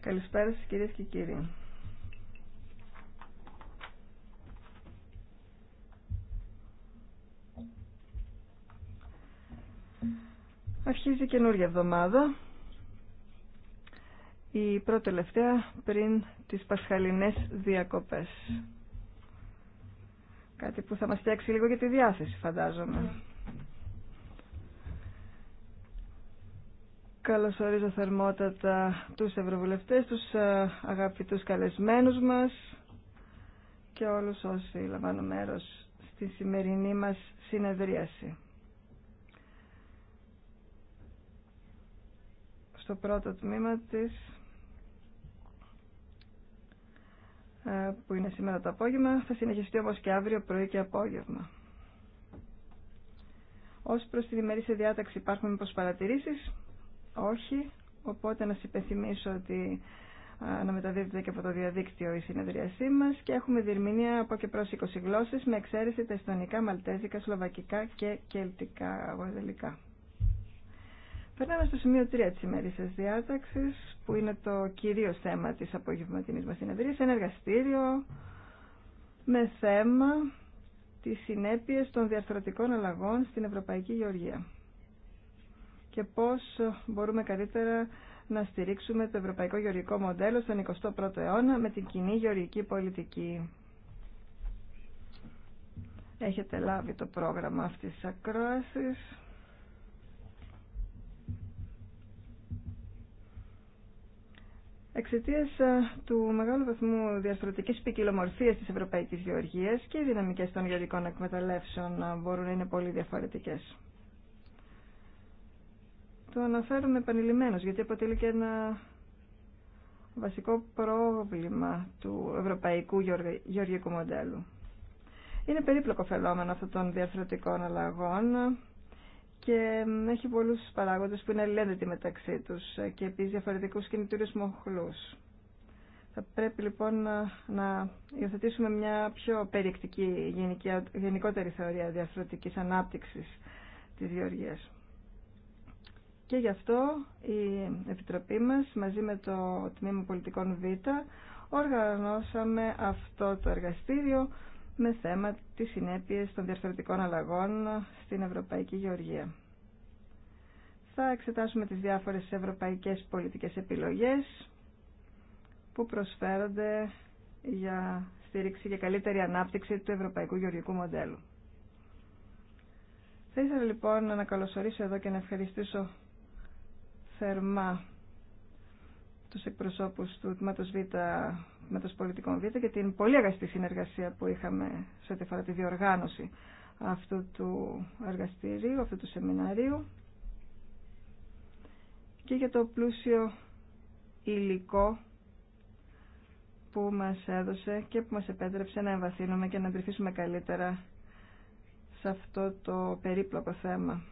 Καλησπέρα σας κυρίες και κύριοι. Αρχίζει καινούργια εβδομάδα. Η πρώτη τελευταία πριν τις πασχαλινές διακοπές. Κάτι που θα μας φτιάξει λίγο για τη διάθεση φαντάζομαι. Καλωσορίζω θερμότατα τους ευρωβουλευτές, τους ε, αγαπητούς καλεσμένους μας και όλους όσοι λαμβάνουν μέρος στη σημερινή μας συνεδρίαση. Στο πρώτο τμήμα της, ε, που είναι σήμερα το απόγευμα, θα συνεχιστεί όμως και αύριο πρωί και απόγευμα. Ως προς την ημερήσια διάταξη υπάρχουν μήπως παρατηρήσεις. Όχι. Οπότε να σας υπενθυμίσω ότι αναμεταδίδεται και από το διαδίκτυο η συνεδρίασή μα και έχουμε διερμηνία από και προ 20 γλώσσε με εξαίρεση τα εστονικά, μαλτέζικα, σλοβακικά και κελτικά γοδελικά. Περνάμε στο σημείο 3 της τη διάταξη που είναι το κυρίω θέμα τη απογευματινή μας συνεδρίας. Ένα εργαστήριο με θέμα τι συνέπειε των διαρθρωτικών αλλαγών στην Ευρωπαϊκή Γεωργία και πώς μπορούμε καλύτερα να στηρίξουμε το ευρωπαϊκό γεωργικό μοντέλο στον 21ο αιώνα με την κοινή γεωργική πολιτική. Έχετε λάβει το πρόγραμμα αυτής της ακρόασης. Εξαιτία ε, του μεγάλου βαθμού διαστρωτική ποικιλομορφία τη ευρωπαϊκή γεωργία και οι δυναμικέ των γεωργικών εκμεταλλεύσεων ε, μπορούν να είναι πολύ διαφορετικέ το αναφέρουμε επανειλημμένως, γιατί αποτελεί και ένα βασικό πρόβλημα του ευρωπαϊκού γεωργικού μοντέλου. Είναι περίπλοκο φαινόμενο αυτών των διαφορετικών αλλαγών και έχει πολλούς παράγοντες που είναι αλληλένδετοι μεταξύ τους και επίσης διαφορετικούς κινητήριους μοχλούς. Θα πρέπει λοιπόν να, υιοθετήσουμε μια πιο περιεκτική γενικότερη θεωρία διαρθρωτικής ανάπτυξης τη γεωργίας. Και γι' αυτό η Επιτροπή μας μαζί με το Τμήμα Πολιτικών Β οργανώσαμε αυτό το εργαστήριο με θέμα τις συνέπειες των διαφορετικών αλλαγών στην Ευρωπαϊκή Γεωργία. Θα εξετάσουμε τις διάφορες ευρωπαϊκές πολιτικές επιλογές που προσφέρονται για στήριξη και καλύτερη ανάπτυξη του ευρωπαϊκού γεωργικού μοντέλου. Θα ήθελα λοιπόν να καλωσορίσω εδώ και να ευχαριστήσω θερμά τους εκπροσώπους του Τμήματος Β, τμήματο Πολιτικών Β και την πολύ αγαστή συνεργασία που είχαμε σε ό,τι αφορά τη διοργάνωση αυτού του εργαστηρίου, αυτού του σεμιναρίου και για το πλούσιο υλικό που μας έδωσε και που μας επέτρεψε να εμβαθύνουμε και να αντριφήσουμε καλύτερα σε αυτό το περίπλοκο θέμα.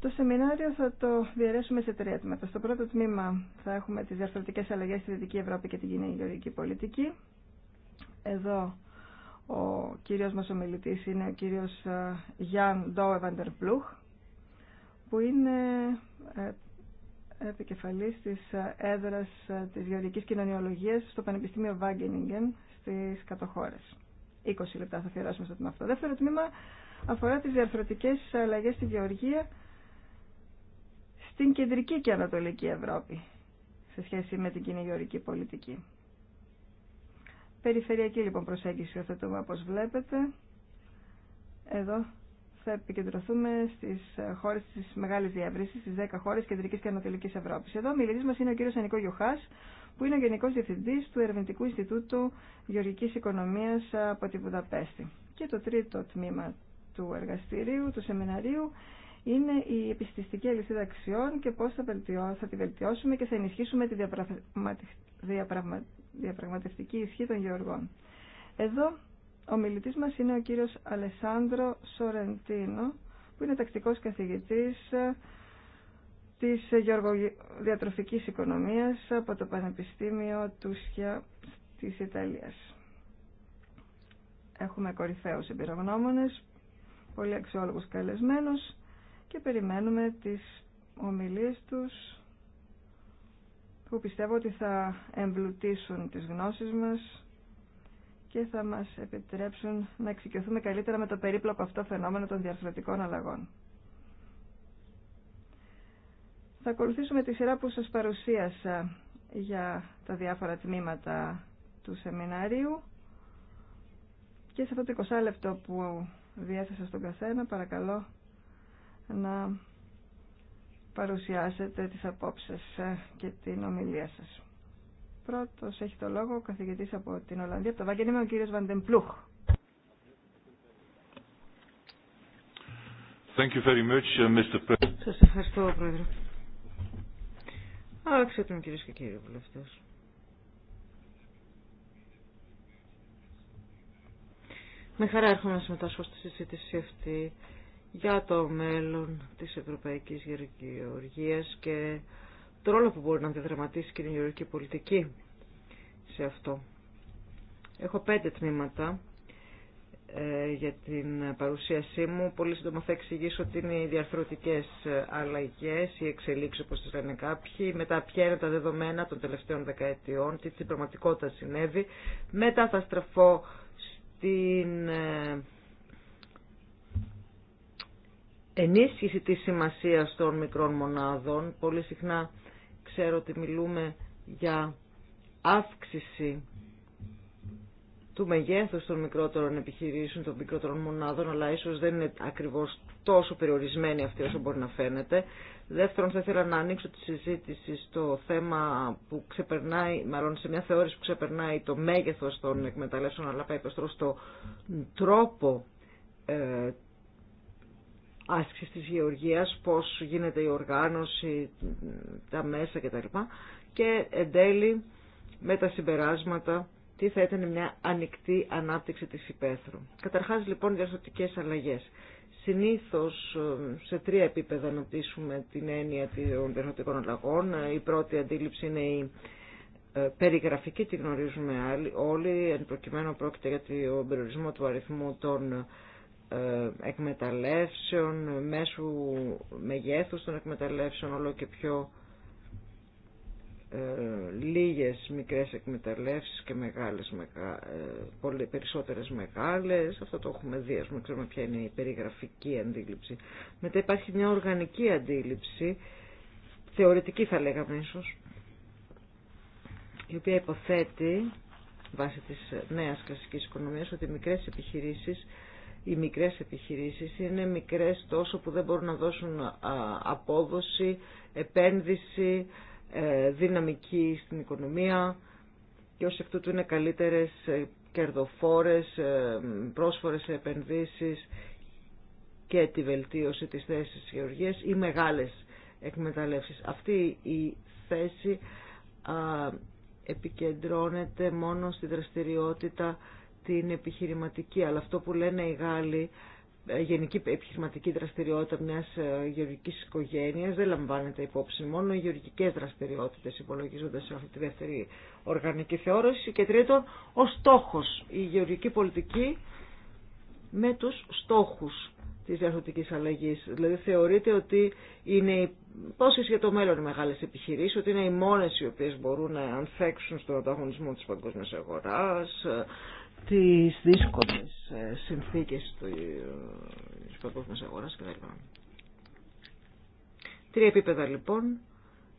Το σεμινάριο θα το διαιρέσουμε σε τρία τμήματα. Στο πρώτο τμήμα θα έχουμε τις διαφορετικές αλλαγές στη Δυτική Ευρώπη και την κοινή γεωργική πολιτική. Εδώ ο κύριος μας ομιλητής είναι ο κύριος ε, Γιάνν Ντόεβαντερ Πλούχ, που είναι ε, επικεφαλής της ε, έδρας της γεωργικής κοινωνιολογίας στο Πανεπιστήμιο Βάγκενιγκεν στις κατοχώρες. 20 λεπτά θα αφιερώσουμε στο τμήμα αυτό. Δεύτερο τμήμα αφορά τις διαφορετικές αλλαγές στη γεωργία στην κεντρική και ανατολική Ευρώπη σε σχέση με την κυνηγιορική πολιτική. Περιφερειακή λοιπόν προσέγγιση οθετούμε όπως βλέπετε. Εδώ θα επικεντρωθούμε στις χώρες της μεγάλης διεύρυνση, στι 10 χώρες κεντρικής και Ανατολική Ευρώπης. Εδώ ο μιλητή μας είναι ο κύριος Ανικό Γιοχάς, που είναι ο Γενικό Διευθυντής του Ερευνητικού Ινστιτούτου Γεωργικής Οικονομίας από τη Βουδαπέστη. Και το τρίτο τμήμα του εργαστηρίου, του σεμιναρίου, είναι η επιστηστική αλυσίδα αξιών και πώς θα, βελτιώ, τη βελτιώσουμε και θα ενισχύσουμε τη διαπραγματευτική ισχύ των γεωργών. Εδώ ο μιλητής μας είναι ο κύριος Αλεσάνδρο Σορεντίνο, που είναι τακτικός καθηγητής ε, της γεωργοδιατροφικής οικονομίας από το Πανεπιστήμιο Τούσια της Ιταλίας. Έχουμε κορυφαίους εμπειρογνώμονες, πολύ αξιόλογους καλεσμένους και περιμένουμε τις ομιλίες τους που πιστεύω ότι θα εμπλουτίσουν τις γνώσεις μας και θα μας επιτρέψουν να εξοικειωθούμε καλύτερα με το περίπλοκο αυτό φαινόμενο των διαρθρωτικών αλλαγών. Θα ακολουθήσουμε τη σειρά που σας παρουσίασα για τα διάφορα τμήματα του σεμιναρίου και σε αυτό το 20 λεπτό που διέθεσα στον καθένα παρακαλώ να παρουσιάσετε τις απόψεις και την ομιλία σας. Πρώτος έχει το λόγο ο καθηγητής από την Ολλανδία, από το Βάγκεν, είμαι ο κύριος Βαντεμπλούχ. Thank you very much, uh, Mr. Σας ευχαριστώ, Πρόεδρε. Αξιότιμοι κυρίες και κύριοι βουλευτές. Με χαρά έρχομαι να συμμετάσχω στη συζήτηση αυτή για το μέλλον της Ευρωπαϊκής Γεωργίας και το ρόλο που μπορεί να διαδραματίσει και η γεωργική πολιτική σε αυτό. Έχω πέντε τμήματα ε, για την παρουσίασή μου. Πολύ σύντομα θα εξηγήσω ότι είναι οι διαρθρωτικές αλλαγές, ή εξελίξεις όπως τις λένε κάποιοι, μετά ποια είναι τα δεδομένα των τελευταίων δεκαετιών, τι στην πραγματικότητα συνέβη. Μετά θα στραφώ στην ε, ενίσχυση της σημασίας των μικρών μονάδων. Πολύ συχνά ξέρω ότι μιλούμε για αύξηση του μεγέθους των μικρότερων επιχειρήσεων, των μικρότερων μονάδων, αλλά ίσως δεν είναι ακριβώς τόσο περιορισμένη αυτή όσο μπορεί να φαίνεται. Δεύτερον, θα ήθελα να ανοίξω τη συζήτηση στο θέμα που ξεπερνάει, μάλλον σε μια θεώρηση που ξεπερνάει το μέγεθος των εκμεταλλεύσεων, αλλά πάει προς στο τρόπο ε, άσκηση της γεωργίας, πώς γίνεται η οργάνωση, τα μέσα κτλ. Και εν τέλει με τα συμπεράσματα τι θα ήταν μια ανοιχτή ανάπτυξη της υπαίθρου. Καταρχάς λοιπόν διαστοτικές αλλαγές. Συνήθως σε τρία επίπεδα αναπτύσσουμε την έννοια των διαστοτικών αλλαγών. Η πρώτη αντίληψη είναι η ε, περιγραφική, τη γνωρίζουμε όλοι, εν προκειμένου πρόκειται για τον περιορισμό του αριθμού των ε, εκμεταλλεύσεων, μέσω μεγέθους των εκμεταλλεύσεων, όλο και πιο ε, λίγες μικρές εκμεταλλεύσεις και μεγάλες, μεγα, ε, πολύ, περισσότερες μεγάλες. Αυτό το έχουμε δει, ας πούμε, ξέρουμε ποια είναι η περιγραφική αντίληψη. Μετά υπάρχει μια οργανική αντίληψη, θεωρητική θα λέγαμε ίσως, η οποία υποθέτει βάσει της νέας κλασικής οικονομίας ότι μικρές επιχειρήσεις οι μικρές επιχειρήσεις είναι μικρές τόσο που δεν μπορούν να δώσουν απόδοση, επένδυση, ε, δυναμική στην οικονομία και ως εκ τούτου είναι καλύτερες ε, κερδοφόρες, ε, πρόσφορες επενδύσεις και τη βελτίωση της θέσης της η θέση επικεντρώνεται μόνο στη δραστηριότητα την επιχειρηματική, αλλά αυτό που λένε οι Γάλλοι, ε, γενική επιχειρηματική δραστηριότητα μιας ε, γεωργικής οικογένειας δεν λαμβάνεται υπόψη. Μόνο οι γεωργικές δραστηριότητες υπολογίζονται σε αυτή τη δεύτερη οργανική θεώρηση. Και τρίτον, ο στόχος, η γεωργική πολιτική με τους στόχους της διαθωτικής αλλαγής. Δηλαδή θεωρείται ότι είναι οι πόσες για το μέλλον οι μεγάλες επιχειρήσεις, ότι είναι οι μόνες οι οποίες μπορούν να ανθέξουν στον ανταγωνισμό της παγκόσμιας αγοράς, τις δύσκολες ε, συνθήκες της παγκόσμιας αγοράς κτλ. Τρία επίπεδα λοιπόν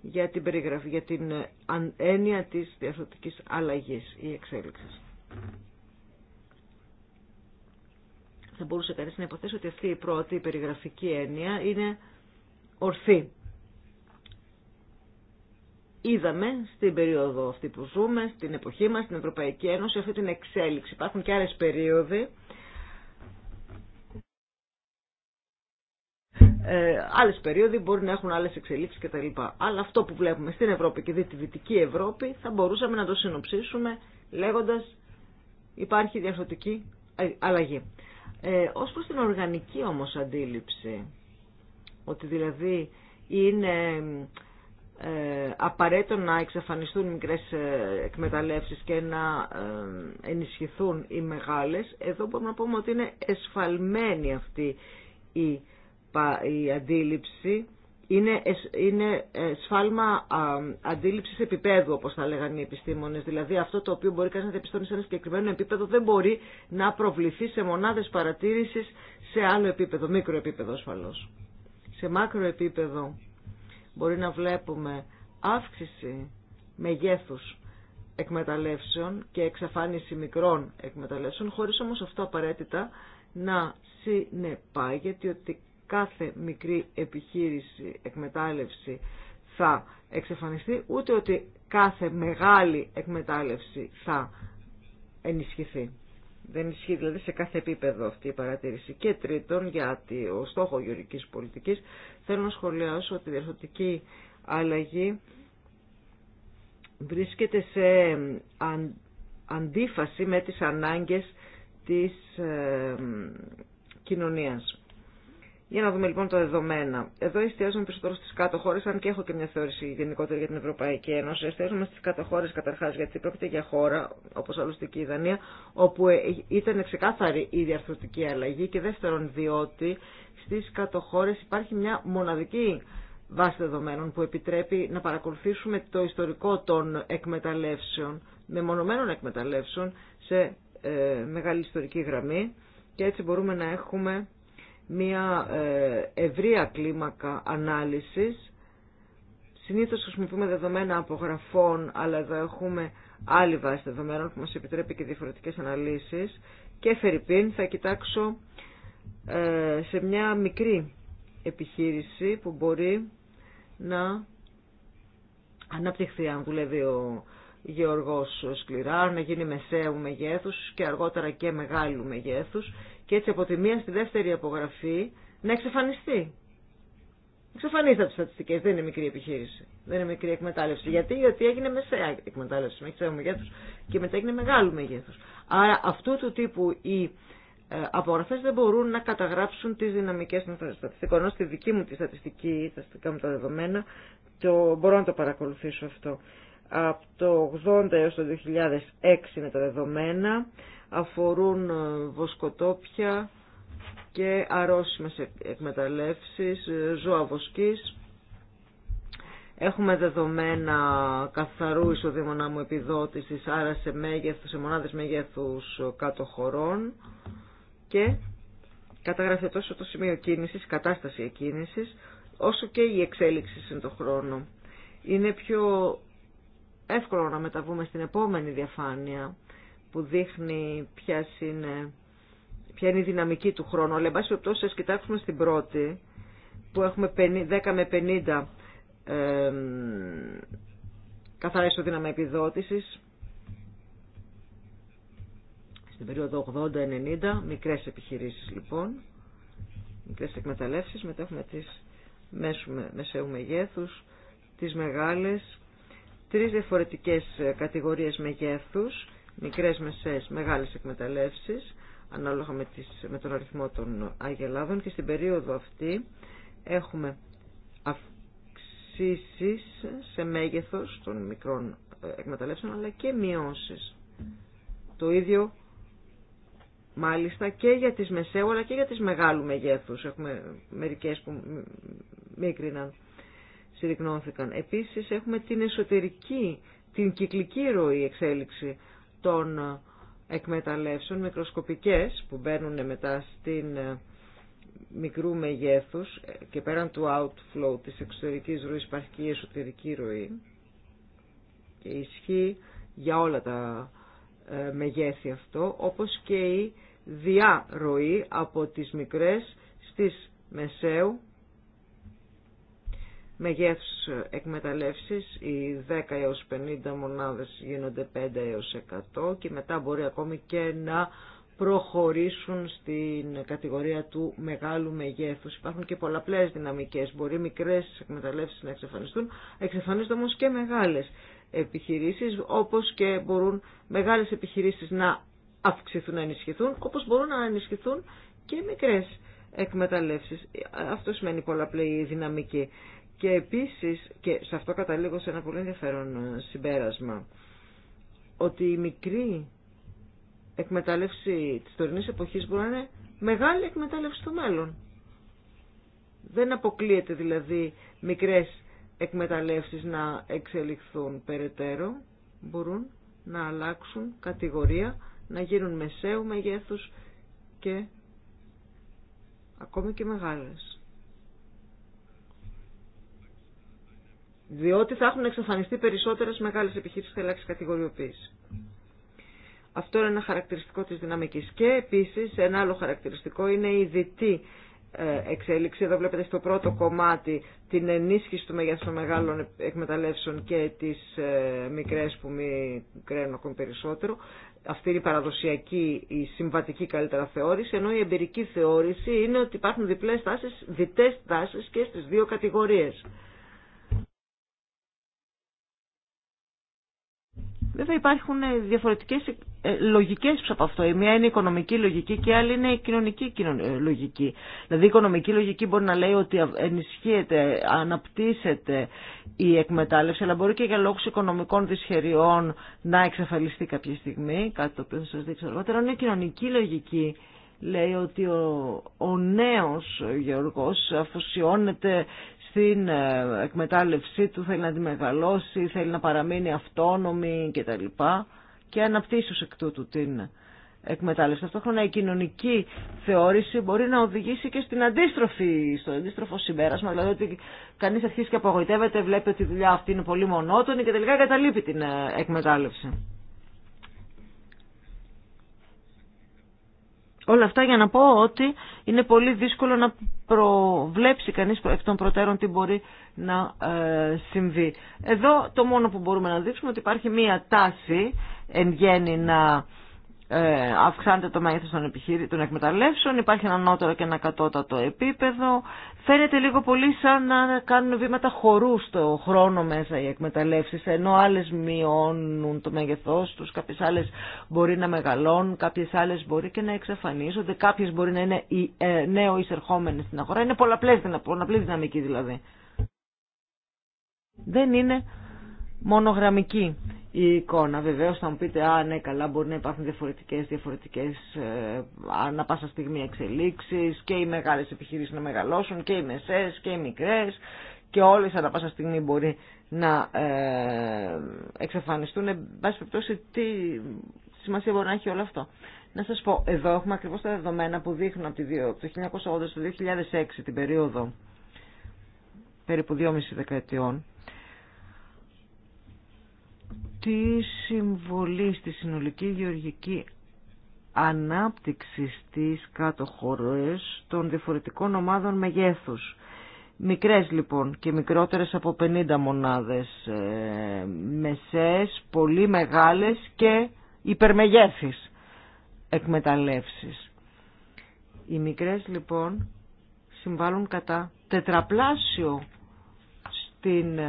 για την, περιγραφή, για την ε, έννοια της διαθροτικής αλλαγής ή εξέλιξης. Θα μπορούσε κανείς να υποθέσει ότι αυτή η πρώτη η πρωτη έννοια είναι ορθή είδαμε στην περίοδο αυτή που ζούμε, στην εποχή μας, στην Ευρωπαϊκή Ένωση, αυτή την εξέλιξη. Υπάρχουν και άλλες περίοδοι, ε, άλλες περίοδοι μπορεί να έχουν άλλες εξελίξεις κτλ. Αλλά αυτό που βλέπουμε στην Ευρώπη και τη Δυτική Ευρώπη θα μπορούσαμε να το συνοψίσουμε λέγοντας υπάρχει διαφορετική αλλαγή. Ε, ως προς την οργανική όμως αντίληψη, ότι δηλαδή είναι ε, απαραίτητο να εξαφανιστούν οι μικρές ε, εκμεταλλεύσεις και να ε, ενισχυθούν οι μεγάλες, εδώ μπορούμε να πούμε ότι είναι εσφαλμένη αυτή η, η αντίληψη. Είναι, είναι σφάλμα αντίληψης επίπεδου, όπως θα λέγανε οι επιστήμονες. Δηλαδή αυτό το οποίο μπορεί κανείς να διαπιστώνει σε ένα συγκεκριμένο επίπεδο δεν μπορεί να προβληθεί σε μονάδες παρατήρησης σε άλλο επίπεδο, μικρό επίπεδο ασφαλώς. Σε μάκρο επίπεδο μπορεί να βλέπουμε αύξηση μεγέθους εκμεταλλεύσεων και εξαφάνιση μικρών εκμεταλλεύσεων, χωρίς όμως αυτό απαραίτητα να συνεπάγεται ότι κάθε μικρή επιχείρηση, εκμετάλλευση θα εξαφανιστεί, ούτε ότι κάθε μεγάλη εκμετάλλευση θα ενισχυθεί. Δεν ισχύει δηλαδή σε κάθε επίπεδο αυτή η παρατήρηση. Και τρίτον, γιατί ο στόχο γεωργική πολιτικής, θέλω να σχολιάσω ότι η διαρθωτική αλλαγή βρίσκεται σε αντίφαση με τις ανάγκες της ε, κοινωνίας. Για να δούμε λοιπόν τα δεδομένα. Εδώ εστιάζουμε περισσότερο στι κάτω χώρε, αν και έχω και μια θεώρηση γενικότερη για την Ευρωπαϊκή Ένωση. Εστιάζουμε στι κάτω χώρε καταρχά, γιατί πρόκειται για χώρα, όπω άλλωστε και η Δανία, όπου ε, ήταν ξεκάθαρη η διαρθρωτική αλλαγή. Και δεύτερον, διότι στι κάτω χώρε υπάρχει μια μοναδική βάση δεδομένων που επιτρέπει να παρακολουθήσουμε το ιστορικό των εκμεταλλεύσεων, μεμονωμένων εκμεταλλεύσεων, σε ε, μεγάλη ιστορική γραμμή. Και έτσι μπορούμε να έχουμε μια ε, ευρεία κλίμακα ανάλυσης. Συνήθως χρησιμοποιούμε δεδομένα από αλλά εδώ έχουμε άλλη βάση δεδομένων που μας επιτρέπει και διαφορετικές αναλύσεις. Και Φερρυπίν θα κοιτάξω ε, σε μια μικρή επιχείρηση που μπορεί να αναπτυχθεί αν δουλεύει ο γεωργός σκληρά, να γίνει μεσαίου μεγέθους και αργότερα και μεγάλου μεγέθους και έτσι από τη μία στη δεύτερη απογραφή να εξαφανιστεί. Εξαφανίζεται από τι στατιστικέ. Δεν είναι μικρή επιχείρηση. Δεν είναι μικρή εκμετάλλευση. Γιατί, γιατί έγινε μεσαία εκμετάλλευση, με ξέρω μεγέθου και μετά έγινε μεγάλου μεγέθου. Άρα αυτού του τύπου οι ε, απογραφέ δεν μπορούν να καταγράψουν τι δυναμικέ των στατιστικών. στη δική μου τη στατιστική, στατιστικά μου τα δεδομένα, το, μπορώ να το παρακολουθήσω αυτό από το 80 έως το 2006 είναι τα δεδομένα, αφορούν ε, βοσκοτόπια και αρρώσιμες εκμεταλλεύσεις, ε, ζώα βοσκής. Έχουμε δεδομένα καθαρού μου επιδότησης, άρα σε, μέγεθους, σε μονάδες μέγεθους ε, κάτω χωρών και καταγραφεί τόσο το σημείο κίνησης, κατάσταση εκκίνησης, όσο και η εξέλιξη στον χρόνο. Είναι πιο εύκολο να μεταβούμε στην επόμενη διαφάνεια που δείχνει ποια είναι, ποια είναι η δυναμική του χρόνου. Αλλά, εν πάση περιπτώσει, κοιτάξουμε στην πρώτη, που έχουμε 10 με 50 ε, καθαρά ισοδύναμα επιδότησης, στην περίοδο 80-90, μικρές επιχειρήσεις λοιπόν, μικρές εκμεταλλεύσεις, μετά έχουμε τις μεσαίου μεγέθους, τις μεγάλες τρεις διαφορετικές ε, κατηγορίες μεγέθους, μικρές, μεσές, μεγάλες εκμεταλλεύσεις, ανάλογα με, τις, τον αριθμό των αγελάδων και στην περίοδο αυτή έχουμε αυξήσεις σε μέγεθος των μικρών ε, εκμεταλλεύσεων αλλά και μειώσεις. Το ίδιο μάλιστα και για τις μεσαίου αλλά και για τις μεγάλου μεγέθους. Έχουμε μερικές που μίκριναν συρρυκνώθηκαν. Επίσης έχουμε την εσωτερική, την κυκλική ροή εξέλιξη των ε, εκμεταλλεύσεων, μικροσκοπικές που μπαίνουν μετά στην ε, μικρού μεγέθους ε, και πέραν του outflow της εξωτερικής ροής υπάρχει και η εσωτερική ροή και ισχύει για όλα τα μεγέθη αυτό, όπως και η διαρροή από τις μικρές στις μεσαίου μεγέθους εκμεταλλεύσεις, οι 10 έως 50 μονάδες γίνονται 5 έως 100 και μετά μπορεί ακόμη και να προχωρήσουν στην κατηγορία του μεγάλου μεγέθους. Υπάρχουν και πολλαπλές δυναμικές, μπορεί μικρές εκμεταλλεύσεις να εξαφανιστούν, εξαφανίζονται όμως και μεγάλες επιχειρήσεις, όπως και μπορούν μεγάλες επιχειρήσεις να αυξηθούν, να ενισχυθούν, όπως μπορούν να ενισχυθούν και μικρές εκμεταλλεύσεις. Αυτό σημαίνει πολλαπλή δυναμική. Και επίσης, και σε αυτό καταλήγω σε ένα πολύ ενδιαφέρον ε, συμπέρασμα, ότι η μικρή εκμετάλλευση της τωρινής εποχής μπορεί να είναι μεγάλη εκμετάλλευση στο μέλλον. Δεν αποκλείεται δηλαδή μικρές εκμεταλλεύσεις να εξελιχθούν περαιτέρω, μπορούν να αλλάξουν κατηγορία, να γίνουν μεσαίου μεγέθους και ακόμη και μεγάλες. διότι θα έχουν εξαφανιστεί περισσότερες μεγάλες επιχείρησεις και ελάχιστη κατηγοριοποίηση. Αυτό είναι ένα χαρακτηριστικό της δυναμικής. Και επίσης ένα άλλο χαρακτηριστικό είναι η δυτή ε, εξέλιξη. Εδώ βλέπετε στο πρώτο κομμάτι την ενίσχυση του μεγέθους των μεγάλων εκμεταλλεύσεων και τις ε, μικρές που μικραίνουν ακόμη περισσότερο. Αυτή είναι η παραδοσιακή, η συμβατική καλύτερα θεώρηση, ενώ η εμπειρική θεώρηση είναι ότι υπάρχουν διπλές τάσεις, διτές τάσεις και στις δύο κατηγορίες. Βέβαια υπάρχουν ε, διαφορετικές ε, λογικές από αυτό. Η μία είναι η οικονομική λογική και η άλλη είναι η κοινωνική ε, λογική. Δηλαδή η οικονομική λογική μπορεί να λέει ότι ενισχύεται, αναπτύσσεται η εκμετάλλευση, αλλά μπορεί και για λόγους οικονομικών δυσχεριών να εξαφαλιστεί κάποια στιγμή, κάτι το οποίο θα σας δείξω αργότερα. Είναι η κοινωνική λογική λέει ότι ο, ο νέος Γεωργός αφοσιώνεται στην ε, εκμετάλλευσή του, θέλει να τη μεγαλώσει, θέλει να παραμείνει αυτόνομη κτλ. Και αναπτύσσει εκ τούτου την εκμετάλλευση. Ταυτόχρονα η κοινωνική θεώρηση μπορεί να οδηγήσει και στην αντίστροφη, στο αντίστροφο συμπέρασμα. Δηλαδή ότι κανεί αρχίζει και απογοητεύεται, βλέπει ότι η δουλειά αυτή είναι πολύ μονότονη και τελικά καταλείπει την ε, εκμετάλλευση. Όλα αυτά για να πω ότι είναι πολύ δύσκολο να προβλέψει κανείς εκ των προτέρων τι μπορεί να ε, συμβεί. Εδώ το μόνο που μπορούμε να δείξουμε ότι υπάρχει μία τάση εν γέννη να ε, αυξάνεται το μέγεθο των, των εκμεταλλεύσεων, υπάρχει ένα ανώτερο και ένα κατώτατο επίπεδο. Φαίνεται λίγο πολύ σαν να κάνουν βήματα χορού στο χρόνο μέσα οι εκμεταλλεύσεις, ενώ άλλε μειώνουν το μέγεθός τους, κάποιες άλλε μπορεί να μεγαλώνουν, κάποιες άλλε μπορεί και να εξαφανίζονται, κάποιε μπορεί να είναι ε, νέο εισερχόμενοι στην αγορά. Είναι πολλαπλή δυναμική δηλαδή. Δεν είναι μονογραμμική η εικόνα. Βεβαίως θα μου πείτε, α ναι καλά μπορεί να υπάρχουν διαφορετικές, διαφορετικές ε, ανά πάσα στιγμή εξελίξεις και οι μεγάλες επιχειρήσεις να μεγαλώσουν και οι μεσές και οι μικρές και όλες ανά πάσα στιγμή μπορεί να ε, εξαφανιστούν. Εν πάση περιπτώσει τι σημασία μπορεί να έχει όλο αυτό. Να σας πω, εδώ έχουμε ακριβώς τα δεδομένα που δείχνουν από το 1980 στο 2006 την περίοδο περίπου 2,5 δεκαετιών τι συμβολή στη συνολική γεωργική ανάπτυξη στις κάτω χώρες των διαφορετικών ομάδων μεγέθους. Μικρές λοιπόν και μικρότερες από 50 μονάδες, ε, μεσές, πολύ μεγάλες και υπερμεγέθης εκμεταλλεύσεις. Οι μικρές λοιπόν συμβάλλουν κατά τετραπλάσιο στην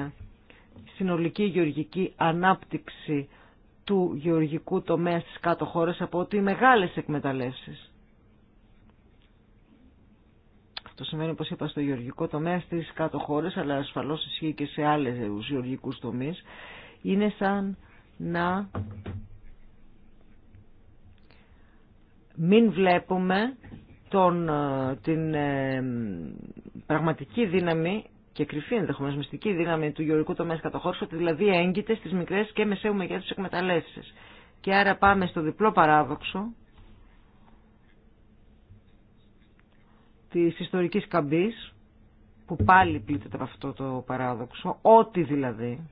συνολική γεωργική ανάπτυξη του γεωργικού τομέα στις κάτω χώρες από ότι οι μεγάλες εκμεταλλεύσεις. Αυτό σημαίνει, όπως είπα, στο γεωργικό τομέα στις κάτω χώρες, αλλά ασφαλώς ισχύει και σε άλλες γεωργικούς τομείς, είναι σαν να μην βλέπουμε τον, ε, την ε, πραγματική δύναμη και κρυφή ενδεχομένω μυστική δύναμη του γεωργικού τομέα κατά χώρο, ότι δηλαδή έγκυται στι μικρέ και μεσαίου μεγέθου εκμεταλλεύσει. Και άρα πάμε στο διπλό παράδοξο τη ιστορική καμπή, που πάλι πλήττεται από αυτό το παράδοξο, ότι δηλαδή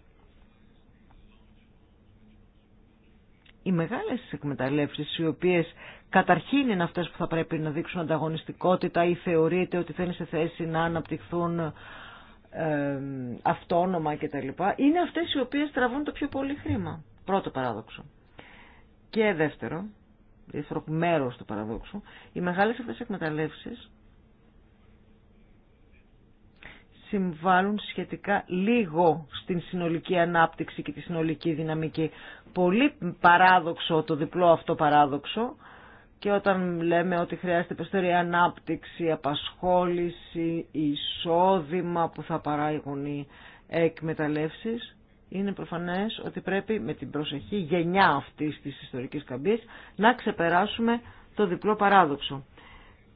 οι μεγάλες εκμεταλλεύσεις οι οποίες καταρχήν είναι αυτέ που θα πρέπει να δείξουν ανταγωνιστικότητα ή θεωρείται ότι θα είναι σε θέση να αναπτυχθούν ε, αυτόνομα κτλ. Είναι αυτές οι οποίες τραβούν το πιο πολύ χρήμα. Πρώτο παράδοξο. Και δεύτερο, δεύτερο μέρος του παραδόξου, οι μεγάλες αυτές εκμεταλλεύσεις συμβάλλουν σχετικά λίγο στην συνολική ανάπτυξη και τη συνολική δυναμική. Πολύ παράδοξο το διπλό αυτό παράδοξο, και όταν λέμε ότι χρειάζεται περισσότερη ανάπτυξη, απασχόληση, εισόδημα που θα παράγουν οι εκμεταλλεύσεις, είναι προφανές ότι πρέπει με την προσεχή γενιά αυτής της ιστορικής καμπής να ξεπεράσουμε το διπλό παράδοξο.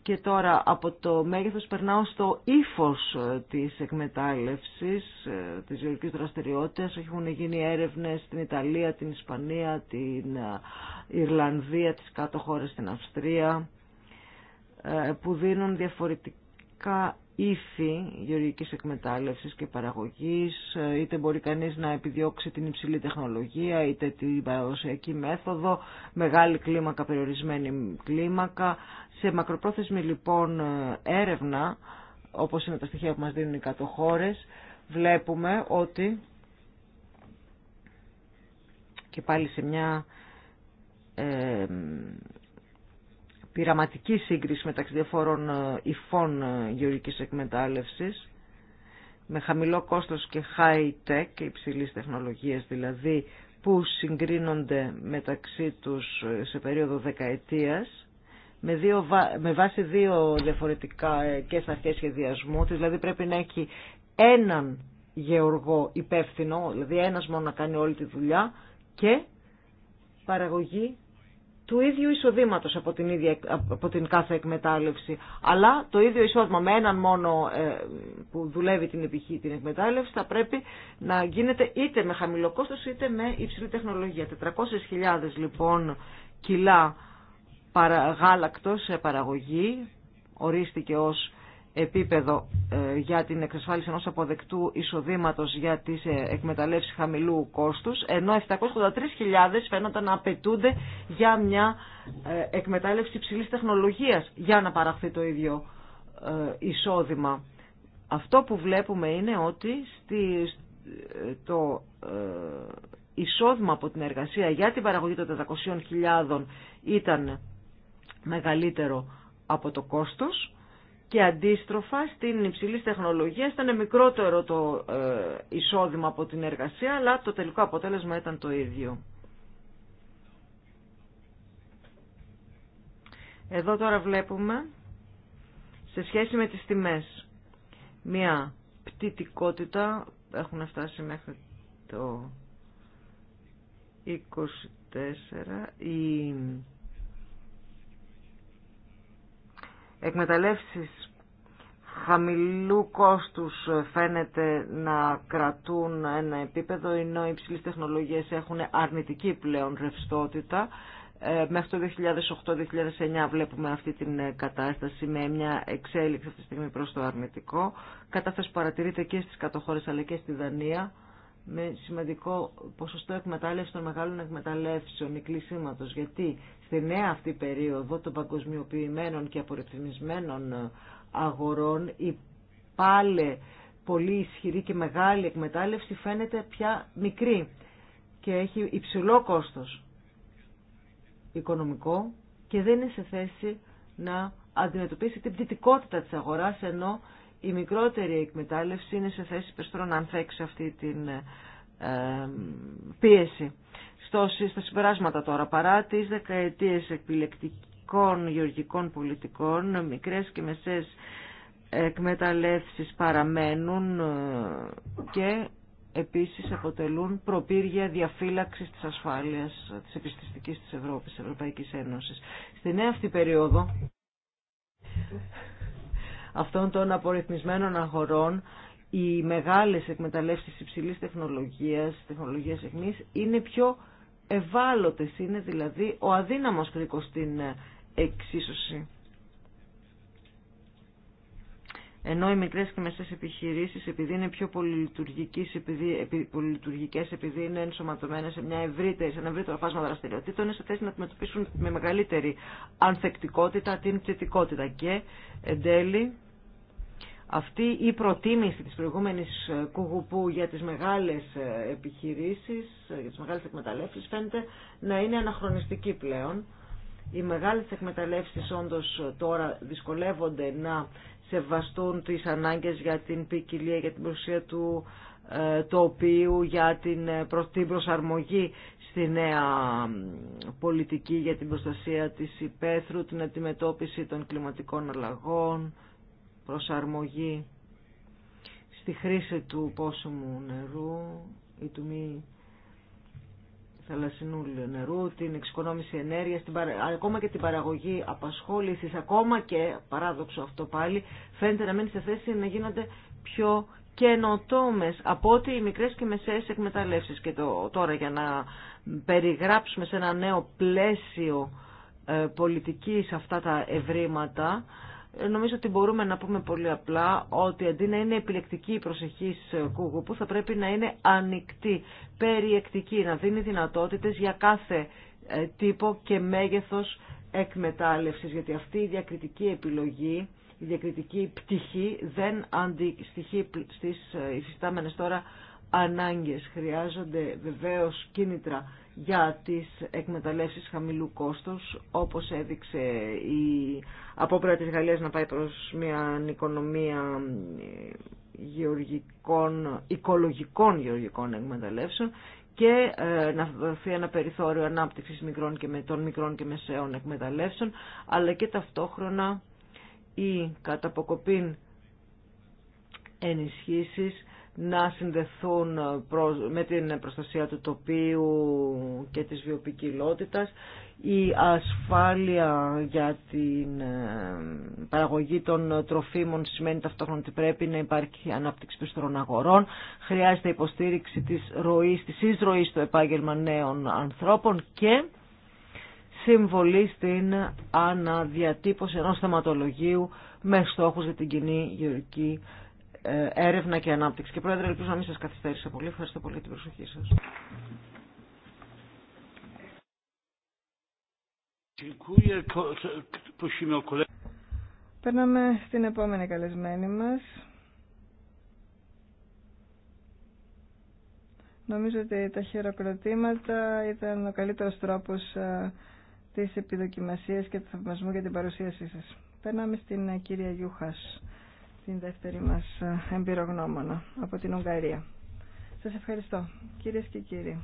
Και τώρα από το μέγεθος περνάω στο ύφος ε, της εκμετάλλευσης, ε, της γεωργικής δραστηριότητας. Έχουν γίνει έρευνες στην Ιταλία, την Ισπανία, την ε, Ιρλανδία, τις κάτω χώρες στην Αυστρία, που δίνουν διαφορετικά Ήθη γεωργικής εκμετάλλευσης και παραγωγής, είτε μπορεί κανείς να επιδιώξει την υψηλή τεχνολογία, είτε την παραδοσιακή μέθοδο, μεγάλη κλίμακα, περιορισμένη κλίμακα. Σε μακροπρόθεσμη λοιπόν έρευνα, όπως είναι τα στοιχεία που μας δίνουν οι κατοχώρες, βλέπουμε ότι και πάλι σε μια ε, πειραματική σύγκριση μεταξύ διαφόρων ε, υφών ε, γεωργικής εκμετάλλευσης με χαμηλό κόστος και high-tech, υψηλής τεχνολογίας δηλαδή, που συγκρίνονται μεταξύ τους ε, σε περίοδο δεκαετίας με, δύο, με βάση δύο διαφορετικά και αρχές σχεδιασμού δηλαδή πρέπει να έχει έναν γεωργό υπεύθυνο, δηλαδή ένας μόνο να κάνει όλη τη δουλειά και παραγωγή του ίδιου εισοδήματο από, την από την κάθε εκμετάλλευση. Αλλά το ίδιο εισόδημα με έναν μόνο ε, που δουλεύει την, επιχείρηση την εκμετάλλευση θα πρέπει να γίνεται είτε με χαμηλό κόστο, είτε με υψηλή τεχνολογία. 400.000 λοιπόν κιλά γάλακτο σε παραγωγή ορίστηκε ως επίπεδο ε, για την εξασφάλιση ενός αποδεκτού εισοδήματος για τις ε, εκμεταλλεύσεις χαμηλού κόστους, ενώ 783.000 φαίνονταν να απαιτούνται για μια ε, εκμετάλλευση ψηλής τεχνολογίας για να παραχθεί το ίδιο εισόδημα. Αυτό που βλέπουμε είναι ότι στη, το εισόδημα από την εργασία για την παραγωγή των 400.000 ήταν μεγαλύτερο από το κόστος και αντίστροφα στην υψηλή τεχνολογία ήταν μικρότερο το ε, εισόδημα από την εργασία, αλλά το τελικό αποτέλεσμα ήταν το ίδιο. Εδώ τώρα βλέπουμε σε σχέση με τις τιμές. Μια πτητικότητα έχουν φτάσει μέχρι το 24. Η εκμεταλλεύσεις χαμηλού κόστους φαίνεται να κρατούν ένα επίπεδο, ενώ οι υψηλές τεχνολογίες έχουν αρνητική πλέον ρευστότητα. Ε, μέχρι το 2008-2009 βλέπουμε αυτή την κατάσταση με μια εξέλιξη αυτή τη στιγμή προς το αρνητικό. Κατάσταση παρατηρείται και στις κατοχώρες αλλά και στη Δανία με σημαντικό ποσοστό εκμετάλλευση των μεγάλων εκμεταλλεύσεων ή κλεισίματος. Γιατί στη νέα αυτή περίοδο των παγκοσμιοποιημένων και απορρεπτημισμένων ε, αγορών η πάλι πολύ ισχυρή και μεγάλη εκμετάλλευση φαίνεται πια μικρή και έχει υψηλό κόστος οικονομικό και δεν είναι σε θέση να αντιμετωπίσει την πτυτικότητα της αγοράς ενώ η μικρότερη εκμετάλλευση είναι σε θέση περισσότερο να ανθέξει αυτή την ε, πίεση. Στο, στα συμπεράσματα τώρα, παρά τις δεκαετίες επιλεκτικών γεωργικών πολιτικών, μικρές και μεσές εκμεταλλεύσεις παραμένουν ε, και επίσης αποτελούν προπύργια διαφύλαξης της ασφάλειας της επιστηστικής της Ευρώπης, της Ευρωπαϊκής Ένωσης. Στην νέα αυτή περίοδο αυτών των απορριθμισμένων αγορών οι μεγάλες εκμεταλλεύσεις υψηλής τεχνολογίας, τεχνολογίας εχνής, είναι πιο ευάλωτες, είναι δηλαδή ο αδύναμος κρίκος στην ε, εξίσωση. Ενώ οι μικρές και μεσές επιχειρήσεις, επειδή είναι πιο πολυλειτουργικές, επειδή, πολυλειτουργικές, επειδή είναι ενσωματωμένες σε, μια ευρύτερη, σε ένα ευρύτερο φάσμα δραστηριοτήτων, είναι σε θέση να αντιμετωπίσουν με μεγαλύτερη ανθεκτικότητα την θετικότητα και εν τέλει αυτή η προτίμηση της προηγούμενης ε, κουγουπού για τις μεγάλες ε, επιχειρήσεις, ε, για τις μεγάλες εκμεταλλεύσεις φαίνεται να είναι αναχρονιστική πλέον. Οι μεγάλες εκμεταλλεύσεις όντως τώρα δυσκολεύονται να σεβαστούν τις ανάγκες για την ποικιλία, για την προσία του τοπίου, για την, την προσαρμογή στη νέα πολιτική, για την προστασία της υπαίθρου, την αντιμετώπιση των κλιματικών αλλαγών προσαρμογή στη χρήση του πόσιμου νερού ή του μη θαλασσινού νερού, την εξοικονόμηση ενέργειας, την ακόμα και την παραγωγή απασχόλησης, ακόμα και, παράδοξο αυτό πάλι, φαίνεται να μένει σε θέση να γίνονται πιο καινοτόμε από ότι οι μικρές και μεσαίες εκμεταλλεύσεις. Και το, τώρα για να περιγράψουμε σε ένα νέο πλαίσιο ε, πολιτικής αυτά τα ευρήματα, νομίζω ότι μπορούμε να πούμε πολύ απλά ότι αντί να είναι επιλεκτική η προσεχή που θα πρέπει να είναι ανοιχτή, περιεκτική, να δίνει δυνατότητες για κάθε ε, τύπο και μέγεθος εκμετάλλευσης, γιατί αυτή η διακριτική επιλογή, η διακριτική πτυχή δεν αντιστοιχεί στις ε, υφιστάμενες τώρα ανάγκες. Χρειάζονται βεβαίως κίνητρα για τις εκμεταλλεύσεις χαμηλού κόστος, όπως έδειξε η απόπειρα της Γαλλίας να πάει προς μια οικονομία ε, γεωργικών, οικολογικών γεωργικών εκμεταλλεύσεων και ε, να δοθεί ένα περιθώριο ανάπτυξης μικρών και με, των μικρών και μεσαίων εκμεταλλεύσεων, αλλά και ταυτόχρονα η καταποκοπή ενισχύσεις να συνδεθούν με την προστασία του τοπίου και της βιοποικιλότητας. Η ασφάλεια για την ε, παραγωγή των τροφίμων σημαίνει ταυτόχρονα ότι πρέπει να υπάρχει ανάπτυξη πιστρών αγορών. Χρειάζεται υποστήριξη της ροής, της εισροής στο επάγγελμα νέων ανθρώπων και συμβολή στην αναδιατύπωση ενός θεματολογίου με στόχους για την κοινή γεωργική ε, έρευνα και ανάπτυξη. Και Πρόεδρε, ελπίζω να μην σας καθυστέρησα πολύ. Ευχαριστώ πολύ την προσοχή σα. Περνάμε στην επόμενη καλεσμένη μας. Νομίζω ότι τα χειροκροτήματα ήταν ο καλύτερος τρόπος ε, της επιδοκιμασίας και του θαυμασμού για την παρουσίασή σας. Περνάμε στην ε, κυρία Γιούχας την δεύτερη μας ε, εμπειρογνώμονα από την Ουγγαρία. Σας ευχαριστώ, κυρίες και κύριοι.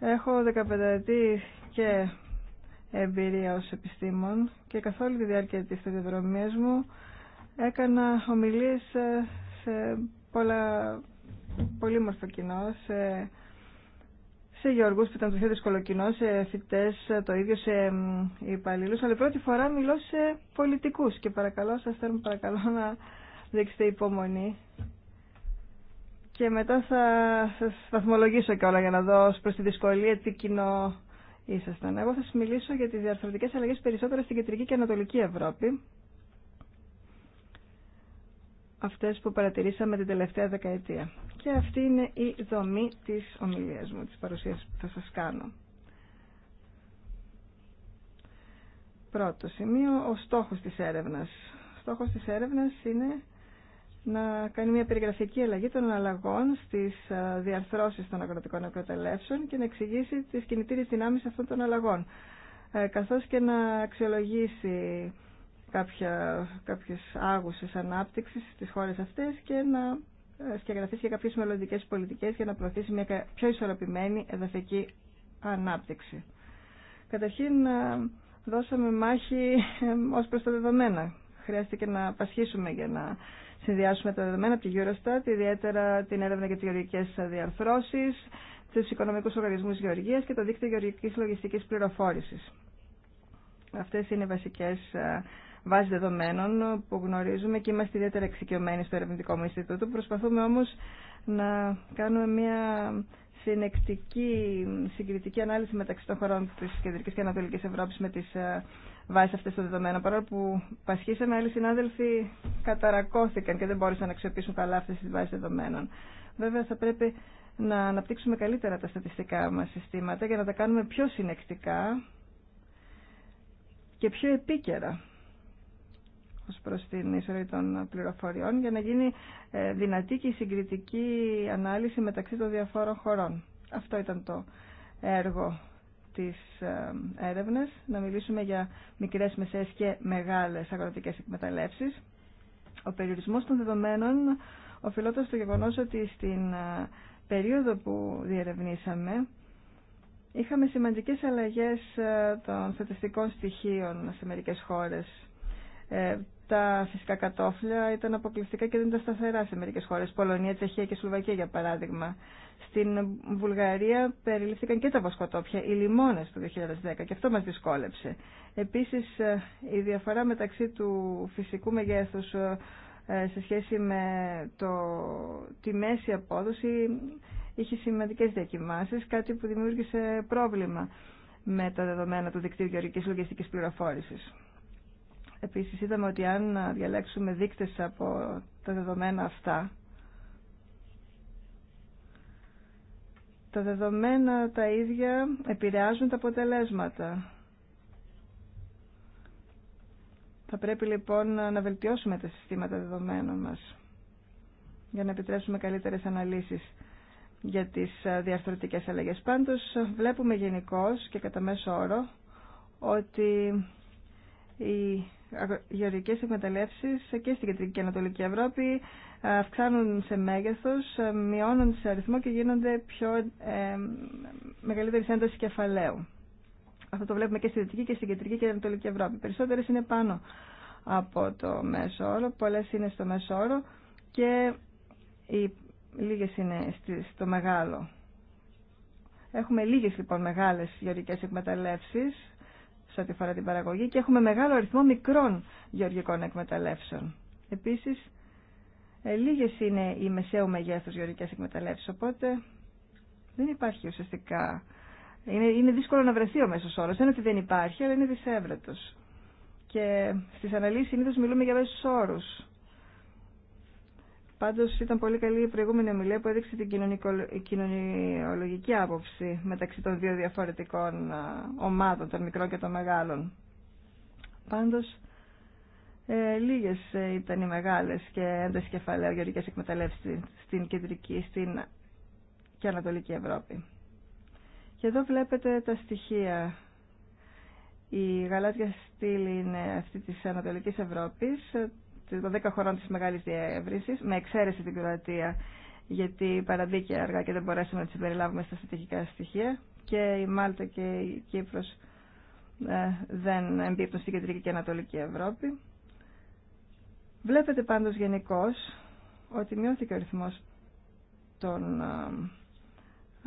Έχω 15 ετή και εμπειρία ως επιστήμον και καθ' όλη τη διάρκεια της σταδιοδρομίας μου έκανα ομιλίες ε, σε πολλά, πολύ μορφό κοινό, σε σε γεωργούς που ήταν το πιο δύσκολο κοινό, σε φοιτητέ, το ίδιο, σε υπαλλήλους, αλλά πρώτη φορά μιλώ σε πολιτικούς και παρακαλώ σας θέλω παρακαλώ να δείξετε υπομονή. Και μετά θα σας βαθμολογήσω όλα για να δω προς τη δυσκολία τι κοινό ήσασταν. Εγώ θα σας μιλήσω για τις διαρθρωτικές αλλαγές περισσότερο στην Κεντρική και Ανατολική Ευρώπη αυτές που παρατηρήσαμε την τελευταία δεκαετία. Και αυτή είναι η δομή της ομιλίας μου, της παρουσίας που θα σας κάνω. Πρώτο σημείο, ο στόχος της έρευνας. Ο στόχος της έρευνας είναι να κάνει μια περιγραφική αλλαγή των αλλαγών στις ε, διαρθρώσεις των αγροτικών εκμεταλλεύσεων και να εξηγήσει τις κινητήρες δυνάμεις αυτών των αλλαγών, ε, καθώς και να αξιολογήσει κάποια, κάποιες άγουσες ανάπτυξης στις χώρες αυτές και να ε, σκεγγραφείς και κάποιες μελλοντικές πολιτικές για να προωθήσει μια πιο ισορροπημένη εδαφική ανάπτυξη. Καταρχήν ε, δώσαμε μάχη ε, ως προς τα δεδομένα. Χρειάστηκε να πασχίσουμε για να συνδυάσουμε τα δεδομένα από τη Eurostat, ιδιαίτερα την έρευνα για τις γεωργικές διαρθρώσεις, τους οικονομικούς οργανισμούς γεωργίας και το δίκτυο γεωργικής λογιστικής πληροφόρησης. Αυτές είναι οι βασικές βάση δεδομένων που γνωρίζουμε και είμαστε ιδιαίτερα εξοικειωμένοι στο Ερευνητικό μου Ινστιτούτο. Προσπαθούμε όμως να κάνουμε μια συνεκτική, συγκριτική ανάλυση μεταξύ των χωρών της Κεντρικής και Ανατολική Ευρώπης με τις ε, βάσει αυτές των δεδομένων. Παρόλο που πασχίσαμε, άλλοι συνάδελφοι καταρακώθηκαν και δεν μπόρεσαν να αξιοποιήσουν καλά αυτές τις βάσει δεδομένων. Βέβαια θα πρέπει να αναπτύξουμε καλύτερα τα στατιστικά μας συστήματα για να τα κάνουμε πιο συνεκτικά και πιο επίκαιρα ως προς την ισορροή των πληροφοριών για να γίνει ε, δυνατή και συγκριτική ανάλυση μεταξύ των διαφόρων χωρών. Αυτό ήταν το έργο της ε, έρευνας, να μιλήσουμε για μικρές, μεσαίες και μεγάλες αγροτικές εκμεταλλεύσεις. Ο περιορισμός των δεδομένων οφειλόταν στο γεγονός ότι στην ε, περίοδο που διερευνήσαμε είχαμε σημαντικές αλλαγές των στατιστικών στοιχείων σε μερικές χώρες τα φυσικά κατόφλια ήταν αποκλειστικά και δεν ήταν σταθερά σε μερικές χώρες. Πολωνία, Τσεχία και Σλοβακία για παράδειγμα. Στην Βουλγαρία περιληφθήκαν και τα βοσκοτόπια, οι λιμόνε το 2010 και αυτό μα δυσκόλεψε. Επίσης ε, η διαφορά μεταξύ του φυσικού μεγέθους ε, σε σχέση με το, τη μέση απόδοση είχε σημαντικές διακοιμάνσεις, κάτι που δημιούργησε πρόβλημα με τα δεδομένα του δικτύου γεωργικής λογιστικής πληροφόρησης. Επίσης είδαμε ότι αν διαλέξουμε δείκτες από τα δεδομένα αυτά, τα δεδομένα τα ίδια επηρεάζουν τα αποτελέσματα. Θα πρέπει λοιπόν να βελτιώσουμε τα συστήματα δεδομένων μας για να επιτρέψουμε καλύτερες αναλύσεις για τις διαρθρωτικές αλλαγές. Πάντως βλέπουμε γενικώ και κατά μέσο όρο ότι οι γεωργικές εκμεταλλεύσει και στην Κεντρική και Ανατολική Ευρώπη αυξάνουν σε μέγεθο, μειώνουν σε αριθμό και γίνονται πιο ε, μεγαλύτερη ένταση κεφαλαίου. Αυτό το βλέπουμε και στη Δυτική και στην Κεντρική και Ανατολική Ευρώπη. Περισσότερε είναι πάνω από το μέσο όρο, πολλέ είναι στο μέσο όρο και οι λίγες είναι στο μεγάλο. Έχουμε λίγες λοιπόν μεγάλες γεωργικές εκμεταλλεύσεις σε ό,τι αφορά την παραγωγή και έχουμε μεγάλο αριθμό μικρών γεωργικών εκμεταλλεύσεων. Επίσης, ε, λίγε είναι οι μεσαίου μεγέθου γεωργικές εκμεταλλεύσει, οπότε δεν υπάρχει ουσιαστικά. Είναι, δύσκολο να βρεθεί ο μέσο όρο. Δεν είναι ότι δεν υπάρχει, αλλά είναι δυσέβρετο. Και στι αναλύσει συνήθω μιλούμε για μέσους όρου. Πάντως ήταν πολύ καλή η προηγούμενη ομιλία που έδειξε την κοινωνιολογική άποψη μεταξύ των δύο διαφορετικών ομάδων, των μικρών και των μεγάλων. Πάντω, ε, λίγες ε, ήταν οι μεγάλες και έντες κεφαλαίου γεωργικέ εκμεταλλεύσει στην κεντρική στην και ανατολική Ευρώπη. Και εδώ βλέπετε τα στοιχεία. Η γαλάτια στήλη είναι αυτή της Ανατολικής Ευρώπης, των 10 χωρών της μεγάλης διεύρυνσης, με εξαίρεση την Κροατία, γιατί παραδίκαια αργά και δεν μπορέσαμε να τις περιλάβουμε στα στρατηγικά στοιχεία και η Μάλτα και η Κύπρος ε, δεν εμπίπτουν στην Κεντρική και Ανατολική Ευρώπη. Βλέπετε πάντως γενικώ ότι μειώθηκε ο ρυθμός των ε,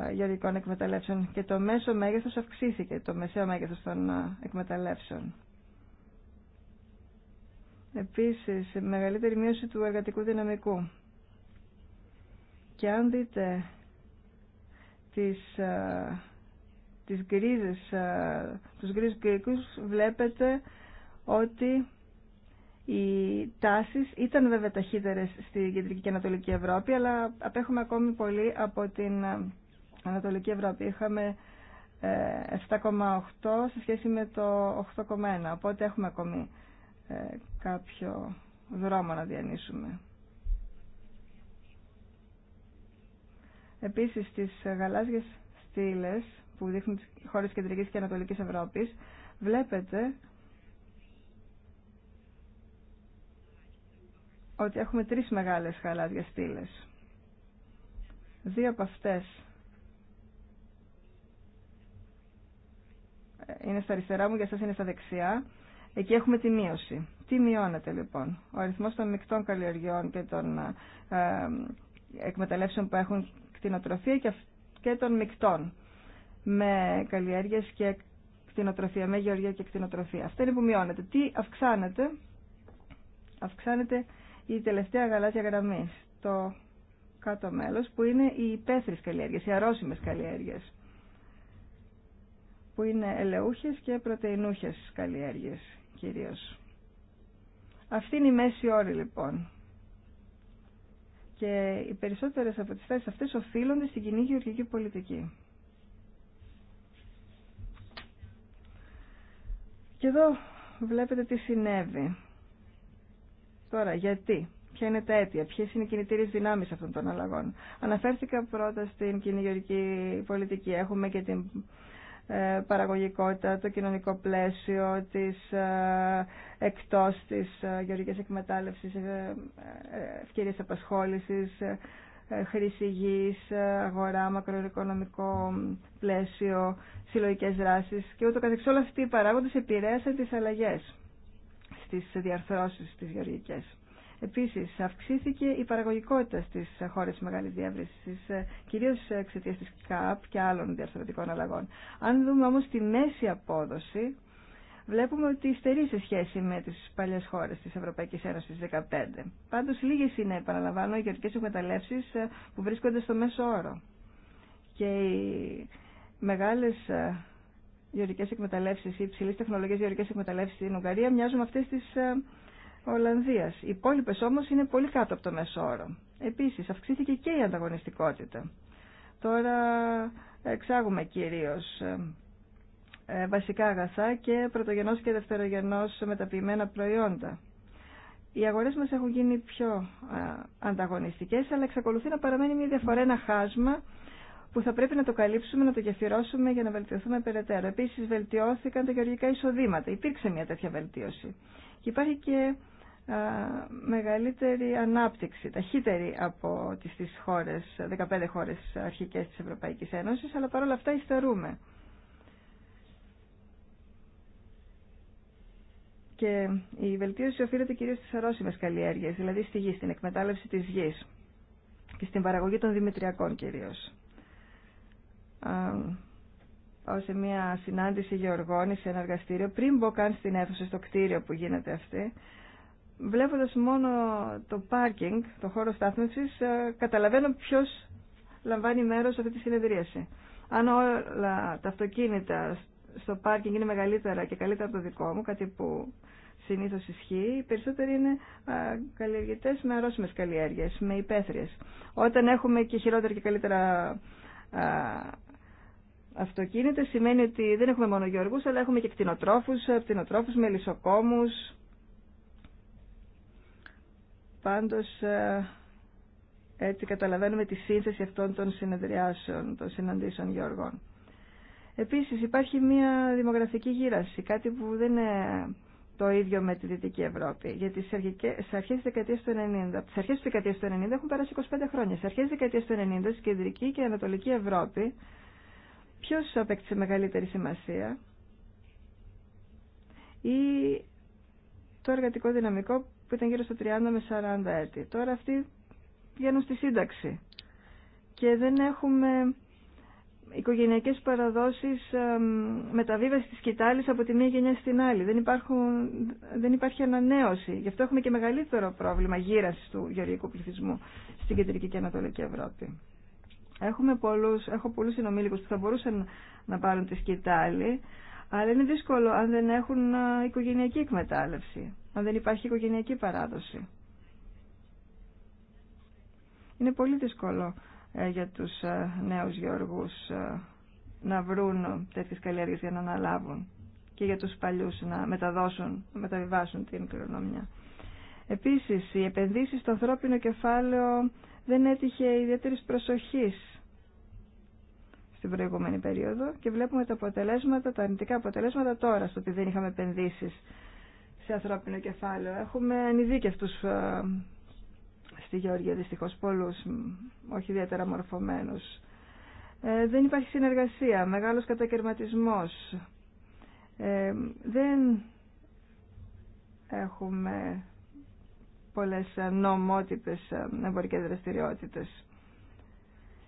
ε, γεωργικών εκμεταλλεύσεων και το μέσο μέγεθος αυξήθηκε, το μεσαίο μέγεθος των εκμεταλλεύσεων. Επίσης, μεγαλύτερη μείωση του εργατικού δυναμικού. Και αν δείτε τις, α, ε, τις γκρίζες, ε, τους γκρίζους βλέπετε ότι οι τάσεις ήταν βέβαια ταχύτερες στην Κεντρική και Ανατολική Ευρώπη, αλλά απέχουμε ακόμη πολύ από την ε, Ανατολική Ευρώπη. Είχαμε 7,8 σε σχέση με το 8,1, οπότε έχουμε ακόμη κάποιο δρόμο να διανύσουμε. Επίσης, στις γαλάζιες στήλες που δείχνουν τις χώρες Κεντρικής και Ανατολικής Ευρώπης, βλέπετε ότι έχουμε τρεις μεγάλες γαλάζιες στήλες. Δύο από αυτές είναι στα αριστερά μου, για σας είναι στα δεξιά Εκεί έχουμε τη μείωση. Τι μειώνεται λοιπόν. Ο αριθμός των μεικτών καλλιεργειών και των ε, ε, εκμεταλλεύσεων που έχουν κτηνοτροφία και των μεικτών με καλλιέργειες και κτηνοτροφία, με γεωργία και κτηνοτροφία. Αυτό είναι που μειώνεται. Τι αυξάνεται. Αυξάνεται η τελευταία γαλάζια γραμμή στο κάτω μέλος που είναι οι υπαίθρες καλλιέργειες, οι αρρώσιμες καλλιέργειες που είναι ελαιούχες και πρωτεϊνούχες καλλιέργειες κυρίως. Αυτή είναι η μέση όρη λοιπόν. Και οι περισσότερες από τις θέσεις αυτές οφείλονται στην κοινή γεωργική πολιτική. Και εδώ βλέπετε τι συνέβη. Τώρα, γιατί, ποια είναι τα αίτια, ποιε είναι οι κινητήριε δυνάμει αυτών των αλλαγών. Αναφέρθηκα πρώτα στην κοινή γεωργική πολιτική. Έχουμε και την ε, παραγωγικότητα, το κοινωνικό πλαίσιο της ε, εκτός της ε, γεωργικής εκμετάλλευσης, ευκαιρίες απασχόλησης, χρήση γης, αγορά, μακροοικονομικό πλαίσιο, συλλογικές δράσεις και ούτω καθεξή Όλα αυτοί οι παράγοντες επηρέασαν τις αλλαγές στις διαρθρώσεις της γεωργικές. Επίση, αυξήθηκε η παραγωγικότητα στις χώρες της μεγάλης κυρίω ε, κυρίως εξαιτία τη ΚΑΠ και άλλων διαστρατικών αλλαγών. Αν δούμε όμω τη μέση απόδοση, βλέπουμε ότι στερεί σε σχέση με τις παλιές χώρες της Ευρωπαϊκής Ένωσης 15. Πάντω λίγε είναι, επαναλαμβάνω, οι ιδιωτικέ εκμεταλλεύσει ε, που βρίσκονται στο μέσο όρο. Και οι μεγάλε ε, γεωργικές εκμεταλλεύσεις, οι υψηλέ τεχνολογίας γεωργικές εκμεταλλεύσει στην Ουγγαρία μοιάζουν αυτέ τι. Ολλανδία. Οι υπόλοιπε όμω είναι πολύ κάτω από το μέσο όρο. Επίσης αυξήθηκε και η ανταγωνιστικότητα. Τώρα εξάγουμε κυρίως ε, ε, βασικά αγαθά και πρωτογενό και δευτερογενό μεταποιημένα προϊόντα. Οι αγορέ μα έχουν γίνει πιο ε, ανταγωνιστικέ, αλλά εξακολουθεί να παραμένει μια διαφορά, ένα χάσμα που θα πρέπει να το καλύψουμε, να το γεφυρώσουμε για να βελτιωθούμε περαιτέρω. Επίση, βελτιώθηκαν τα γεωργικά εισοδήματα. Υπήρξε μια τέτοια βελτίωση. Και υπάρχει και μεγαλύτερη ανάπτυξη, ταχύτερη από τις, τις χώρες, 15 χώρες αρχικές της Ευρωπαϊκής Ένωσης, αλλά παρόλα αυτά υστερούμε. Και η βελτίωση οφείλεται κυρίως στις αρρώσιμες καλλιέργειες, δηλαδή στη γη, στην εκμετάλλευση της γης και στην παραγωγή των δημητριακών κυρίως σε μια συνάντηση γεωργών σε ένα εργαστήριο πριν μπω καν στην αίθουσα, στο κτίριο που γίνεται αυτή. βλέποντα μόνο το πάρκινγκ, το χώρο στάθμευσης, ε, καταλαβαίνω ποιο λαμβάνει μέρο σε αυτή τη συνεδρίαση. Αν όλα τα αυτοκίνητα στο πάρκινγκ είναι μεγαλύτερα και καλύτερα από το δικό μου, κάτι που συνήθω ισχύει, οι περισσότεροι είναι ε, καλλιεργητέ με αρρώσιμε καλλιέργειε, με υπαίθριε. Όταν έχουμε και χειρότερα και καλύτερα ε, αυτοκίνητα σημαίνει ότι δεν έχουμε μόνο γεωργούς, αλλά έχουμε και κτηνοτρόφους, κτηνοτρόφους, λησοκόμους Πάντως, ε, έτσι καταλαβαίνουμε τη σύνθεση αυτών των συνεδριάσεων, των συναντήσεων γεωργών. Επίσης, υπάρχει μια δημογραφική γύραση, κάτι που δεν είναι το ίδιο με τη Δυτική Ευρώπη. Γιατί στι αρχέ τη δεκαετία του 90, από αρχέ δεκαετία του 90 έχουν περάσει 25 χρόνια. Στι αρχέ τη δεκαετία του 90, στην Κεντρική και Ανατολική Ευρώπη ποιος απέκτησε μεγαλύτερη σημασία ή το εργατικό δυναμικό που ήταν γύρω στα 30 με 40 έτη. Τώρα αυτοί πηγαίνουν στη σύνταξη και δεν έχουμε οικογενειακές παραδόσεις μεταβίβαση της κοιτάλης από τη μία γενιά στην άλλη. Δεν, υπάρχουν, δεν υπάρχει ανανέωση. Γι' αυτό έχουμε και μεγαλύτερο πρόβλημα γύρασης του γεωργικού πληθυσμού στην Κεντρική και Ανατολική Ευρώπη. Έχουμε πολλούς, έχω πολλούς συνομήλικους που θα μπορούσαν να πάρουν τη σκητάλη, αλλά είναι δύσκολο αν δεν έχουν ε, οικογενειακή εκμετάλλευση, αν δεν υπάρχει οικογενειακή παράδοση. Είναι πολύ δύσκολο ε, για τους ε, νέους γεωργούς να βρουν τέτοιες καλλιέργειες για να αναλάβουν και για τους παλιούς να μεταδώσουν, να μεταβιβάσουν την κληρονομιά. Επίσης, οι επενδύσεις στο ανθρώπινο κεφάλαιο δεν έτυχε ιδιαίτερη προσοχής στην προηγούμενη περίοδο και βλέπουμε τα αποτελέσματα, τα αρνητικά αποτελέσματα τώρα στο ότι δεν είχαμε επενδύσει σε ανθρώπινο κεφάλαιο. Έχουμε ανειδίκευτου ε, στη Γεωργία δυστυχώς πολλούς, όχι ιδιαίτερα μορφωμένου. Ε, δεν υπάρχει συνεργασία, μεγάλος κατακαιρματισμός. Ε, δεν έχουμε πολλές ε, νομότυπες ε, εμπορικές δραστηριότητες.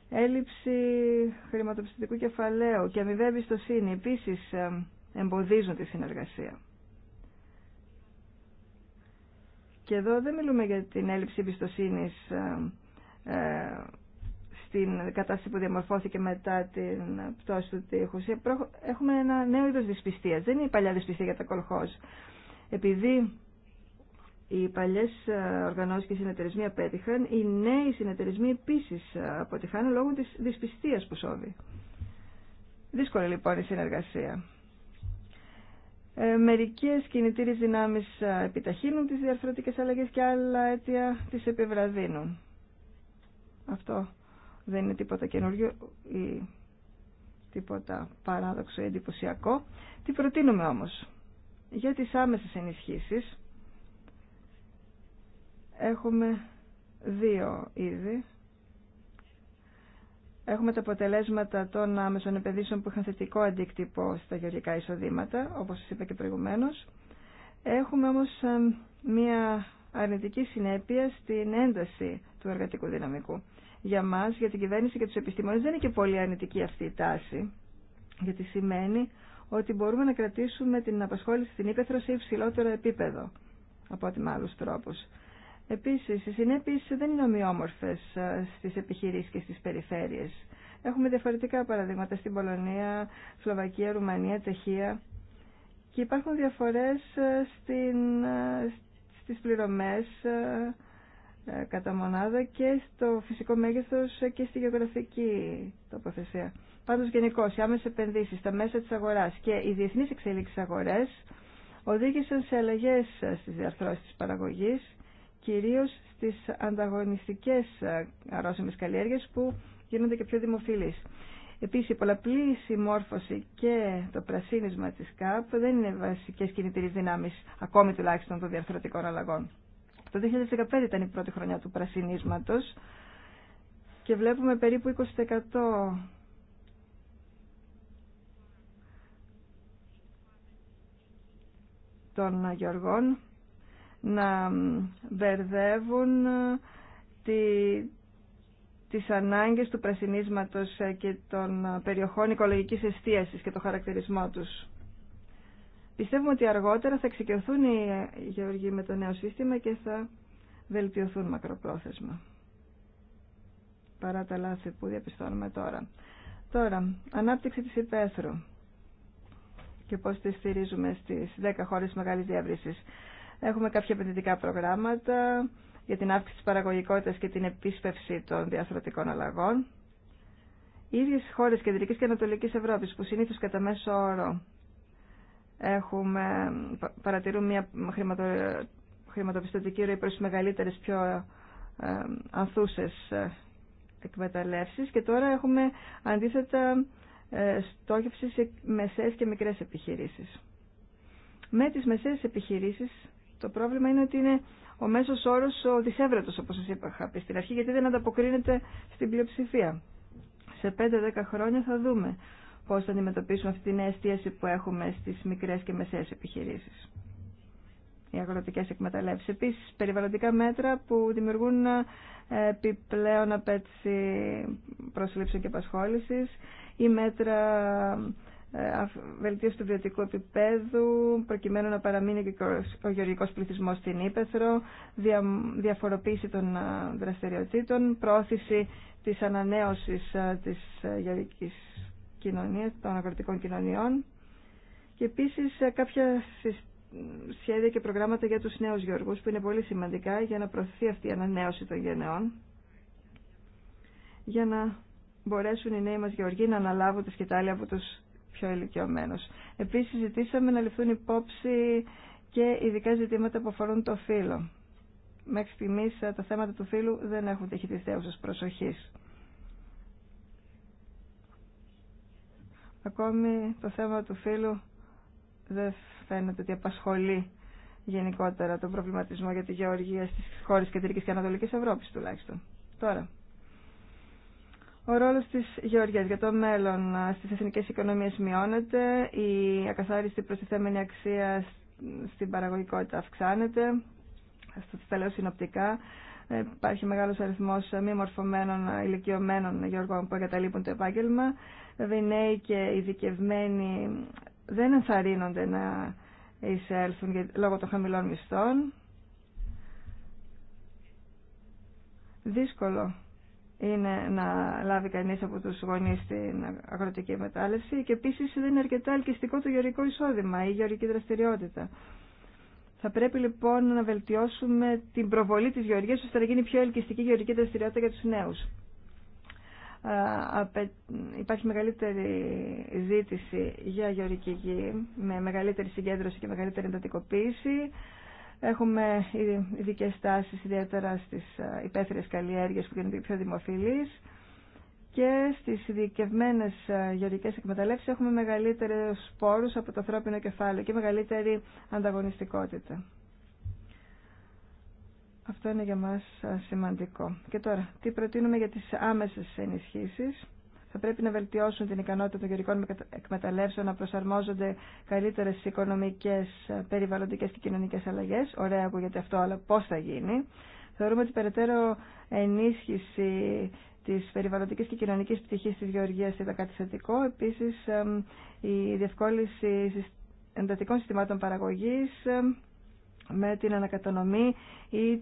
Έλλειψη χρηματοπιστωτικού κεφαλαίου και αμοιβέ εμπιστοσύνη επίσης ε, εμποδίζουν τη συνεργασία. Και εδώ δεν μιλούμε για την έλλειψη εμπιστοσύνη στην κατάσταση που διαμορφώθηκε μετά την πτώση του τείχους. Έχουμε ένα νέο είδος δυσπιστίας. Δεν είναι η παλιά δυσπιστία για τα κολχός. Επειδή οι παλιές ε, οργανώσεις και συνεταιρισμοί απέτυχαν, οι νέοι συνεταιρισμοί επίσης ε, αποτυχάνουν λόγω της δυσπιστίας που σώβει. Δύσκολη λοιπόν η συνεργασία. Ε, μερικές κινητήρες δυνάμεις ε, επιταχύνουν τις διαρθρωτικές αλλαγές και άλλα αίτια τις επιβραδύνουν. Αυτό δεν είναι τίποτα καινούργιο ή τίποτα παράδοξο ή εντυπωσιακό. Τι προτείνουμε όμως. Για τις άμεσες ενισχύσεις έχουμε δύο είδη. Έχουμε τα αποτελέσματα των άμεσων επενδύσεων που είχαν θετικό αντίκτυπο στα γεωργικά εισοδήματα, όπως σας είπα και προηγουμένως. Έχουμε όμως ε, μία αρνητική συνέπεια στην ένταση του εργατικού δυναμικού. Για μας, για την κυβέρνηση και τους επιστήμονες δεν είναι και πολύ αρνητική αυτή η τάση, γιατί σημαίνει ότι μπορούμε να κρατήσουμε την απασχόληση στην ύπεθρο σε υψηλότερο επίπεδο από ό,τι με άλλους τρόπους. Επίσης, οι συνέπειες δεν είναι ομοιόμορφες ε, στις επιχειρήσεις και στις περιφέρειες. Έχουμε διαφορετικά παραδείγματα στην Πολωνία, Σλοβακία, Ρουμανία, Τσεχία και υπάρχουν διαφορές ε, στην, ε, στις πληρωμές κατά μονάδα και στο φυσικό μέγεθος και στη γεωγραφική τοποθεσία. Πάντως γενικώ, οι άμεσες επενδύσεις στα μέσα της αγοράς και οι διεθνείς εξέλιξεις αγορές οδήγησαν σε αλλαγές στις διαρθρώσεις της παραγωγής κυρίως στις ανταγωνιστικές ε, αρρώσιμες καλλιέργειες που γίνονται και πιο δημοφιλείς. Επίσης, η πολλαπλή συμμόρφωση και το πρασίνισμα της ΚΑΠ δεν είναι βασικές κινητήρες δυνάμεις, ακόμη τουλάχιστον των διαρθρωτικών αλλαγών. Το 2015 ήταν η πρώτη χρονιά του πρασινίσματος και βλέπουμε περίπου 20% των Γεωργών να μπερδεύουν ε, τη, τις ανάγκες του πρασινίσματος ε, και των ε, περιοχών οικολογικής εστίασης και το χαρακτηρισμό τους. Πιστεύουμε ότι αργότερα θα εξοικειωθούν οι γεωργοί με το νέο σύστημα και θα βελτιωθούν μακροπρόθεσμα. Παρά τα λάθη που διαπιστώνουμε τώρα. Τώρα, ανάπτυξη της υπαίθρου και πώς τη στηρίζουμε στις 10 χώρες μεγάλης διαβρύσης. Έχουμε κάποια επενδυτικά προγράμματα για την αύξηση της παραγωγικότητας και την επίσπευση των διαστρατικών αλλαγών. Οι ίδιες χώρες Κεντρικής και Ανατολικής Ευρώπης που συνήθως κατά μέσο όρο έχουμε, παρατηρούν μια χρηματο, χρηματοπιστωτική ροή προς μεγαλύτερες πιο ε, ανθούσες ε, εκμεταλλεύσεις και τώρα έχουμε αντίθετα ε, στόχευση σε μεσαίες και μικρές επιχειρήσεις. Με τις μεσαίες επιχειρήσεις το πρόβλημα είναι ότι είναι ο μέσο όρο ο δυσέβρετο, όπω σα είπα στην αρχή, γιατί δεν ανταποκρίνεται στην πλειοψηφία. Σε 5-10 χρόνια θα δούμε πώ θα αντιμετωπίσουμε αυτή την αίσθηση που έχουμε στι μικρέ και μεσαίε επιχειρήσει Οι αγροτικέ εκμεταλλεύσει. Επίση, περιβαλλοντικά μέτρα που δημιουργούν ε, επιπλέον απέτηση προσλήψεων και απασχόληση ή μέτρα ε, βελτίωση του βιωτικού επίπεδου, προκειμένου να παραμείνει και ο γεωργικός πληθυσμός στην Ήπεθρο, διαφοροποίηση των ε, δραστηριοτήτων, πρόθεση της ανανέωσης ε, της γεωργικής κοινωνίας, των αγροτικών κοινωνιών και επίσης κάποια σχέδια και προγράμματα για τους νέους γεωργούς που είναι πολύ σημαντικά για να προωθεί αυτή η ανανέωση των γενεών για να μπορέσουν οι νέοι μας γεωργοί να αναλάβουν τη σκητάλη από τους πιο ηλικιωμένος. Επίσης ζητήσαμε να ληφθούν υπόψη και ειδικά ζητήματα που αφορούν το φύλλο. Μέχρι στιγμής ε, τα θέματα του φύλλου δεν έχουν τύχει τη θέουσας προσοχής. Ακόμη το θέμα του φύλλου δεν φαίνεται ότι απασχολεί γενικότερα τον προβληματισμό για τη γεωργία στις χώρες κεντρικής και ανατολικής Ευρώπης τουλάχιστον. Τώρα, ο ρόλος της Γεωργίας για το μέλλον στις εθνικές οικονομίες μειώνεται, η ακαθάριστη προστιθέμενη αξία στην παραγωγικότητα αυξάνεται, στο λέω συνοπτικά, υπάρχει μεγάλος αριθμός μη μορφωμένων ηλικιωμένων γεωργών που εγκαταλείπουν το επάγγελμα. Βέβαια οι νέοι και ειδικευμένοι δεν ενθαρρύνονται να εισέλθουν λόγω των χαμηλών μισθών. Δύσκολο είναι να λάβει κανείς από τους γονείς την αγροτική μετάλλευση και επίσης δεν είναι αρκετά ελκυστικό το γεωρικό εισόδημα ή γεωρική δραστηριότητα. Θα πρέπει λοιπόν να βελτιώσουμε την προβολή της γεωργίας ώστε να γίνει πιο ελκυστική γεωρική δραστηριότητα για τους νέους. Υπάρχει μεγαλύτερη ζήτηση για γεωρική γη με μεγαλύτερη συγκέντρωση και μεγαλύτερη εντατικοποίηση Έχουμε ειδικέ τάσει, ιδιαίτερα στι ε, υπαίθριε καλλιέργειε που γίνονται πιο δημοφιλεί και στι ειδικευμένε ε, γεωργικέ εκμεταλλεύσει έχουμε μεγαλύτερου πόρου από το ανθρώπινο κεφάλαιο και μεγαλύτερη ανταγωνιστικότητα. Αυτό είναι για μας ε, σημαντικό. Και τώρα, τι προτείνουμε για τις άμεσες ενισχύσεις θα πρέπει να βελτιώσουν την ικανότητα των γεωρικών εκμεταλλεύσεων να προσαρμόζονται καλύτερε στι οικονομικέ, περιβαλλοντικέ και κοινωνικέ αλλαγέ. Ωραία, ακούγεται αυτό, αλλά πώ θα γίνει. Θεωρούμε ότι περαιτέρω ενίσχυση τη περιβαλλοντική και κοινωνική πτυχή τη γεωργία ήταν κάτι θετικό. Επίση, η διευκόλυνση εντατικών συστημάτων παραγωγή με την ανακατανομή ή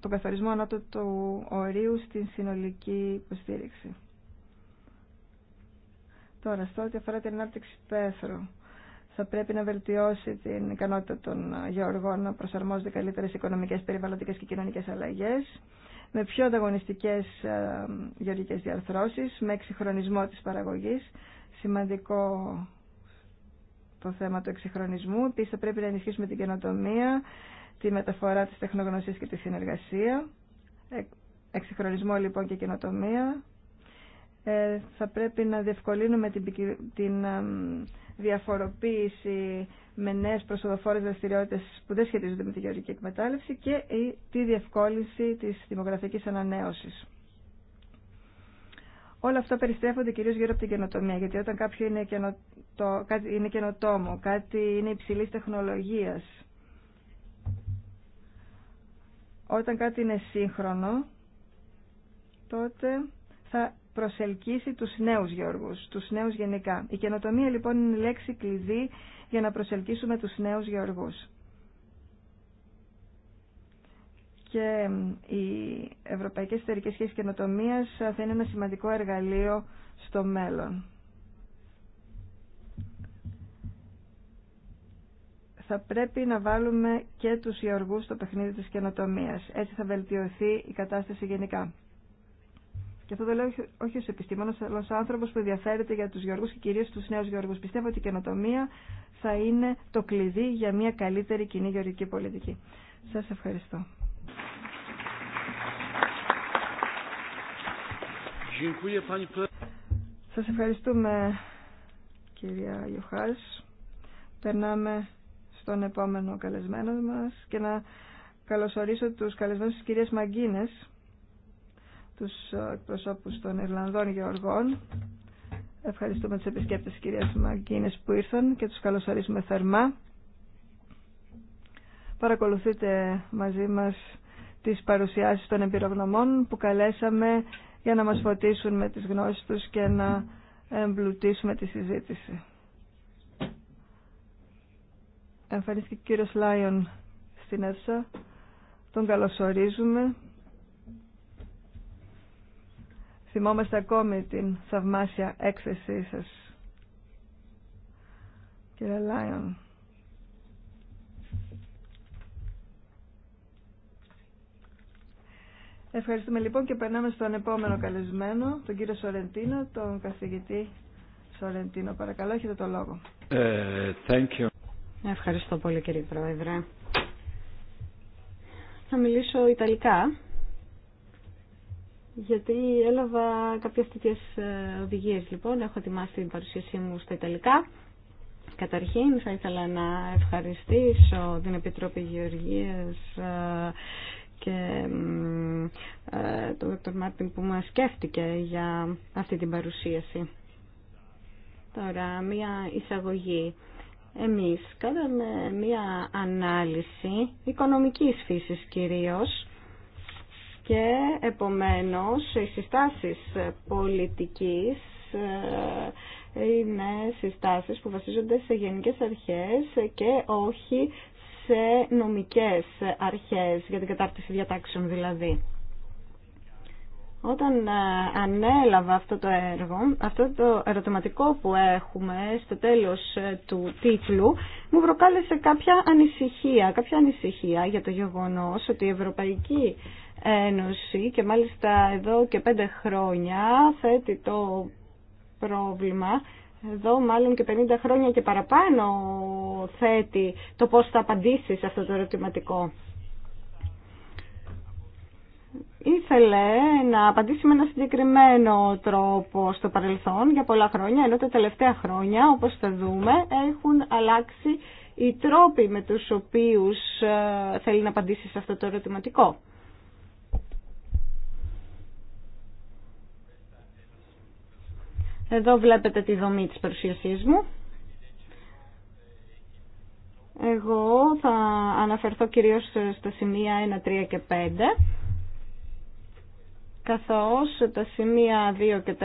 τον καθορισμό ανώτατου ορίου στην συνολική υποστήριξη. Τώρα, στο ό,τι αφορά την ανάπτυξη του πέθρου, θα πρέπει να βελτιώσει την ικανότητα των γεωργών να προσαρμόζονται καλύτερε οικονομικέ, περιβαλλοντικέ και κοινωνικέ αλλαγέ, με πιο ανταγωνιστικέ ε, γεωργικέ διαρθρώσει, με εξυγχρονισμό τη παραγωγή. Σημαντικό το θέμα του εξυγχρονισμού. Επίση, θα πρέπει να ενισχύσουμε την καινοτομία, τη μεταφορά τη τεχνογνωσία και τη συνεργασία. Ε, εξυγχρονισμό λοιπόν και καινοτομία, ε, θα πρέπει να διευκολύνουμε την, διαφοροποίηση με νέε προσοδοφόρες δραστηριότητε που δεν σχετίζονται με τη γεωργική εκμετάλλευση και τη διευκόλυνση της δημογραφικής ανανέωσης. Όλα αυτά περιστρέφονται κυρίως γύρω από την καινοτομία, γιατί όταν κάποιο είναι, κάτι είναι καινοτόμο, κάτι είναι υψηλή τεχνολογίας, όταν κάτι είναι σύγχρονο, τότε θα προσελκύσει τους νέους γεωργούς, τους νέους γενικά. Η καινοτομία λοιπόν είναι λέξη κλειδί για να προσελκύσουμε τους νέους γεωργούς. Και οι ευρωπαϊκή Εταιρικέ σχέση καινοτομία θα είναι ένα σημαντικό εργαλείο στο μέλλον. θα πρέπει να βάλουμε και τους γεωργούς στο παιχνίδι της καινοτομία. Έτσι θα βελτιωθεί η κατάσταση γενικά. Και αυτό το λέω όχι ως επιστήμονας, αλλά ως άνθρωπος που ενδιαφέρεται για τους γεωργούς και κυρίως τους νέους γεωργούς. Πιστεύω ότι η καινοτομία θα είναι το κλειδί για μια καλύτερη κοινή γεωργική πολιτική. Σας ευχαριστώ. Σας ευχαριστούμε κυρία Ιωχάς. Περνάμε στον επόμενο καλεσμένο μας και να καλωσορίσω τους καλεσμένους της κυρίας Μαγκίνες τους ε, εκπροσώπους των Ιρλανδών Γεωργών. Ευχαριστούμε τους επισκέπτες της κυρίας Μαγκίνες που ήρθαν και τους καλωσορίζουμε θερμά. Παρακολουθείτε μαζί μας τις παρουσιάσεις των εμπειρογνωμών που καλέσαμε για να μας φωτίσουν με τις γνώσεις τους και να εμπλουτίσουμε τη συζήτηση. Εμφανίστηκε ο κύριος Λάιον στην αίθουσα. Τον καλωσορίζουμε. Θυμόμαστε ακόμη την θαυμάσια έκθεσή σας, κύριε Λάιον. Ευχαριστούμε λοιπόν και περνάμε στον επόμενο καλεσμένο, τον κύριο Σορεντίνο, τον καθηγητή Σορεντίνο. Παρακαλώ, έχετε το λόγο. Ε, Ευχαριστώ πολύ κύριε Πρόεδρε. Θα μιλήσω Ιταλικά γιατί έλαβα κάποιες τέτοιες ε, οδηγίες λοιπόν. Έχω ετοιμάσει την παρουσίασή μου στα Ιταλικά. Καταρχήν θα ήθελα να ευχαριστήσω την Επιτροπή Γεωργίας ε, και ε, τον Δ. Μάρτιν που μας σκέφτηκε για αυτή την παρουσίαση. Τώρα, μία εισαγωγή. Εμείς κάναμε μία ανάλυση οικονομικής φύσης κυρίως και επομένως οι συστάσεις πολιτικής ε, είναι συστάσεις που βασίζονται σε γενικές αρχές και όχι σε νομικές αρχές για την κατάρτιση διατάξεων δηλαδή. Όταν ε, ανέλαβα αυτό το έργο, αυτό το ερωτηματικό που έχουμε στο τέλος ε, του τίτλου μου προκάλεσε κάποια ανησυχία, κάποια ανησυχία για το γεγονός ότι η Ευρωπαϊκή Ένωση και μάλιστα εδώ και πέντε χρόνια θέτει το πρόβλημα. Εδώ μάλλον και 50 χρόνια και παραπάνω θέτει το πώς θα απαντήσει σε αυτό το ερωτηματικό. Ήθελε να απαντήσει με ένα συγκεκριμένο τρόπο στο παρελθόν για πολλά χρόνια, ενώ τα τελευταία χρόνια, όπως θα δούμε, έχουν αλλάξει οι τρόποι με τους οποίους ε, θέλει να απαντήσει σε αυτό το ερωτηματικό. Εδώ βλέπετε τη δομή της παρουσίασής μου. Εγώ θα αναφερθώ κυρίως στα σημεία 1, 3 και 5, καθώς τα σημεία 2 και 4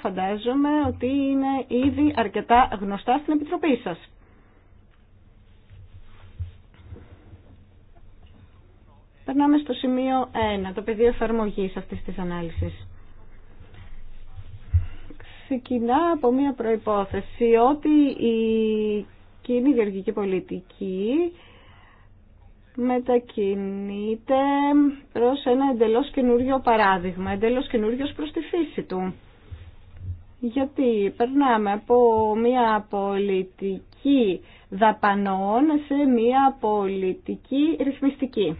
φαντάζομαι ότι είναι ήδη αρκετά γνωστά στην Επιτροπή σας. Περνάμε στο σημείο 1, το πεδίο εφαρμογή αυτής της ανάλυσης ξεκινά από μια προϋπόθεση ότι η κοινή γεωργική πολιτική μετακινείται προς ένα εντελώς καινούριο παράδειγμα, εντελώς καινούριος προς τη φύση του. Γιατί περνάμε από μια πολιτική δαπανών σε μια πολιτική ρυθμιστική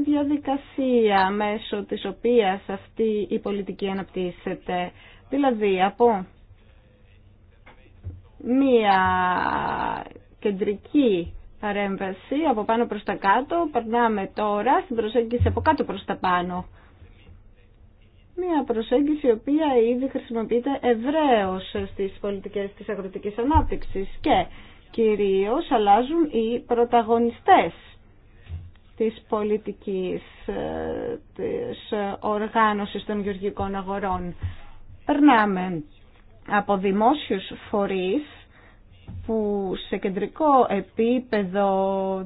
στη διαδικασία μέσω της οποίας αυτή η πολιτική αναπτύσσεται. Δηλαδή από μία κεντρική παρέμβαση από πάνω προς τα κάτω, περνάμε τώρα στην προσέγγιση από κάτω προς τα πάνω. Μία προσέγγιση η οποία ήδη χρησιμοποιείται ευρέως στις πολιτικές της αγροτικής ανάπτυξης και κυρίως αλλάζουν οι πρωταγωνιστές της πολιτικής ε, της ε, οργάνωσης των γεωργικών αγορών. Περνάμε από δημόσιους φορείς που σε κεντρικό επίπεδο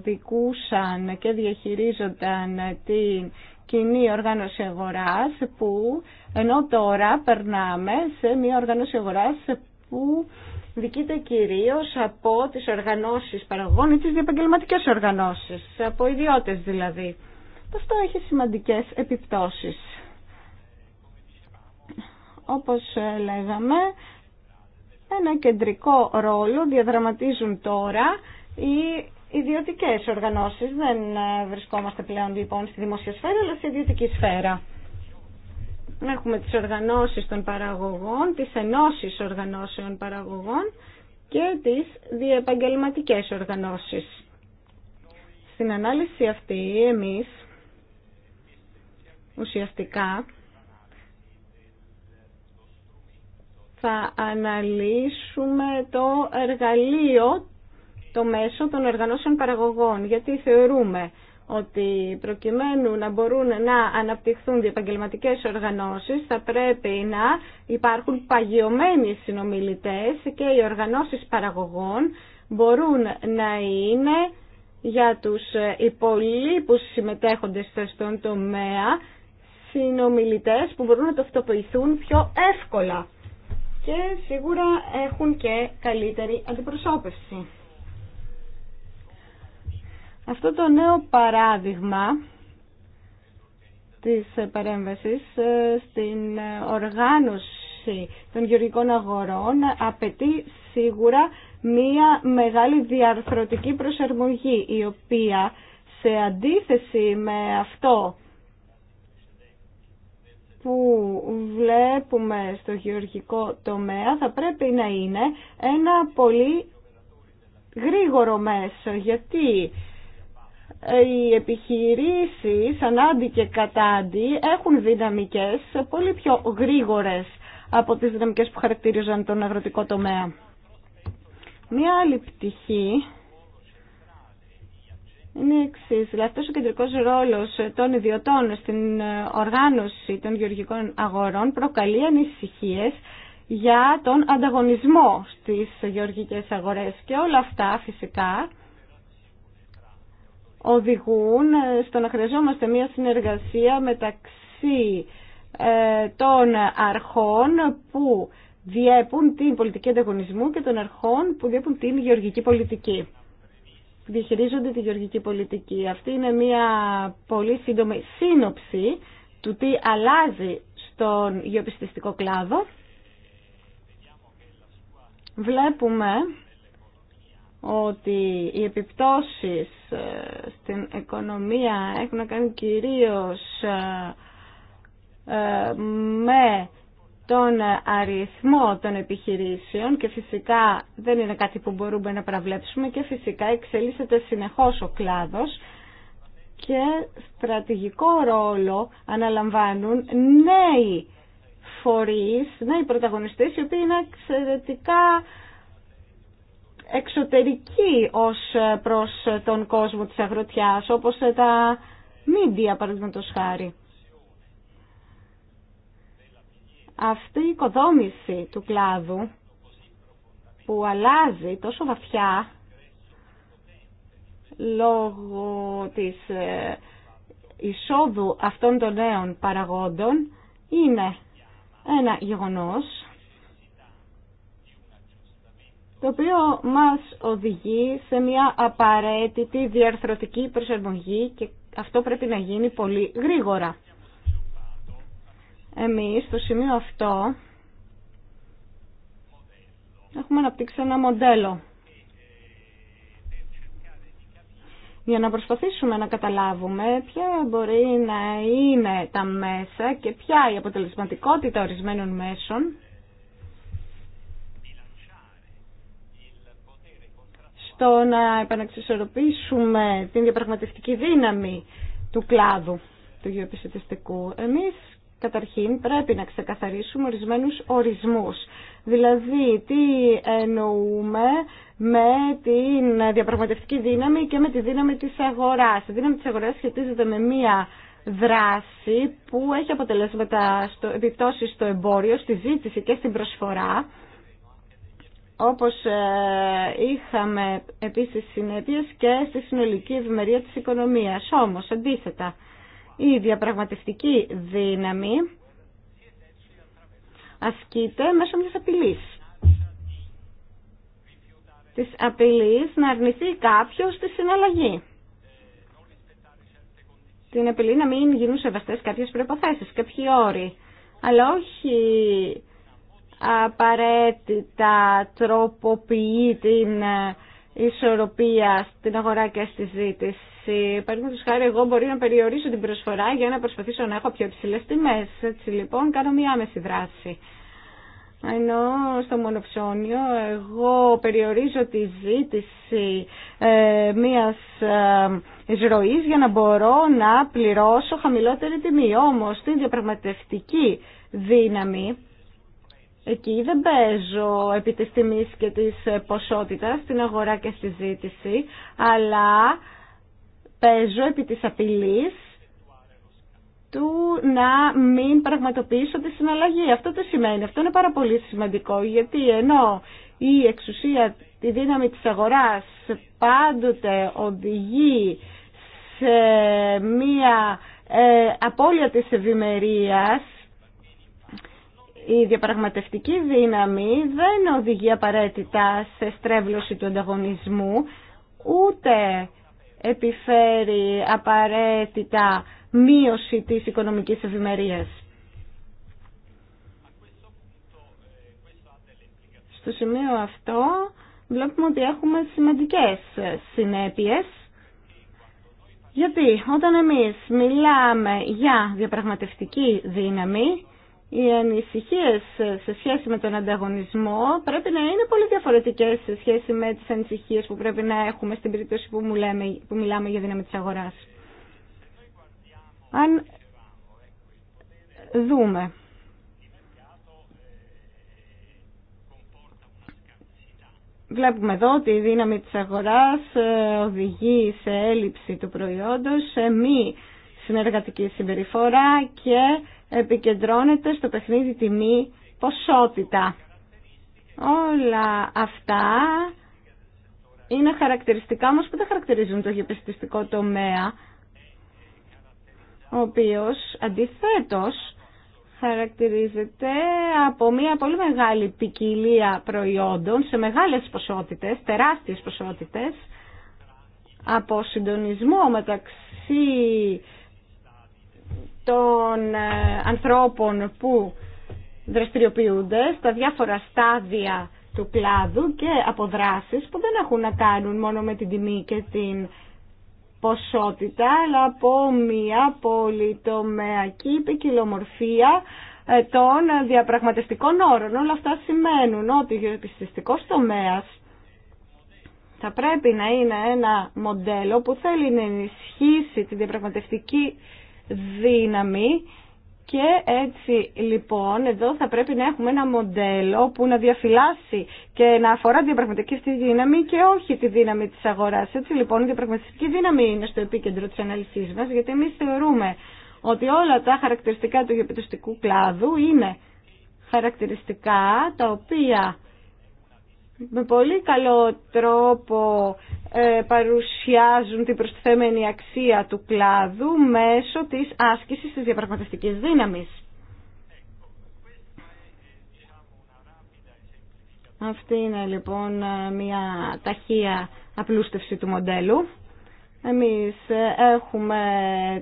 δικούσαν και διαχειρίζονταν την κοινή οργάνωση αγοράς που ενώ τώρα περνάμε σε μια οργάνωση αγοράς που διοικείται κυρίω από τις οργανώσεις παραγωγών ή τι διαπαγγελματικέ οργανώσει. από ιδιώτες δηλαδή. Αυτό έχει σημαντικές επιπτώσεις. Όπως λέγαμε, ένα κεντρικό ρόλο διαδραματίζουν τώρα οι ιδιωτικές οργανώσεις. Δεν ε, βρισκόμαστε πλέον λοιπόν στη δημόσια σφαίρα, αλλά στη ιδιωτική σφαίρα. Έχουμε τις οργανώσεις των παραγωγών, τις ενώσεις οργανώσεων παραγωγών και τις διεπαγγελματικές οργανώσεις. Στην ανάλυση αυτή εμείς ουσιαστικά θα αναλύσουμε το εργαλείο, το μέσο των οργανώσεων παραγωγών, γιατί θεωρούμε ότι προκειμένου να μπορούν να αναπτυχθούν διεπαγγελματικές οργανώσεις θα πρέπει να υπάρχουν παγιωμένοι συνομιλητές και οι οργανώσεις παραγωγών μπορούν να είναι για τους υπολείπους συμμετέχοντες στον τομέα συνομιλητές που μπορούν να τουτοποιηθούν πιο εύκολα και σίγουρα έχουν και καλύτερη αντιπροσώπευση. Αυτό το νέο παράδειγμα της παρέμβασης ε, στην οργάνωση των γεωργικών αγορών απαιτεί σίγουρα μία μεγάλη διαρθρωτική προσαρμογή η οποία σε αντίθεση με αυτό που βλέπουμε στο γεωργικό τομέα θα πρέπει να είναι ένα πολύ γρήγορο μέσο γιατί οι επιχειρήσεις ανάντι και κατάντι έχουν δυναμικές πολύ πιο γρήγορες από τις δυναμικές που χαρακτήριζαν τον αγροτικό τομέα. Μία άλλη πτυχή είναι η εξή. Δηλαδή, αυτό ο κεντρικό ρόλο των ιδιωτών στην οργάνωση των γεωργικών αγορών προκαλεί ανησυχίε για τον ανταγωνισμό στις γεωργικές αγορές και όλα αυτά φυσικά οδηγούν στο να χρειαζόμαστε μια συνεργασία μεταξύ ε, των αρχών που διέπουν την πολιτική ανταγωνισμού και των αρχών που διέπουν την γεωργική πολιτική. Διαχειρίζονται τη γεωργική πολιτική. Αυτή είναι μια πολύ σύντομη σύνοψη του τι αλλάζει στον γεωπιστιστικό κλάδο. Βλέπουμε ότι οι επιπτώσεις ε, στην οικονομία έχουν να κάνουν κυρίως ε, ε, με τον αριθμό των επιχειρήσεων και φυσικά δεν είναι κάτι που μπορούμε να παραβλέψουμε και φυσικά εξελίσσεται συνεχώς ο κλάδος και στρατηγικό ρόλο αναλαμβάνουν νέοι φορείς, νέοι πρωταγωνιστές οι οποίοι είναι εξαιρετικά εξωτερική ως προς τον κόσμο της αγροτιάς, όπως τα μίντια παραδείγματος χάρη. Αυτή η οικοδόμηση του κλάδου που αλλάζει τόσο βαθιά λόγω της ε, εισόδου αυτών των νέων παραγόντων είναι ένα γεγονός το οποίο μας οδηγεί σε μια απαραίτητη διαρθρωτική προσαρμογή και αυτό πρέπει να γίνει πολύ γρήγορα. Εμείς στο σημείο αυτό έχουμε αναπτύξει ένα μοντέλο για να προσπαθήσουμε να καταλάβουμε ποια μπορεί να είναι τα μέσα και ποια η αποτελεσματικότητα ορισμένων μέσων το να επαναξισορροπήσουμε την διαπραγματευτική δύναμη του κλάδου του γεωπιστητιστικού. Εμείς καταρχήν πρέπει να ξεκαθαρίσουμε ορισμένους ορισμούς. Δηλαδή τι εννοούμε με την διαπραγματευτική δύναμη και με τη δύναμη της αγοράς. Η δύναμη της αγοράς σχετίζεται με μία δράση που έχει αποτελέσματα στο, επιπτώσει στο εμπόριο, στη ζήτηση και στην προσφορά όπως ε, είχαμε επίσης συνέπειες και στη συνολική ευημερία της οικονομίας. Όμως, αντίθετα, η διαπραγματευτική δύναμη ασκείται μέσω μιας απειλής. Της απειλής να αρνηθεί κάποιος τη συναλλαγή. Την απειλή να μην γίνουν σεβαστές κάποιες προϋποθέσεις, κάποιοι όροι. Αλλά όχι απαραίτητα τροποποιεί την ε, ισορροπία στην αγορά και στη ζήτηση. Παραδείγματο χάρη, εγώ μπορεί να περιορίσω την προσφορά για να προσπαθήσω να έχω πιο υψηλέ τιμέ. Έτσι λοιπόν, κάνω μία άμεση δράση. Ενώ στο μονοψώνιο εγώ περιορίζω τη ζήτηση ε, μίας ε, για να μπορώ να πληρώσω χαμηλότερη τιμή. Όμως την διαπραγματευτική δύναμη Εκεί δεν παίζω επί της τιμής και της ε, ποσότητας στην αγορά και στη ζήτηση, αλλά παίζω επί της απειλής του να μην πραγματοποιήσω τη συναλλαγή. Αυτό τι σημαίνει. Αυτό είναι πάρα πολύ σημαντικό, γιατί ενώ η εξουσία, τη δύναμη της αγοράς πάντοτε οδηγεί σε μία ε, απώλεια της ευημερίας η διαπραγματευτική δύναμη δεν οδηγεί απαραίτητα σε στρέβλωση του ανταγωνισμού, ούτε επιφέρει απαραίτητα μείωση της οικονομικής ευημερίας. Στο σημείο αυτό βλέπουμε ότι έχουμε σημαντικές συνέπειες γιατί όταν εμείς μιλάμε για διαπραγματευτική δύναμη οι ανησυχίε σε σχέση με τον ανταγωνισμό πρέπει να είναι πολύ διαφορετικέ σε σχέση με τι ανησυχίε που πρέπει να έχουμε στην περίπτωση που, που μιλάμε για δύναμη τη αγορά. Αν δούμε Βλέπουμε εδώ ότι η δύναμη της αγοράς ε, οδηγεί σε έλλειψη του προϊόντος, σε μη συνεργατική συμπεριφορά και επικεντρώνεται στο παιχνίδι τιμή ποσότητα. Όλα αυτά είναι χαρακτηριστικά όμως που δεν χαρακτηρίζουν το γεπιστιστικό τομέα, ο οποίος αντιθέτως χαρακτηρίζεται από μια πολύ μεγάλη ποικιλία προϊόντων σε μεγάλες ποσότητες, τεράστιες ποσότητες, από συντονισμό μεταξύ των ε, ανθρώπων που δραστηριοποιούνται στα διάφορα στάδια του κλάδου και αποδράσεις που δεν έχουν να κάνουν μόνο με την τιμή και την ποσότητα, αλλά από μια πολυτομεακή ποικιλομορφία ε, των διαπραγματευτικών όρων. Όλα αυτά σημαίνουν ότι ο γεωπιστικός τομέας θα πρέπει να είναι ένα μοντέλο που θέλει να ενισχύσει τη διαπραγματευτική δύναμη και έτσι λοιπόν εδώ θα πρέπει να έχουμε ένα μοντέλο που να διαφυλάσσει και να αφορά την στη δύναμη και όχι τη δύναμη της αγοράς. Έτσι λοιπόν η πραγματική δύναμη είναι στο επίκεντρο της ανάλυσής μας γιατί εμείς θεωρούμε ότι όλα τα χαρακτηριστικά του γεωπιτοστικού κλάδου είναι χαρακτηριστικά τα οποία με πολύ καλό τρόπο ε, παρουσιάζουν την προστιθέμενη αξία του κλάδου μέσω της άσκησης της διαπραγματευτικής δύναμης. Αυτή είναι λοιπόν μια ταχεία απλούστευση του μοντέλου. Εμείς έχουμε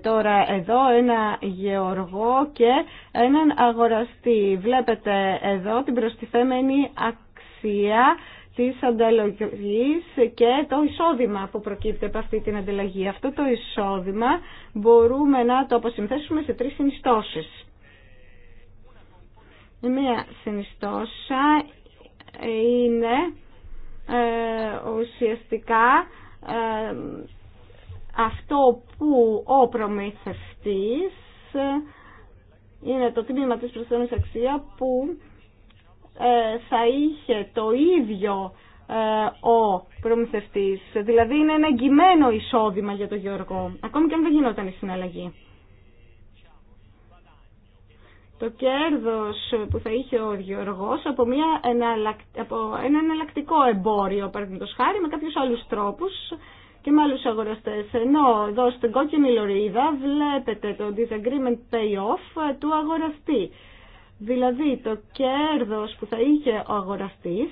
τώρα εδώ ένα γεωργό και έναν αγοραστή. Βλέπετε εδώ την προστιθέμενη αξία αξία της ανταλλαγής και το εισόδημα που προκύπτει από αυτή την ανταλλαγή. Αυτό το εισόδημα μπορούμε να το αποσυνθέσουμε σε τρεις συνιστώσεις. Η μία συνιστώσα είναι ε, ουσιαστικά ε, αυτό που ο προμηθευτής ε, είναι το τμήμα της προσθέμενης αξία που ε, θα είχε το ίδιο ε, ο προμηθευτής. Δηλαδή είναι ένα εγκυμένο εισόδημα για τον Γεωργό, ακόμη και αν δεν γινόταν η συναλλαγή. Το κέρδος που θα είχε ο Γιώργος από, μια από ένα εναλλακτικό εμπόριο, το χάρη, με κάποιους άλλους τρόπους και με άλλους αγοραστές. Ενώ εδώ στην κόκκινη λωρίδα βλέπετε το disagreement payoff του αγοραστή. Δηλαδή το κέρδος που θα είχε ο αγοραστής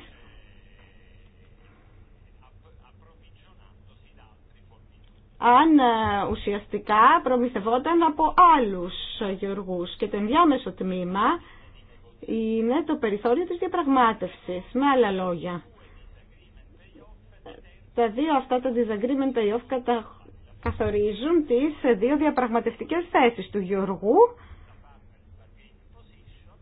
αν ε, ουσιαστικά προμηθευόταν από άλλους γεωργούς και το ενδιάμεσο τμήμα είναι το περιθώριο της διαπραγμάτευσης. Με άλλα λόγια, τα δύο αυτά τα disagreement payoff καθορίζουν τις δύο διαπραγματευτικές θέσεις του γεωργού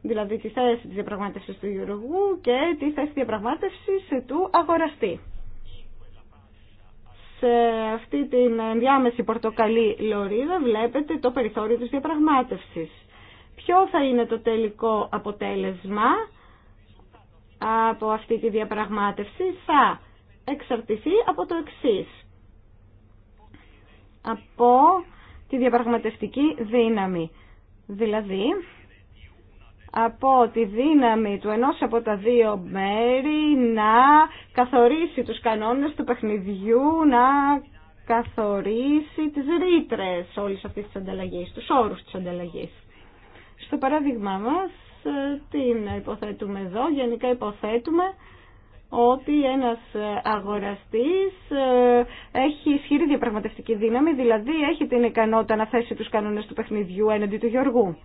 δηλαδή τη θέση της διαπραγμάτευσης του γεωργού και τη θέση διαπραγμάτευσης του αγοραστή. Σε αυτή την διάμεση πορτοκαλί λωρίδα βλέπετε το περιθώριο της διαπραγμάτευσης. Ποιο θα είναι το τελικό αποτέλεσμα από αυτή τη διαπραγμάτευση θα εξαρτηθεί από το εξής. Από τη διαπραγματευτική δύναμη. Δηλαδή, από τη δύναμη του ενός από τα δύο μέρη να καθορίσει τους κανόνες του παιχνιδιού, να καθορίσει τις ρήτρε όλης αυτής της ανταλλαγής, τους όρους της ανταλλαγής. Στο παράδειγμα μας, ε, τι να υποθέτουμε εδώ, γενικά υποθέτουμε ότι ένας αγοραστής ε, έχει ισχυρή διαπραγματευτική δύναμη, δηλαδή έχει την ικανότητα να θέσει τους κανόνες του παιχνιδιού έναντι του Γιωργού.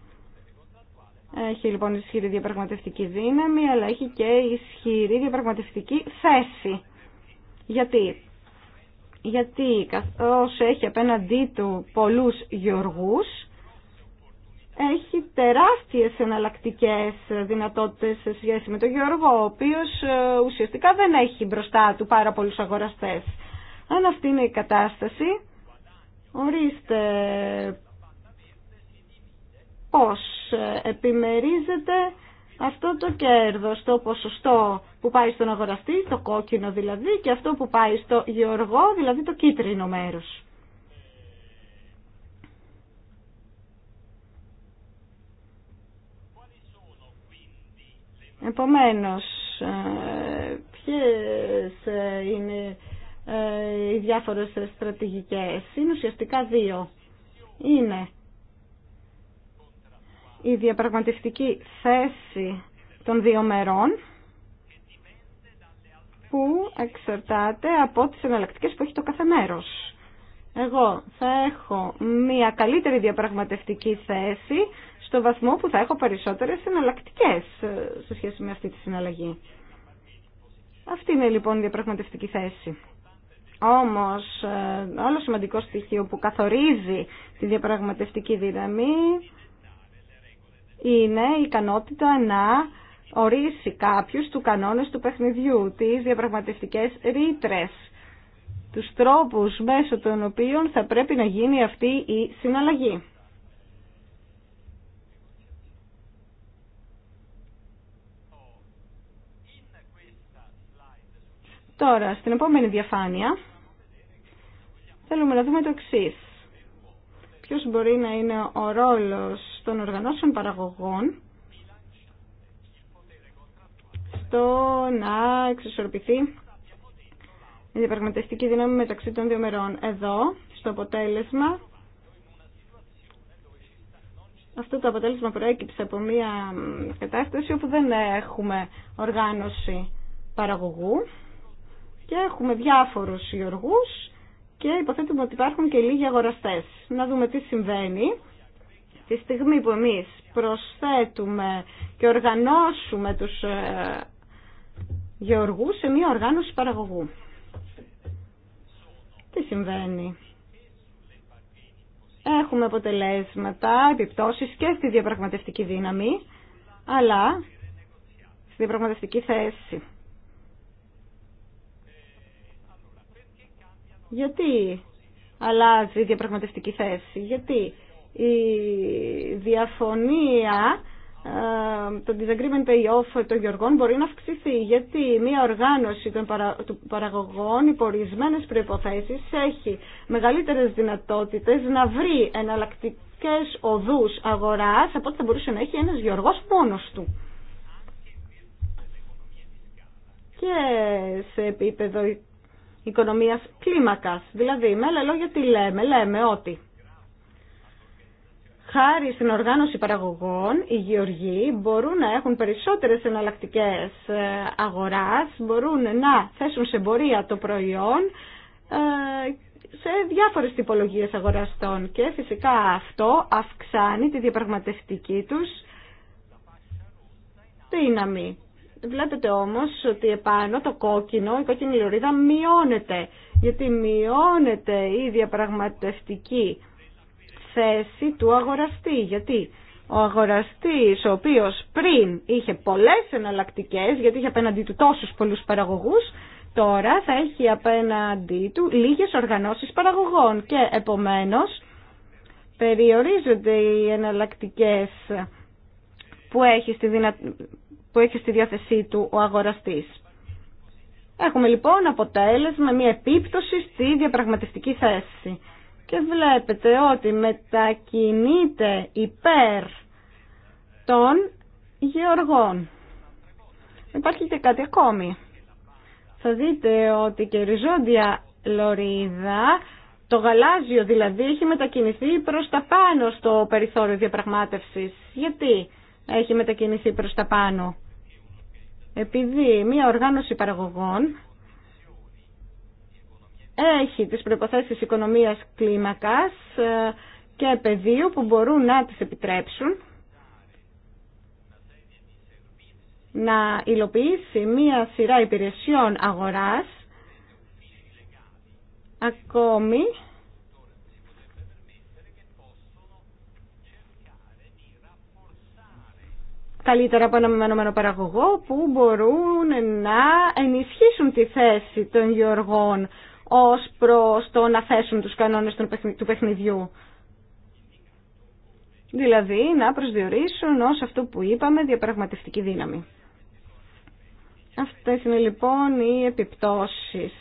Έχει λοιπόν ισχυρή διαπραγματευτική δύναμη, αλλά έχει και ισχυρή διαπραγματευτική θέση. Γιατί, Γιατί καθώς έχει απέναντί του πολλούς γεωργούς, έχει τεράστιες εναλλακτικέ δυνατότητες σε σχέση με τον Γεωργό, ο οποίος ε, ουσιαστικά δεν έχει μπροστά του πάρα πολλούς αγοραστές. Αν αυτή είναι η κατάσταση, ορίστε πώς ε, επιμερίζεται αυτό το κέρδος, το ποσοστό που πάει στον αγοραστή, το κόκκινο δηλαδή, και αυτό που πάει στο γεωργό, δηλαδή το κίτρινο μέρος. Επομένως, ε, ποιες ε, είναι οι διάφορες στρατηγικές. Είναι ουσιαστικά δύο. Είναι η διαπραγματευτική θέση των δύο μερών που εξαρτάται από τις εναλλακτικές που έχει το κάθε μέρος. Εγώ θα έχω μια καλύτερη διαπραγματευτική θέση στο βαθμό που θα έχω περισσότερες εναλλακτικέ σε σχέση με αυτή τη συναλλαγή. Αυτή είναι λοιπόν η διαπραγματευτική θέση. Όμως, όλο ε, σημαντικό στοιχείο που καθορίζει τη διαπραγματευτική δύναμη είναι η ικανότητα να ορίσει κάποιους του κανόνες του παιχνιδιού, τις διαπραγματευτικές ρήτρε, τους τρόπους μέσω των οποίων θα πρέπει να γίνει αυτή η συναλλαγή. Τώρα, στην επόμενη διαφάνεια, θέλουμε να δούμε το εξής ποιος μπορεί να είναι ο ρόλος των οργανώσεων παραγωγών στο να εξισορροπηθεί η διαπραγματευτική δύναμη μεταξύ των δύο μερών. Εδώ, στο αποτέλεσμα, αυτό το αποτέλεσμα προέκυψε από μια κατάσταση όπου δεν έχουμε οργάνωση παραγωγού και έχουμε διάφορους γεωργούς και υποθέτουμε ότι υπάρχουν και λίγοι αγοραστές. Να δούμε τι συμβαίνει. Τη στιγμή που εμείς προσθέτουμε και οργανώσουμε τους ε, γεωργούς σε μια οργάνωση παραγωγού. Τι συμβαίνει. Έχουμε αποτελέσματα, επιπτώσεις και στη διαπραγματευτική δύναμη, αλλά στη διαπραγματευτική θέση. Γιατί αλλάζει η διαπραγματευτική θέση, γιατί η διαφωνία ε, το disagreement payoff των γεωργών μπορεί να αυξηθεί γιατί μια οργάνωση των παραγωγών υπό ορισμένε προϋποθέσεις έχει μεγαλύτερες δυνατότητες να βρει εναλλακτικές οδούς αγοράς από ό,τι θα μπορούσε να έχει ένας γεωργός μόνος του. Και σε επίπεδο οικονομίας κλίμακας. Δηλαδή, με άλλα λόγια τι λέμε. Λέμε ότι χάρη στην οργάνωση παραγωγών, οι γεωργοί μπορούν να έχουν περισσότερες εναλλακτικέ ε, αγοράς, μπορούν να θέσουν σε πορεία το προϊόν ε, σε διάφορες τυπολογίες αγοραστών και φυσικά αυτό αυξάνει τη διαπραγματευτική τους δύναμη. Βλέπετε όμως ότι επάνω το κόκκινο, η κόκκινη λωρίδα μειώνεται, γιατί μειώνεται η διαπραγματευτική θέση του αγοραστή. Γιατί ο αγοραστής ο οποίος πριν είχε πολλές εναλλακτικέ, γιατί είχε απέναντί του τόσους πολλούς παραγωγούς, τώρα θα έχει απέναντί του λίγες οργανώσεις παραγωγών και επομένως περιορίζονται οι εναλλακτικέ που έχει στη δυνατότητα που έχει στη διάθεσή του ο αγοραστής. Έχουμε λοιπόν αποτέλεσμα μια επίπτωση στη διαπραγματευτική θέση. Και βλέπετε ότι μετακινείται υπέρ των γεωργών. Υπάρχει και κάτι ακόμη. Θα δείτε ότι και η οριζόντια λωρίδα, το γαλάζιο δηλαδή, έχει μετακινηθεί προς τα πάνω στο περιθώριο διαπραγμάτευσης. Γιατί? έχει μετακινηθεί προς τα πάνω. Επειδή μια οργάνωση παραγωγών έχει τις προϋποθέσεις οικονομίας κλίμακας ε, και πεδίου που μπορούν να τις επιτρέψουν να υλοποιήσει μία σειρά υπηρεσιών αγοράς ακόμη καλύτερα από ένα μεμονωμένο παραγωγό που μπορούν να ενισχύσουν τη θέση των γεωργών ως προς το να θέσουν τους κανόνες του παιχνιδιού. Δηλαδή να προσδιορίσουν ως αυτό που είπαμε διαπραγματευτική δύναμη. Αυτέ είναι λοιπόν οι επιπτώσεις.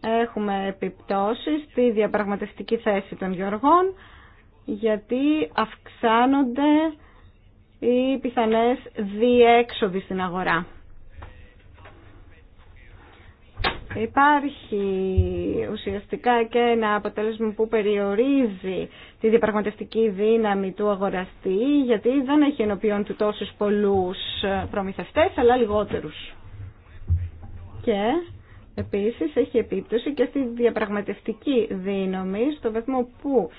Έχουμε επιπτώσεις στη διαπραγματευτική θέση των γεωργών γιατί αυξάνονται ή πιθανές διέξοδοι στην αγορά. Υπάρχει ουσιαστικά και ένα αποτέλεσμα που περιορίζει τη διαπραγματευτική δύναμη του αγοραστή, γιατί δεν έχει ενωπιόν του τόσους πολλούς προμηθευτές, αλλά λιγότερους. Και Επίσης έχει επίπτωση και στη διαπραγματευτική δύναμη στο βαθμό που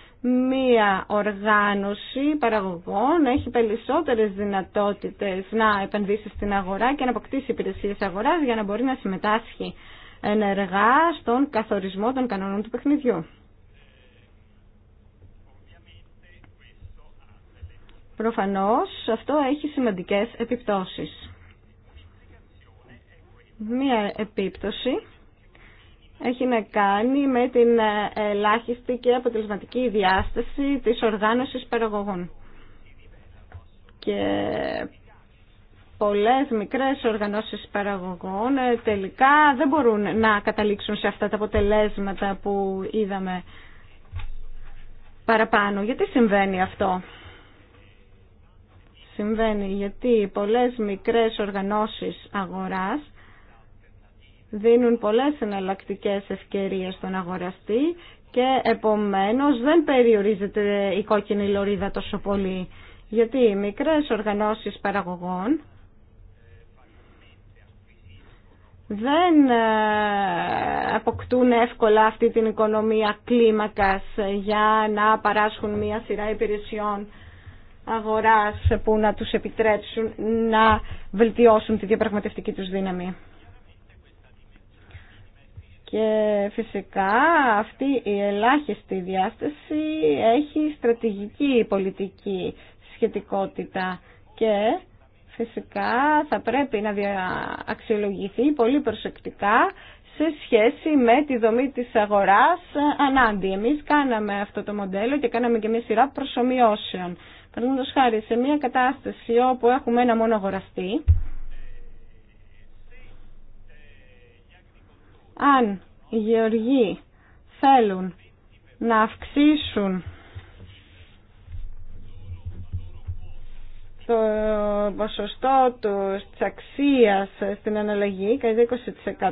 μία οργάνωση παραγωγών έχει περισσότερες δυνατότητες να επενδύσει στην αγορά και να αποκτήσει υπηρεσίες αγοράς για να μπορεί να συμμετάσχει ενεργά στον καθορισμό των κανόνων του παιχνιδιού. Προφανώς αυτό έχει σημαντικές επιπτώσεις. Μία επίπτωση έχει να κάνει με την ελάχιστη και αποτελεσματική διάσταση της οργάνωσης παραγωγών. Και πολλές μικρές οργανώσεις παραγωγών ε, τελικά δεν μπορούν να καταλήξουν σε αυτά τα αποτελέσματα που είδαμε παραπάνω. Γιατί συμβαίνει αυτό. Συμβαίνει γιατί πολλές μικρές οργανώσεις αγοράς δίνουν πολλές εναλλακτικέ ευκαιρίες στον αγοραστή και επομένως δεν περιορίζεται η κόκκινη λωρίδα τόσο πολύ. Γιατί οι μικρές οργανώσεις παραγωγών δεν ε, αποκτούν εύκολα αυτή την οικονομία κλίμακας για να παράσχουν μια σειρά υπηρεσιών αγοράς που να τους επιτρέψουν να βελτιώσουν τη διαπραγματευτική τους δύναμη. Και φυσικά αυτή η ελάχιστη διάσταση έχει στρατηγική πολιτική σχετικότητα και φυσικά θα πρέπει να αξιολογηθεί πολύ προσεκτικά σε σχέση με τη δομή της αγοράς ανάντι. Εμείς κάναμε αυτό το μοντέλο και κάναμε και μια σειρά προσωμιώσεων. Παραδείγματος χάρη σε μια κατάσταση όπου έχουμε ένα μόνο αγοραστή, αν οι γεωργοί θέλουν να αυξήσουν το ποσοστό του της αξία στην αναλλαγή κατά 20%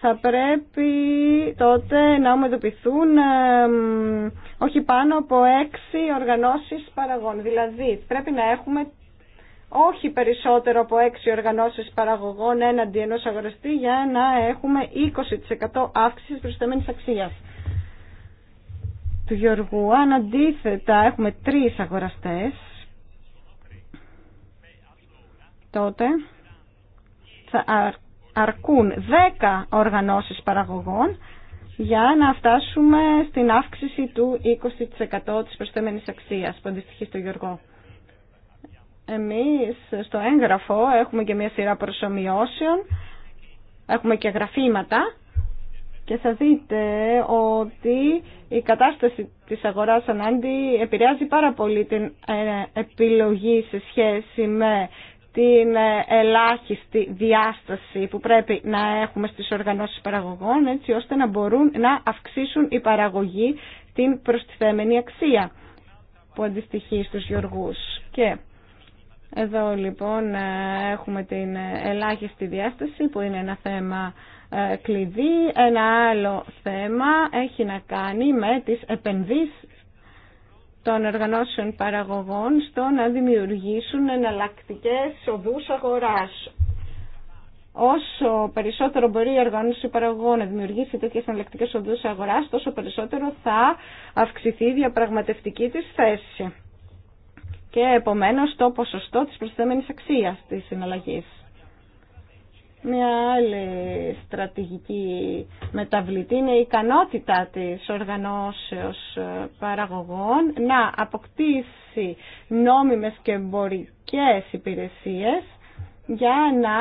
θα πρέπει τότε να ομοδοποιηθούν όχι πάνω από έξι οργανώσεις παραγών. Δηλαδή πρέπει να έχουμε όχι περισσότερο από 6 οργανώσεις παραγωγών έναντι ενός αγοραστή για να έχουμε 20% αύξηση προσθεμένης αξίας του Γιωργού. Αν αντίθετα έχουμε τρεις αγοραστές, τότε θα αρκούν 10 οργανώσεις παραγωγών για να φτάσουμε στην αύξηση του 20% της προσθέμενης αξίας που αντιστοιχεί στο Γιωργό. Εμείς στο έγγραφο έχουμε και μια σειρά προσωμιώσεων, έχουμε και γραφήματα και θα δείτε ότι η κατάσταση της αγοράς ανάντι επηρεάζει πάρα πολύ την ε, επιλογή σε σχέση με την ε, ελάχιστη διάσταση που πρέπει να έχουμε στις οργανώσεις παραγωγών έτσι ώστε να μπορούν να αυξήσουν η παραγωγή την προστιθέμενη αξία που αντιστοιχεί στους γεωργούς. Και εδώ λοιπόν ε, έχουμε την ελάχιστη διάσταση που είναι ένα θέμα ε, κλειδί. Ένα άλλο θέμα έχει να κάνει με τις επενδύσεις των οργανώσεων παραγωγών στο να δημιουργήσουν εναλλακτικές οδούς αγοράς. Όσο περισσότερο μπορεί η οργάνωση παραγωγών να δημιουργήσει τέτοιε εναλλακτικέ οδού αγορά, τόσο περισσότερο θα αυξηθεί η διαπραγματευτική τη θέση και επομένως το ποσοστό της προσθέμενης αξίας της συναλλαγής. Μια άλλη στρατηγική μεταβλητή είναι η ικανότητα της οργανώσεως ε, παραγωγών να αποκτήσει νόμιμες και εμπορικές υπηρεσίες για να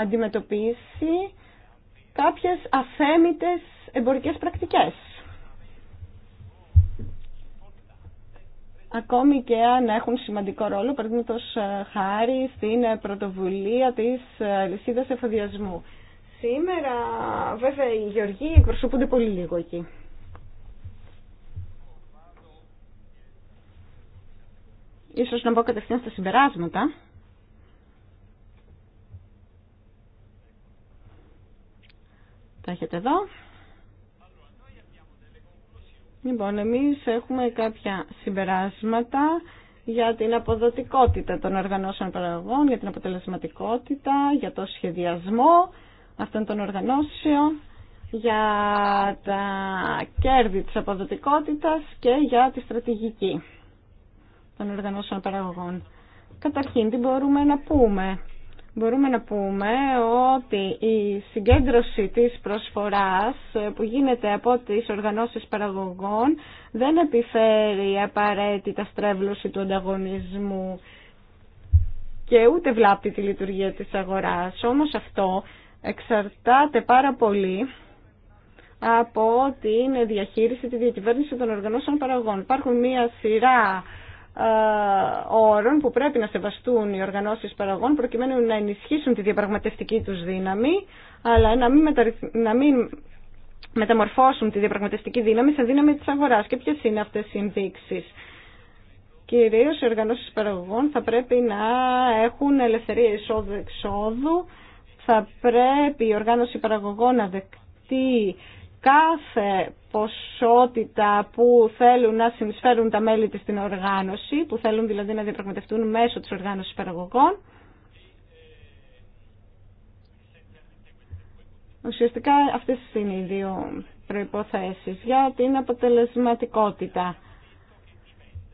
αντιμετωπίσει κάποιες αθέμητες εμπορικές πρακτικές. ακόμη και αν έχουν σημαντικό ρόλο, παραδείγματο ε, χάρη στην ε, πρωτοβουλία της ε, λυσίδας εφοδιασμού. Σήμερα, βέβαια, οι γεωργοί εκπροσωπούνται πολύ λίγο εκεί. Ίσως να μπω κατευθείαν στα συμπεράσματα. Τα έχετε εδώ. Λοιπόν, εμείς έχουμε κάποια συμπεράσματα για την αποδοτικότητα των οργανώσεων παραγωγών, για την αποτελεσματικότητα, για το σχεδιασμό αυτών των οργανώσεων, για τα κέρδη της αποδοτικότητας και για τη στρατηγική των οργανώσεων παραγωγών. Καταρχήν, τι μπορούμε να πούμε μπορούμε να πούμε ότι η συγκέντρωση της προσφοράς ε, που γίνεται από τις οργανώσεις παραγωγών δεν επιφέρει απαραίτητα στρέβλωση του ανταγωνισμού και ούτε βλάπτει τη λειτουργία της αγοράς. Όμως αυτό εξαρτάται πάρα πολύ από την διαχείριση, τη διακυβέρνηση των οργανώσεων παραγωγών. Υπάρχουν μία σειρά ε, όρων που πρέπει να σεβαστούν οι οργανώσεις παραγών προκειμένου να ενισχύσουν τη διαπραγματευτική τους δύναμη αλλά να μην, να μην μεταμορφώσουν τη διαπραγματευτική δύναμη σε δύναμη της αγοράς. Και ποιες είναι αυτές οι ενδείξεις. Κυρίως οι οργανώσεις παραγωγών θα πρέπει να έχουν ελευθερία εισόδου-εξόδου, θα πρέπει η οργάνωση παραγωγών να δεκτεί κάθε ποσότητα που θέλουν να συνεισφέρουν τα μέλη της στην οργάνωση, που θέλουν δηλαδή να διαπραγματευτούν μέσω της οργάνωσης παραγωγών. Ουσιαστικά αυτές είναι οι δύο προϋποθέσεις για την αποτελεσματικότητα.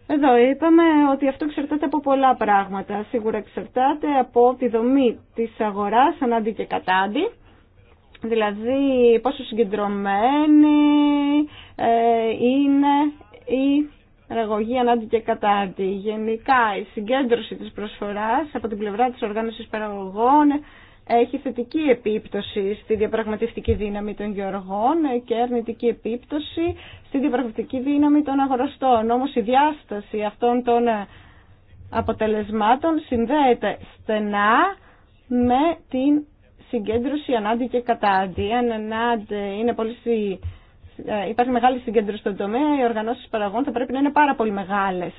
Εδώ είπαμε ότι αυτό εξαρτάται από πολλά πράγματα. Σίγουρα εξαρτάται από τη δομή της αγοράς, ανάντι και κατάντι. Δηλαδή πόσο συγκεντρωμένη ε, είναι η παραγωγή ανάντι και κατάντι. Γενικά η συγκέντρωση της προσφοράς από την πλευρά της οργάνωσης παραγωγών έχει θετική επίπτωση στη διαπραγματευτική δύναμη των γεωργών και αρνητική επίπτωση στη διαπραγματευτική δύναμη των αγοραστών. Όμως η διάσταση αυτών των αποτελεσμάτων συνδέεται στενά με την συγκέντρωση ανάντι και κατά Αν ανάντι είναι ε, υπάρχει μεγάλη συγκέντρωση στον τομέα, οι οργανώσει παραγών θα πρέπει να είναι πάρα πολύ μεγάλε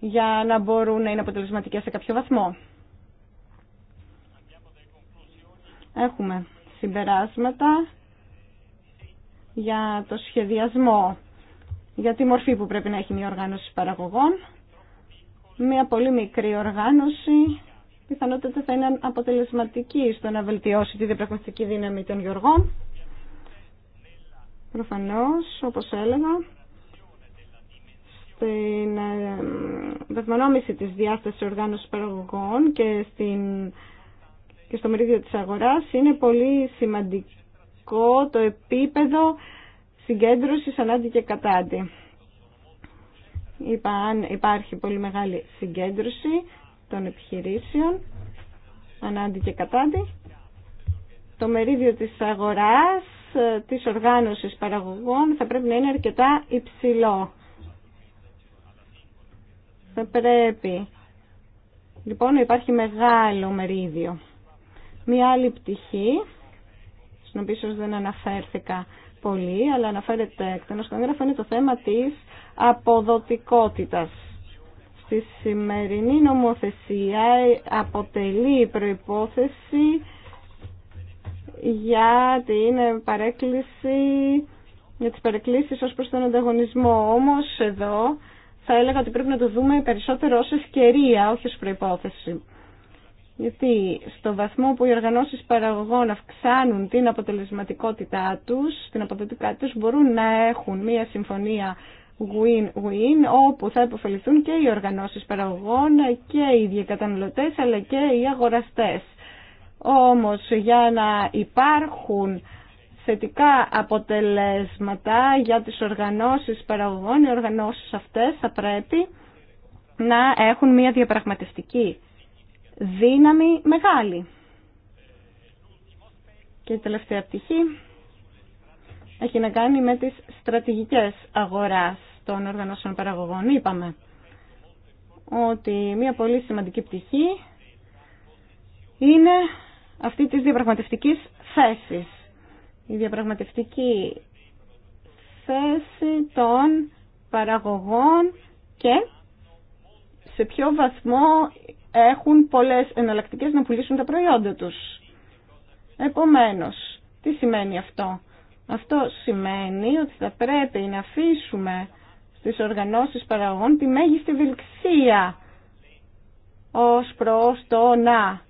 για να μπορούν να είναι αποτελεσματικέ σε κάποιο βαθμό. Έχουμε συμπεράσματα για το σχεδιασμό, για τη μορφή που πρέπει να έχει μια οργάνωση παραγωγών. Μια πολύ μικρή οργάνωση πιθανότατα θα είναι αποτελεσματική στο να βελτιώσει τη διαπραγματική δύναμη των γεωργών. Προφανώς, όπως έλεγα, στην ε, βεθμονόμηση της διάστασης οργάνωση παραγωγών και, στην, στο μερίδιο της αγοράς είναι πολύ σημαντικό το επίπεδο συγκέντρωσης ανάντι και κατάντι. Είπα, αν υπάρχει πολύ μεγάλη συγκέντρωση, των επιχειρήσεων, ανάντι και κατάντι, το μερίδιο της αγοράς, ε, της οργάνωσης παραγωγών θα πρέπει να είναι αρκετά υψηλό. Θα πρέπει. Λοιπόν, υπάρχει μεγάλο μερίδιο. Μία άλλη πτυχή, στην οποία δεν αναφέρθηκα πολύ, αλλά αναφέρεται εκτενώς των έγγραφο, είναι το θέμα της αποδοτικότητας στη σημερινή νομοθεσία αποτελεί προϋπόθεση για την παρέκκληση για τις παρεκκλήσεις ως προς τον ανταγωνισμό. Όμως εδώ θα έλεγα ότι πρέπει να το δούμε περισσότερο ως ευκαιρία, όχι ως προϋπόθεση. Γιατί στο βαθμό που οι οργανώσεις παραγωγών αυξάνουν την αποτελεσματικότητά τους, την αποτελεσματικότητά τους, μπορούν να έχουν μία συμφωνία win-win όπου θα υποφεληθούν και οι οργανώσεις παραγωγών και οι διακαταναλωτές αλλά και οι αγοραστές. Όμως για να υπάρχουν θετικά αποτελέσματα για τις οργανώσεις παραγωγών, οι οργανώσεις αυτές θα πρέπει να έχουν μια διαπραγματευτική δύναμη μεγάλη. Και η τελευταία πτυχή έχει να κάνει με τις στρατηγικές αγοράς των οργανώσεων παραγωγών. Είπαμε ότι μια πολύ σημαντική πτυχή είναι αυτή της διαπραγματευτικής θέσης. Η διαπραγματευτική θέση των παραγωγών και σε ποιο βαθμό έχουν πολλές εναλλακτικές να πουλήσουν τα προϊόντα τους. Επομένως, τι σημαίνει αυτό. Αυτό σημαίνει ότι θα πρέπει να αφήσουμε στις οργανώσεις παραγωγών τη μέγιστη βιλξία ως προς το να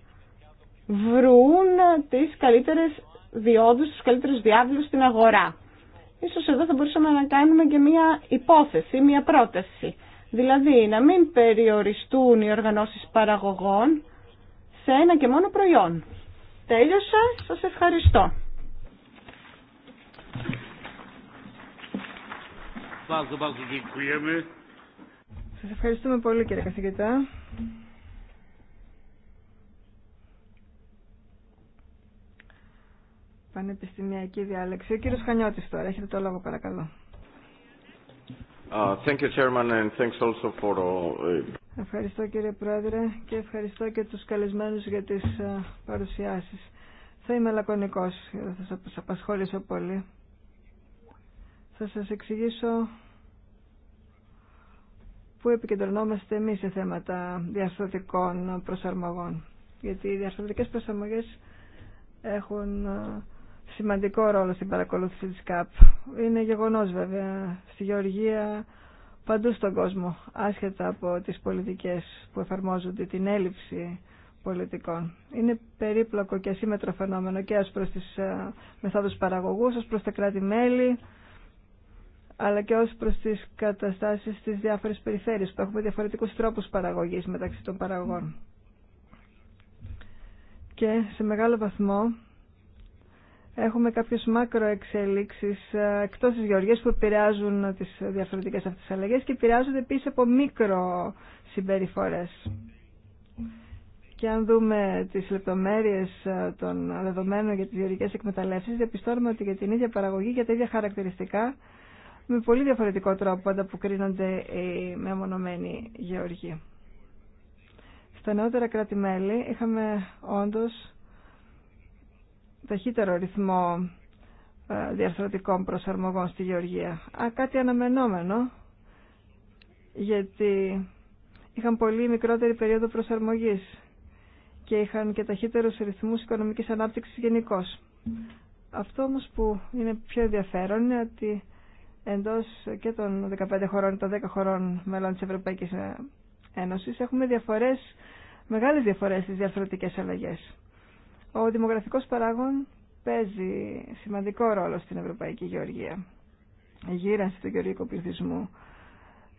βρουν τις καλύτερες διόδους, τους καλύτερους διάβλους στην αγορά. Ίσως εδώ θα μπορούσαμε να κάνουμε και μία υπόθεση, μία πρόταση. Δηλαδή να μην περιοριστούν οι οργανώσεις παραγωγών σε ένα και μόνο προϊόν. Τέλειωσα, σας ευχαριστώ. Σας ευχαριστούμε πολύ κύριε καθηγητά. Πανεπιστημιακή διάλεξη. Ο κύριος Χανιώτης τώρα. Έχετε το λόγο παρακαλώ. Uh, thank you, Chairman, and thanks also for... Uh, ευχαριστώ κύριε Πρόεδρε και ευχαριστώ και τους καλεσμένους για τις ε, παρουσιάσεις. Θα είμαι λακωνικός, θα σας απασχόλησω πολύ. Θα σας εξηγήσω πού επικεντρωνόμαστε εμείς σε θέματα διαρθρωτικών προσαρμογών. Γιατί οι διαρθρωτικές προσαρμογές έχουν ε, σημαντικό ρόλο στην παρακολούθηση της ΚΑΠ. Είναι γεγονός βέβαια στη Γεωργία παντού στον κόσμο, άσχετα από τις πολιτικές που εφαρμόζονται, την έλλειψη πολιτικών. Είναι περίπλοκο και ασύμετρο φαινόμενο και ως προς τις ε, μεθόδους παραγωγούς, ως προς τα κράτη-μέλη, αλλά και ως προς τις καταστάσεις στις διάφορες περιφέρειες που έχουμε διαφορετικούς τρόπους παραγωγής μεταξύ των παραγωγών. Και σε μεγάλο βαθμό έχουμε κάποιες μακροεξελίξεις ε, εκτός της γεωργίας που επηρεάζουν τις διαφορετικές αυτές αλλαγές και επηρεάζονται επίσης από μικρο συμπεριφορές. Και αν δούμε τις λεπτομέρειες ε, των δεδομένων για τις γεωργικές εκμεταλλεύσεις, διαπιστώνουμε ότι για την ίδια παραγωγή, για τα ίδια χαρακτηριστικά, με πολύ διαφορετικό τρόπο ανταποκρίνονται οι μεμονωμένοι γεωργοί. Στα νεότερα κράτη-μέλη είχαμε όντως ταχύτερο ρυθμό ε, διαρθρωτικών προσαρμογών στη γεωργία. Α, κάτι αναμενόμενο, γιατί είχαν πολύ μικρότερη περίοδο προσαρμογής και είχαν και ταχύτερους ρυθμούς οικονομικής ανάπτυξης γενικώ. Αυτό όμως που είναι πιο ενδιαφέρον είναι ότι εντός και των 15 χωρών, των 10 χωρών μελών της Ευρωπαϊκής Ένωσης έχουμε διαφορές, μεγάλες διαφορές στις διαφορετικές αλλαγές. Ο δημογραφικός παράγων παίζει σημαντικό ρόλο στην Ευρωπαϊκή Γεωργία. Η γύρανση του γεωργικού πληθυσμού.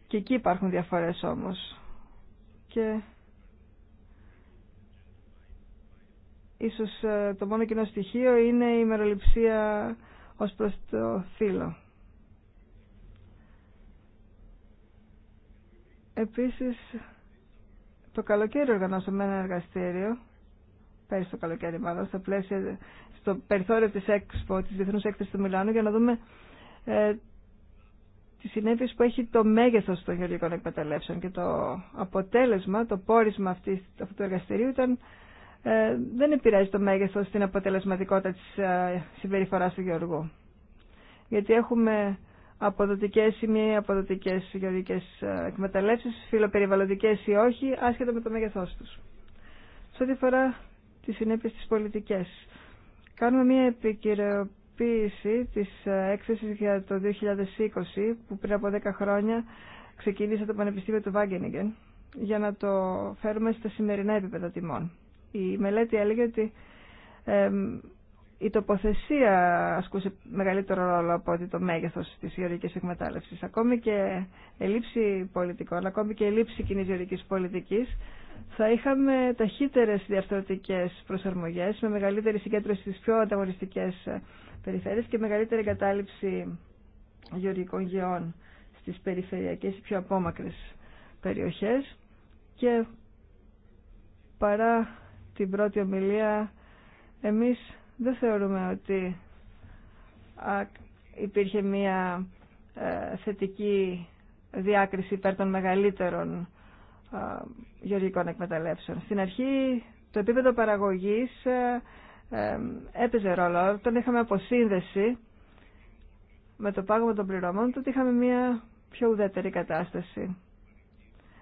Και εκεί υπάρχουν διαφορές όμως. Και ίσως ε, το μόνο κοινό στοιχείο είναι η μεροληψία ως προς το φύλλο. Επίσης, το καλοκαίρι οργανώσαμε ένα εργαστήριο, πέρυσι το καλοκαίρι μάλλον, στο περιθώριο της ΕΚΣΠΟ, της Διεθνούς Έκθεσης του Μιλάνου, για να δούμε ε, τις συνέπειες που έχει το μέγεθος των γεωργικών εκμεταλλεύσεων και το αποτέλεσμα, το πόρισμα αυτής, αυτού του εργαστηρίου ήταν ε, δεν επηρεάζει το μέγεθος στην αποτελεσματικότητα της ε, συμπεριφοράς του γεωργού. Γιατί έχουμε αποδοτικέ ή μη απόδοτικέ γεωργικέ ε, εκμεταλλεύσεις, φιλοπεριβαλλοντικές ή όχι, άσχετα με το μέγεθός τους. Σε ό,τι αφορά τι συνέπειε της πολιτική, Κάνουμε μια επικαιροποίηση της ε, έκθεσης για το 2020 που πριν από 10 χρόνια ξεκίνησε το Πανεπιστήμιο του Βάγκενιγκεν για να το φέρουμε στα σημερινά επίπεδα τιμών. Η μελέτη έλεγε ότι η τοποθεσία ασκούσε μεγαλύτερο ρόλο από ότι το μέγεθος της γεωργικής εκμετάλλευσης. Ακόμη και ελλείψη πολιτικών, ακόμη και ελήψη κοινή γεωργικής πολιτικής, θα είχαμε ταχύτερες διαρθρωτικές προσαρμογές, με μεγαλύτερη συγκέντρωση στις πιο ανταγωνιστικές ε, περιφέρειες και μεγαλύτερη εγκατάλειψη γεωργικών γεών στις περιφερειακές ή πιο απόμακρες περιοχές. Και παρά την πρώτη ομιλία, εμείς δεν θεωρούμε ότι υπήρχε μία ε, θετική διάκριση υπέρ των μεγαλύτερων γεωργικών εκμεταλλεύσεων. Στην αρχή το επίπεδο παραγωγής ε, ε, έπαιζε ρόλο. Όταν είχαμε αποσύνδεση με το πάγωμα των πληρωμών, τότε είχαμε μία πιο ουδέτερη κατάσταση.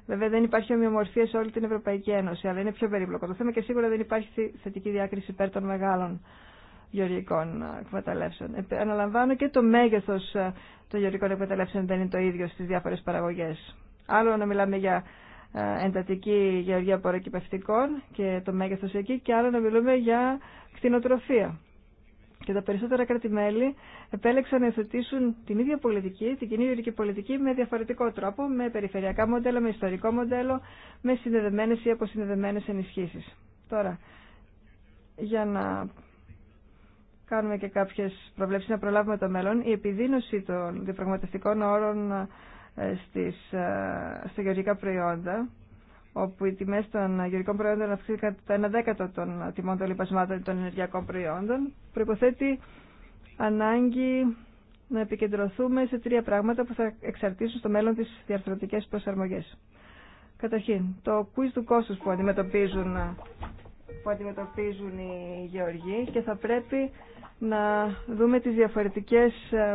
Βέβαια δεν υπάρχει ομοιομορφία σε όλη την Ευρωπαϊκή Ένωση, αλλά είναι πιο περίπλοκο το θέμα και σίγουρα δεν υπάρχει θετική διάκριση υπέρ των μεγάλων γεωργικών εκμεταλλεύσεων. Ε, αναλαμβάνω και το μέγεθο των γεωργικών εκμεταλλεύσεων δεν είναι το ίδιο στι διάφορε παραγωγέ. Άλλο να μιλάμε για εντατική γεωργία απορροκυπευτικών και το μέγεθο εκεί, και άλλο να μιλούμε για κτηνοτροφία. Και τα περισσότερα κράτη-μέλη επέλεξαν να υιοθετήσουν την ίδια πολιτική, την κοινή ιδιωτική πολιτική, με διαφορετικό τρόπο, με περιφερειακά μοντέλα, με ιστορικό μοντέλο, με συνδεδεμένε ή αποσυνδεδεμένε ενισχύσει. Τώρα, για να κάνουμε και κάποιε προβλέψει, να προλάβουμε το μέλλον, η επιδείνωση των διαπραγματευτικών όρων ε, στις, ε, στα γεωργικά προϊόντα όπου οι τιμές των γεωργικών προϊόντων αυξήθηκαν το 1 δέκατο των τιμών των λοιπασμάτων των ενεργειακών προϊόντων, προϋποθέτει ανάγκη να επικεντρωθούμε σε τρία πράγματα που θα εξαρτήσουν στο μέλλον τις διαρθρωτικές προσαρμογές. Καταρχήν, το quiz του κόστους που αντιμετωπίζουν, που αντιμετωπίζουν οι γεωργοί και θα πρέπει να δούμε τις διαφορετικές ε,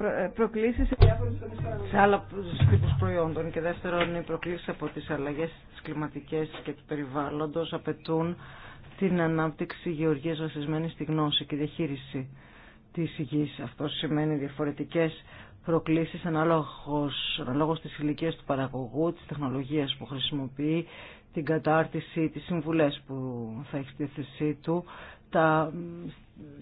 ε, προκλήσει σε άλλα τύπου προϊόντων. Και δεύτερον, οι προκλήσει από τι αλλαγέ τη κλιματική και του περιβάλλοντο απαιτούν την ανάπτυξη γεωργία βασισμένη στη γνώση και διαχείριση τη υγή. Αυτό σημαίνει διαφορετικέ προκλήσεις αναλόγως, αναλόγως της ηλικίας του παραγωγού, της τεχνολογίας που χρησιμοποιεί, την κατάρτιση, τις συμβουλές που θα έχει στη θέση του, τα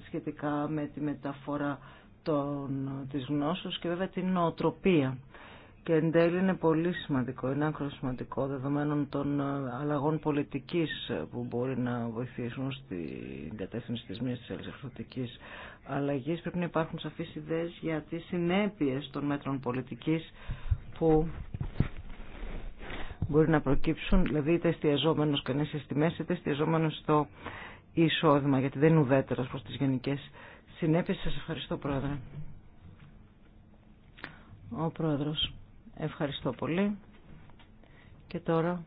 σχετικά με τη μεταφορά τον της γνώσης και βέβαια την νοοτροπία. Και εν τέλει είναι πολύ σημαντικό, είναι άκρο σημαντικό δεδομένων των ε, αλλαγών πολιτικής ε, που μπορεί να βοηθήσουν στην κατεύθυνση της μίας της ελευθερωτικής αλλαγής. Πρέπει να υπάρχουν σαφείς ιδέες για τις συνέπειες των μέτρων πολιτικής που μπορεί να προκύψουν, δηλαδή είτε εστιαζόμενος κανείς στις τιμές, είτε εστιαζόμενος στο εισόδημα, γιατί δεν είναι ουδέτερος προς τις γενικές συνέπειες. Σας ευχαριστώ Πρόεδρε. Ο Πρόεδρος, ευχαριστώ πολύ. Και τώρα,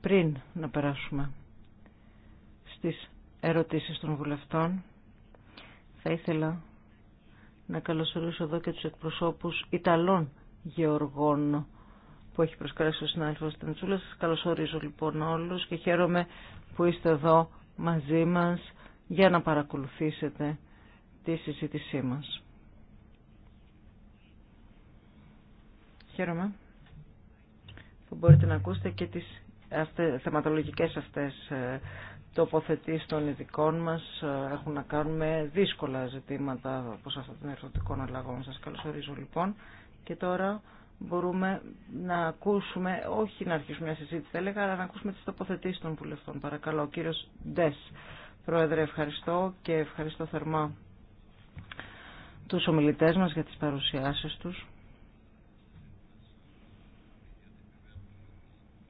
πριν να περάσουμε στις ερωτήσεις των βουλευτών, θα ήθελα να καλωσορίσω εδώ και τους εκπροσώπους Ιταλών Γεωργών που έχει προσκαλέσει ο συνάδελφος Τεντσούλα. Σας καλωσορίζω λοιπόν όλους και χαίρομαι που είστε εδώ μαζί μας για να παρακολουθήσετε τη συζήτησή μας. Χαίρομαι που μπορείτε να ακούσετε και τις αυτές, θεματολογικές αυτές ε, τοποθετήσεις των ειδικών μας ε, έχουν να κάνουμε δύσκολα ζητήματα όπως αυτά των ερθωτικών αλλαγών. Σας καλωσορίζω λοιπόν και τώρα μπορούμε να ακούσουμε, όχι να αρχίσουμε μια συζήτηση θα έλεγα, αλλά να ακούσουμε τις τοποθετήσεις των βουλευτών. Παρακαλώ, ο κύριος Ντες Πρόεδρε, ευχαριστώ και ευχαριστώ θερμά τους ομιλητές μας για τις παρουσιάσεις τους.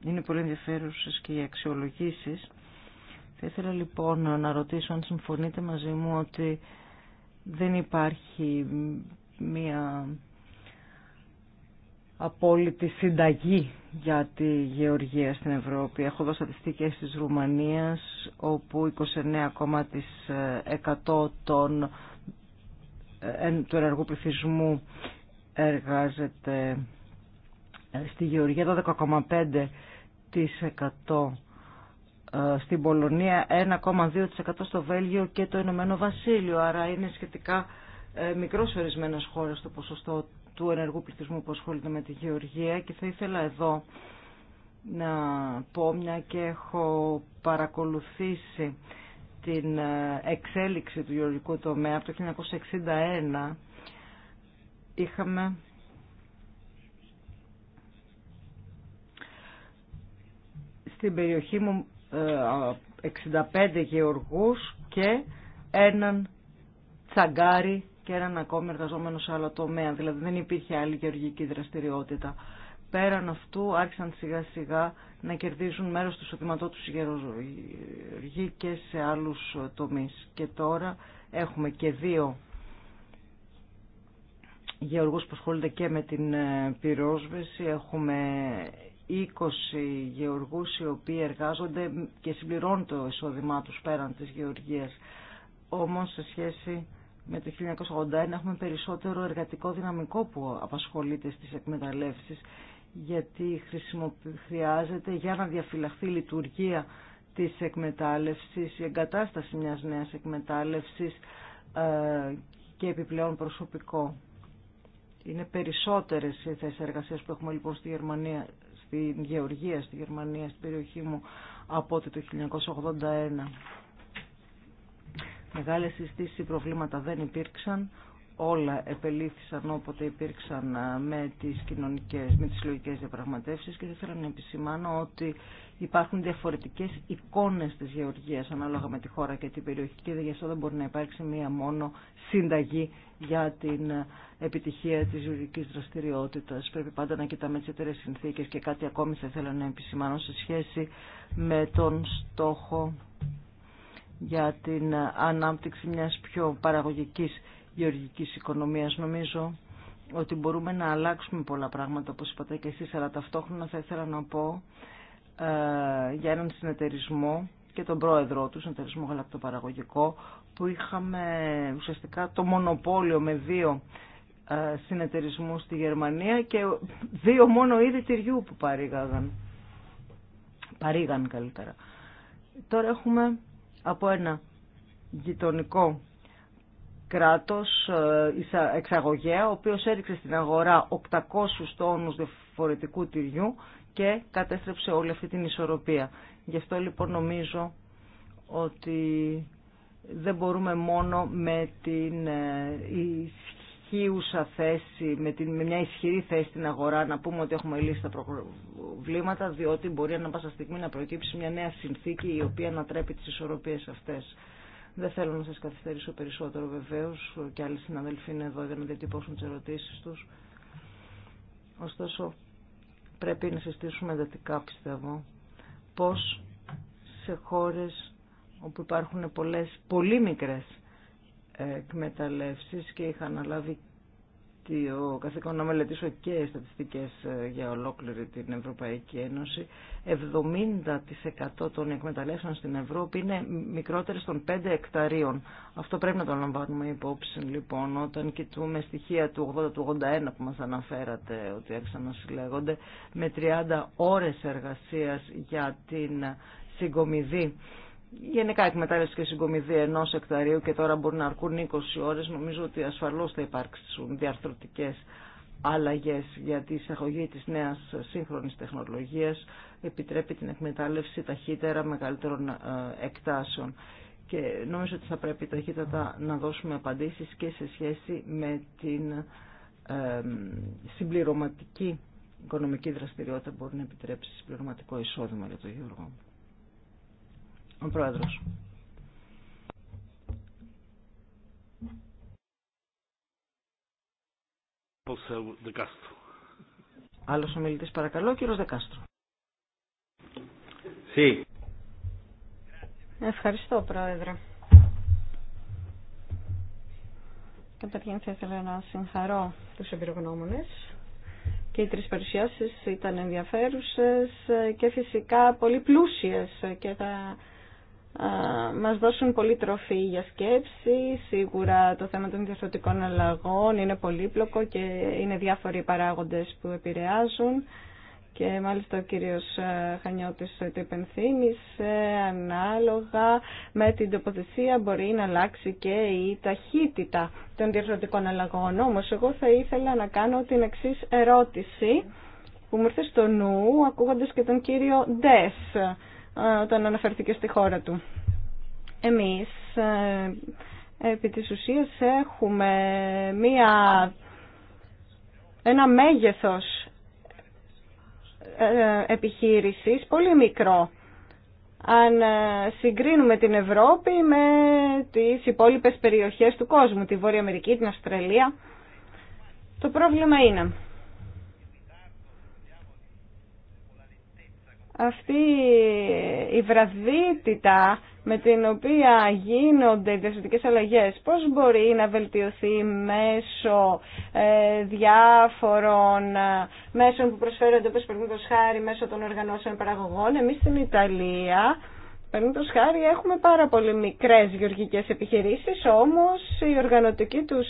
Είναι πολύ ενδιαφέρουσες και οι αξιολογήσεις. Θα ήθελα λοιπόν να ρωτήσω αν συμφωνείτε μαζί μου ότι δεν υπάρχει μία απόλυτη συνταγή για τη γεωργία στην Ευρώπη. Έχω δώσει στατιστικές της Ρουμανίας όπου 29,1% των, ε, του ενεργού πληθυσμού εργάζεται ε, στη γεωργία, 12,5% ε, στην Πολωνία, 1,2% στο Βέλγιο και το Ηνωμένο Βασίλειο. Άρα είναι σχετικά μικρός ορισμένος χώρος το ποσοστό του ενεργού πληθυσμού που ασχολείται με τη γεωργία και θα ήθελα εδώ να πω μια και έχω παρακολουθήσει την ε, εξέλιξη του γεωργικού τομέα από το 1961 είχαμε στην περιοχή μου 65 ε, γεωργούς και έναν τσαγκάρι και έναν ακόμη εργαζόμενο σε άλλο τομέα. Δηλαδή δεν υπήρχε άλλη γεωργική δραστηριότητα. Πέραν αυτού άρχισαν σιγά σιγά να κερδίζουν μέρος του εισοδηματό τους γεωργοί και σε άλλους τομείς. Και τώρα έχουμε και δύο γεωργούς που ασχολούνται και με την ε, πυρόσβεση. Έχουμε 20 γεωργούς οι οποίοι εργάζονται και συμπληρώνουν το εισόδημά τους πέραν της γεωργίας. Όμως σε σχέση με το 1981 έχουμε περισσότερο εργατικό δυναμικό που απασχολείται στις εκμεταλλεύσεις γιατί χρειάζεται για να διαφυλαχθεί η λειτουργία της εκμετάλλευσης, η εγκατάσταση μιας νέας εκμετάλλευσης ε, και επιπλέον προσωπικό. Είναι περισσότερες οι θέσεις εργασίας που έχουμε λοιπόν στη Γερμανία, στην Γεωργία, στη Γερμανία, στην περιοχή μου από ότι το 1981. Μεγάλες συστήσεις ή προβλήματα δεν υπήρξαν. Όλα επελήφθησαν όποτε υπήρξαν ε, με τις κοινωνικές, με τις λογικές διαπραγματεύσεις και θα ήθελα να επισημάνω ότι υπάρχουν διαφορετικές εικόνες της γεωργίας ανάλογα με τη χώρα και την περιοχή και γι' αυτό δεν μπορεί να υπάρξει μία μόνο συνταγή για την ε, επιτυχία της γεωργικής δραστηριότητας. Πρέπει πάντα να κοιτάμε τις εταιρείες συνθήκες και κάτι ακόμη θα ήθελα να επισημάνω σε σχέση με τον στόχο για την ανάπτυξη μιας πιο παραγωγικής γεωργικής οικονομίας. Νομίζω ότι μπορούμε να αλλάξουμε πολλά πράγματα, όπως είπατε και εσείς, αλλά ταυτόχρονα θα ήθελα να πω ε, για έναν συνεταιρισμό και τον πρόεδρό του, συνεταιρισμό γαλακτοπαραγωγικό, που είχαμε ουσιαστικά το μονοπόλιο με δύο ε, συνεταιρισμού στη Γερμανία και δύο μόνο είδη τυριού που παρήγαγαν. Παρήγαν καλύτερα. Τώρα έχουμε από ένα γειτονικό κράτος ε, εξαγωγέα, ο οποίος έριξε στην αγορά 800 τόνους διαφορετικού τυριού και κατέστρεψε όλη αυτή την ισορροπία. Γι' αυτό λοιπόν νομίζω ότι δεν μπορούμε μόνο με την ε, ισχύουσα θέση, με, την, με μια ισχυρή θέση στην αγορά να πούμε ότι έχουμε λύσει τα προβλήματα, διότι μπορεί ανά πάσα στιγμή να προκύψει μια νέα συνθήκη η οποία ανατρέπει τρέπει τις αυτέ. αυτές. Δεν θέλω να σας καθυστερήσω περισσότερο βεβαίω και άλλοι συναδελφοί είναι εδώ για να διατυπώσουν τι ερωτήσει του, Ωστόσο, πρέπει να συστήσουμε εντατικά πιστεύω Πώ σε χώρε όπου υπάρχουν πολλές, πολύ μικρές εκμεταλλεύσεις και είχα αναλάβει ο καθήκον να μελετήσω και στατιστικές ε, για ολόκληρη την Ευρωπαϊκή Ένωση. 70% των εκμεταλλεύσεων στην Ευρώπη είναι μικρότερες των 5 εκταρίων. Αυτό πρέπει να το λαμβάνουμε υπόψη λοιπόν όταν κοιτούμε στοιχεία του 80-81 του που μας αναφέρατε ότι άρχισαν να συλλέγονται με 30 ώρες εργασίας για την συγκομιδή γενικά εκμετάλλευση και συγκομιδή ενό εκταρίου και τώρα μπορούν να αρκούν 20 ώρε νομίζω ότι ασφαλώ θα υπάρξουν διαρθρωτικές αλλαγέ για τη εισαγωγή τη νέα σύγχρονη τεχνολογία, επιτρέπει την εκμετάλλευση ταχύτερα μεγαλύτερων ε, εκτάσεων. Και νομίζω ότι θα πρέπει ταχύτατα να δώσουμε απαντήσει και σε σχέση με την ε, συμπληρωματική οικονομική δραστηριότητα που μπορεί να επιτρέψει συμπληρωματικό εισόδημα για το Γιώργο. Ο Πρόεδρος. Άλλος ομιλητής παρακαλώ, κύριος Δεκάστρο. Sí. Ευχαριστώ, Πρόεδρε. Καταρχήν θα ήθελα να συγχαρώ τους εμπειρογνώμονες και οι τρεις παρουσιάσεις ήταν ενδιαφέρουσες και φυσικά πολύ πλούσιες και θα μας δώσουν πολύ τροφή για σκέψη. Σίγουρα το θέμα των διαφορετικών αλλαγών είναι πολύπλοκο και είναι διάφοροι παράγοντες που επηρεάζουν. Και μάλιστα ο κύριος Χανιώτης το υπενθύμησε ανάλογα με την τοποθεσία μπορεί να αλλάξει και η ταχύτητα των διαφορετικών αλλαγών. Όμως εγώ θα ήθελα να κάνω την εξής ερώτηση που μου ήρθε στο νου ακούγοντας και τον κύριο Ντες ε, όταν αναφερθήκε στη χώρα του. Εμείς ε, επί της ουσίας έχουμε μία, ένα μέγεθος ε, επιχείρησης πολύ μικρό. Αν συγκρίνουμε την Ευρώπη με τις υπόλοιπες περιοχές του κόσμου, τη Βόρεια Αμερική, την Αυστραλία, το πρόβλημα είναι αυτή η βραδύτητα με την οποία γίνονται οι διευθυντικές αλλαγές, πώς μπορεί να βελτιωθεί μέσω ε, διάφορων ε, μέσων που προσφέρονται, όπως το χάρη, μέσω των οργανώσεων παραγωγών. Εμείς στην Ιταλία Παραδείγματο χάρη έχουμε πάρα πολύ μικρές γεωργικές επιχειρήσεις, όμως η οργανωτική τους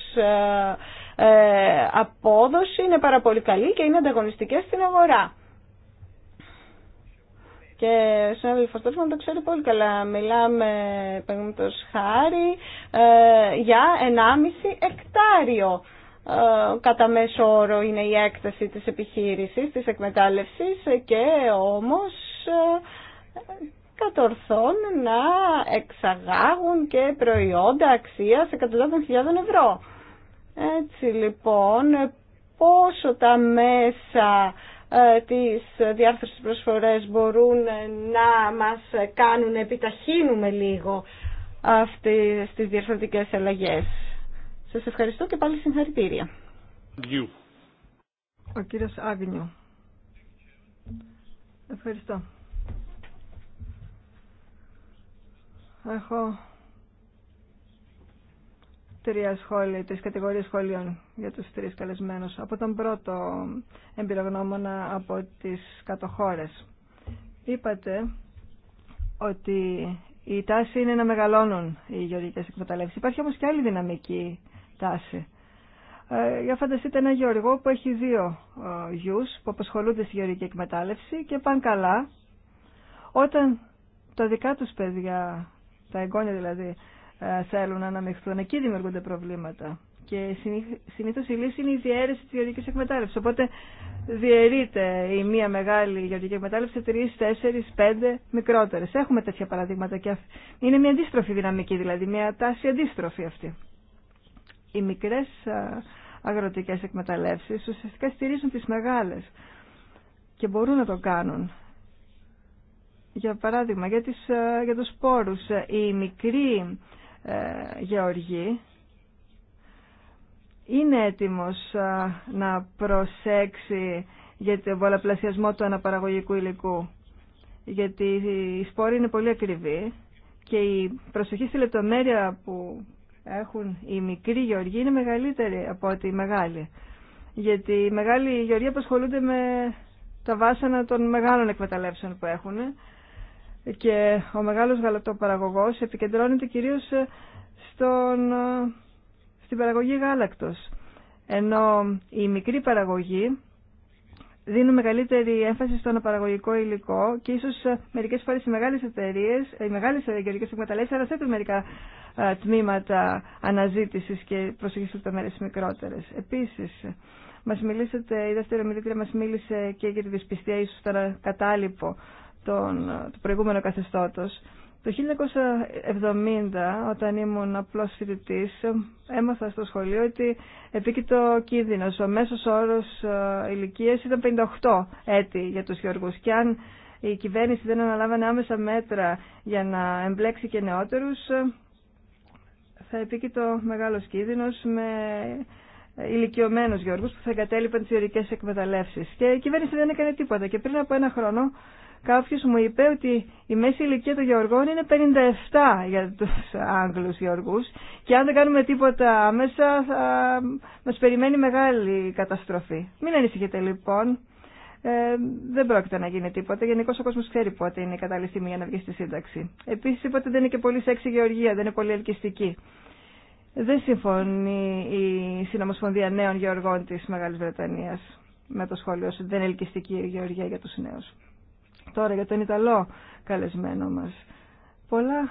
ε, απόδοση είναι πάρα πολύ καλή και είναι ανταγωνιστικές στην αγορά. Και ο συνάδελφο Τόρφμαν το ξέρει πολύ καλά. Μιλάμε, παραδείγματο χάρη, ε, για 1,5 εκτάριο ε, κατά μέσο όρο είναι η έκταση της επιχείρησης, της εκμετάλλευσης και όμως ε, κατορθών να εξαγάγουν και προϊόντα αξίας εκατοντάδων χιλιάδων ευρώ. Έτσι λοιπόν, πόσο τα μέσα ε, τις διάρθρωσης προσφορές μπορούν να μας κάνουν να επιταχύνουμε λίγο αυτές τις διαρθρωτικές αλλαγές. Σας ευχαριστώ και πάλι συγχαρητήρια. Ο κύριος Ευχαριστώ. Έχω τρία σχόλια, τρεις κατηγορίες σχολείων για τους τρεις καλεσμένους. Από τον πρώτο εμπειρογνώμονα από τις κατοχώρες. Είπατε ότι η τάση είναι να μεγαλώνουν οι γεωργικές εκμεταλλεύσεις. Υπάρχει όμως και άλλη δυναμική τάση. Ε, για φανταστείτε ένα γεωργό που έχει δύο ε, γιους που απασχολούνται στη γεωργική εκμετάλλευση και πάνε καλά. Όταν τα δικά τους παιδιά, τα εγγόνια δηλαδή, ε, θέλουν να αναμειχθούν. Εκεί δημιουργούνται προβλήματα. Και συνήθω η λύση είναι η διαίρεση τη γεωργικής εκμετάλλευση. Οπότε διαιρείται η μία μεγάλη γεωργική εκμετάλλευση σε τρει, τέσσερι, πέντε αγροτικέ Έχουμε τέτοια παραδείγματα και είναι μια αντίστροφη δυναμική δηλαδή, μια τάση αντίστροφη αυτή. Οι μικρε αγροτικε εκμεταλλεύσει ουσιαστικά στηρίζουν τι μεγαλε και μπορούν να το κάνουν. Για παράδειγμα, για, τις, ε, για τους σπόρους, η ε, μικρή ε, γεωργή είναι έτοιμος ε, να προσέξει για τον πολλαπλασιασμό του αναπαραγωγικού υλικού. Γιατί οι σπόροι είναι πολύ ακριβοί και η προσοχή στη λεπτομέρεια που έχουν οι μικροί γεωργοί είναι μεγαλύτερη από ότι οι μεγάλοι. Γιατί οι μεγάλοι γεωργοί απασχολούνται με τα βάσανα των μεγάλων εκμεταλλεύσεων που έχουν και ο μεγάλος γαλακτοπαραγωγός επικεντρώνεται κυρίως ε, στον, ε, στην παραγωγή γάλακτος. Ενώ η μικρή παραγωγή δίνουν μεγαλύτερη έμφαση στον παραγωγικό υλικό και ίσως ε, μερικές φορές οι μεγάλες εταιρείε, οι μεγάλε γεωργικέ άλλα αναθέτουν μερικά τμήματα αναζήτησης και προσοχή τα μέρες μικρότερε. Επίση, μιλήσατε, η δεύτερη ομιλήτρια μας μίλησε και για τη δυσπιστία ίσως ήταν κατάλοιπο τον, το προηγούμενο καθεστώτος. Το 1970, όταν ήμουν απλός φοιτητή, έμαθα στο σχολείο ότι επίκειτο κίνδυνο. Ο μέσος όρος ε, ηλικίας ήταν 58 έτη για τους γεωργούς. Και αν η κυβέρνηση δεν αναλάβανε άμεσα μέτρα για να εμπλέξει και νεότερους, ε, θα το μεγάλος κίνδυνος με ηλικιωμένου γεωργού που θα εγκατέλειπαν τι γεωργικέ εκμεταλλεύσει. Και η κυβέρνηση δεν έκανε τίποτα. Και πριν από ένα χρόνο Κάποιο μου είπε ότι η μέση ηλικία των γεωργών είναι 57 για τους Άγγλους γεωργούς και αν δεν κάνουμε τίποτα άμεσα θα μας περιμένει μεγάλη καταστροφή. Μην ανησυχείτε λοιπόν. Ε, δεν πρόκειται να γίνει τίποτα. Γενικώ ο κόσμο ξέρει πότε είναι η κατάλληλη στιγμή για να βγει στη σύνταξη. Επίση είπατε δεν είναι και πολύ σεξι γεωργία, δεν είναι πολύ ελκυστική. Δεν συμφωνεί η Συνομοσπονδία Νέων Γεωργών τη Μεγάλη Βρετανία με το σχόλιο ότι δεν είναι ελκυστική η γεωργία για του νέου. Τώρα για τον Ιταλό καλεσμένο μας. Πολλά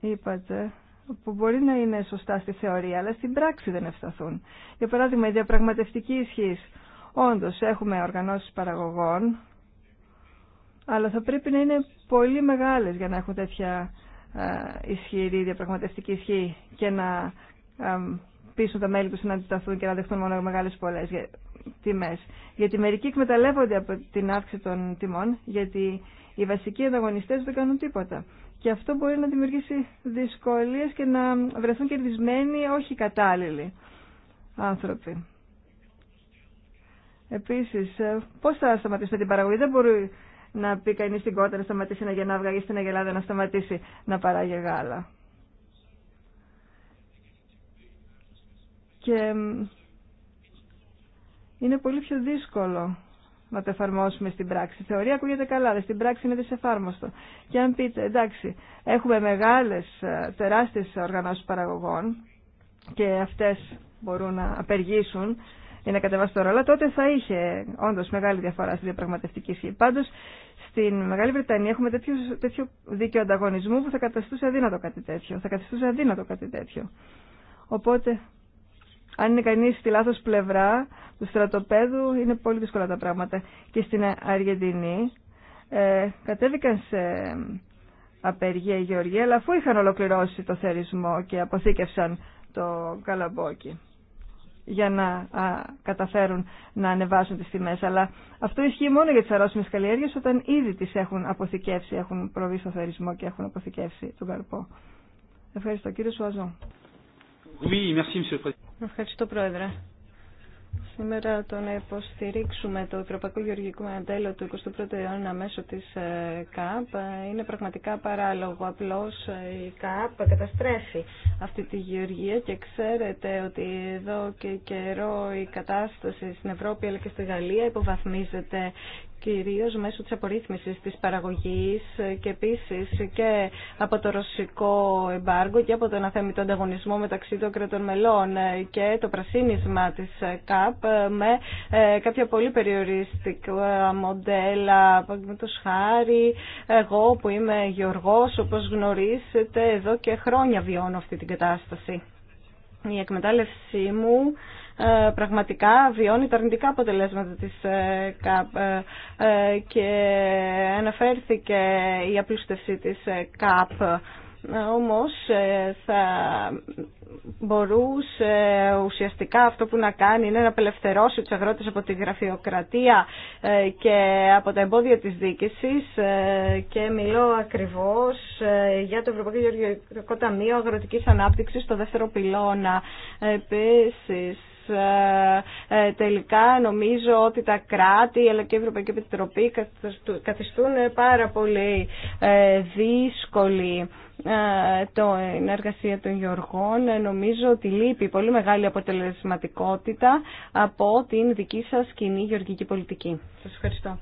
είπατε που μπορεί να είναι σωστά στη θεωρία, αλλά στην πράξη δεν ευσταθούν. Για παράδειγμα, η διαπραγματευτική ισχύ. Όντω, έχουμε οργανώσει παραγωγών, αλλά θα πρέπει να είναι πολύ μεγάλες για να έχουν τέτοια ισχυρή διαπραγματευτική ισχύ και να πείσουν τα μέλη του να αντισταθούν και να δεχτούν μόνο μεγάλε πολλέ τιμές. Γιατί μερικοί εκμεταλλεύονται από την αύξηση των τιμών, γιατί οι βασικοί ανταγωνιστές δεν κάνουν τίποτα. Και αυτό μπορεί να δημιουργήσει δυσκολίες και να βρεθούν κερδισμένοι όχι κατάλληλοι άνθρωποι. Επίσης, πώς θα σταματήσουμε την παραγωγή. Δεν μπορεί να πει κανείς στην κότα να σταματήσει να γεννά ή στην Αγελάδα να σταματήσει να παράγει γάλα. Και είναι πολύ πιο δύσκολο να το εφαρμόσουμε στην πράξη. Θεωρία ακούγεται καλά, αλλά στην πράξη είναι δυσεφάρμοστο. Και αν πείτε, εντάξει, έχουμε μεγάλες, ε, τεράστιες οργανώσεις παραγωγών και αυτές μπορούν να απεργήσουν ή να κατεβάσουν το ρόλο, τότε θα είχε όντω μεγάλη διαφορά στη διαπραγματευτική σχήμα. Πάντω, στην Μεγάλη Βρετανία έχουμε τέτοιο, τέτοιο δίκαιο ανταγωνισμού που θα καταστούσε αδύνατο κάτι τέτοιο. Θα καταστούσε αδύνατο κάτι τέτοιο. Οπότε, αν είναι κανείς στη λάθος πλευρά του στρατοπέδου είναι πολύ δύσκολα τα πράγματα. Και στην Αργεντινή ε, κατέβηκαν σε απεργία οι Γεωργία, αλλά αφού είχαν ολοκληρώσει το θερισμό και αποθήκευσαν το καλαμπόκι για να καταφέρουν να ανεβάσουν τις τιμές. Αλλά αυτό ισχύει μόνο για τις αρρώσιμες καλλιέργειες όταν ήδη τις έχουν αποθηκεύσει, έχουν προβεί στο θερισμό και έχουν αποθηκεύσει τον καρπό. Ευχαριστώ. Κύριε Σουαζό. Oui, merci, Ευχαριστώ, Πρόεδρε. Σήμερα το να υποστηρίξουμε το Ευρωπαϊκό Γεωργικό Μοντέλο του 21ου αιώνα μέσω της ε, ΚΑΠ ε, είναι πραγματικά παράλογο. Απλώς ε, η ΚΑΠ καταστρέφει αυτή τη γεωργία και ξέρετε ότι εδώ και καιρό η κατάσταση στην Ευρώπη αλλά και στη Γαλλία υποβαθμίζεται κυρίως μέσω της απορρίθμισης της παραγωγής και επίσης και από το ρωσικό εμπάργκο και από τον αθέμητο ανταγωνισμό μεταξύ των κρατών μελών και το πρασίνισμα της ΚΑΠ με ε, κάποια πολύ περιοριστικά μοντέλα, το χάρη, εγώ που είμαι γεωργός όπως γνωρίζετε εδώ και χρόνια βιώνω αυτή την κατάσταση. Η εκμετάλλευσή μου ε, πραγματικά βιώνει τα αρνητικά αποτελέσματα της ε, ΚΑΠ ε, και αναφέρθηκε η απλούστευση της ΚΑΠ. Όμως θα μπορούσε ουσιαστικά αυτό που να κάνει είναι να απελευθερώσει τους αγρότες από τη γραφειοκρατία και από τα εμπόδια της δίκησης και μιλώ ακριβώς για το Ευρωπαϊκό Γεωργικό Ταμείο Αγροτικής Ανάπτυξης στο δεύτερο πυλώνα. Επίσης ε, ε, τελικά νομίζω ότι τα κράτη αλλά και η Ευρωπαϊκή Επιτροπή καθιστούν πάρα πολύ ε, δύσκολη την εργασία των Γεωργών. Νομίζω ότι λείπει πολύ μεγάλη αποτελεσματικότητα από την δική σας κοινή γεωργική πολιτική. Σας ευχαριστώ.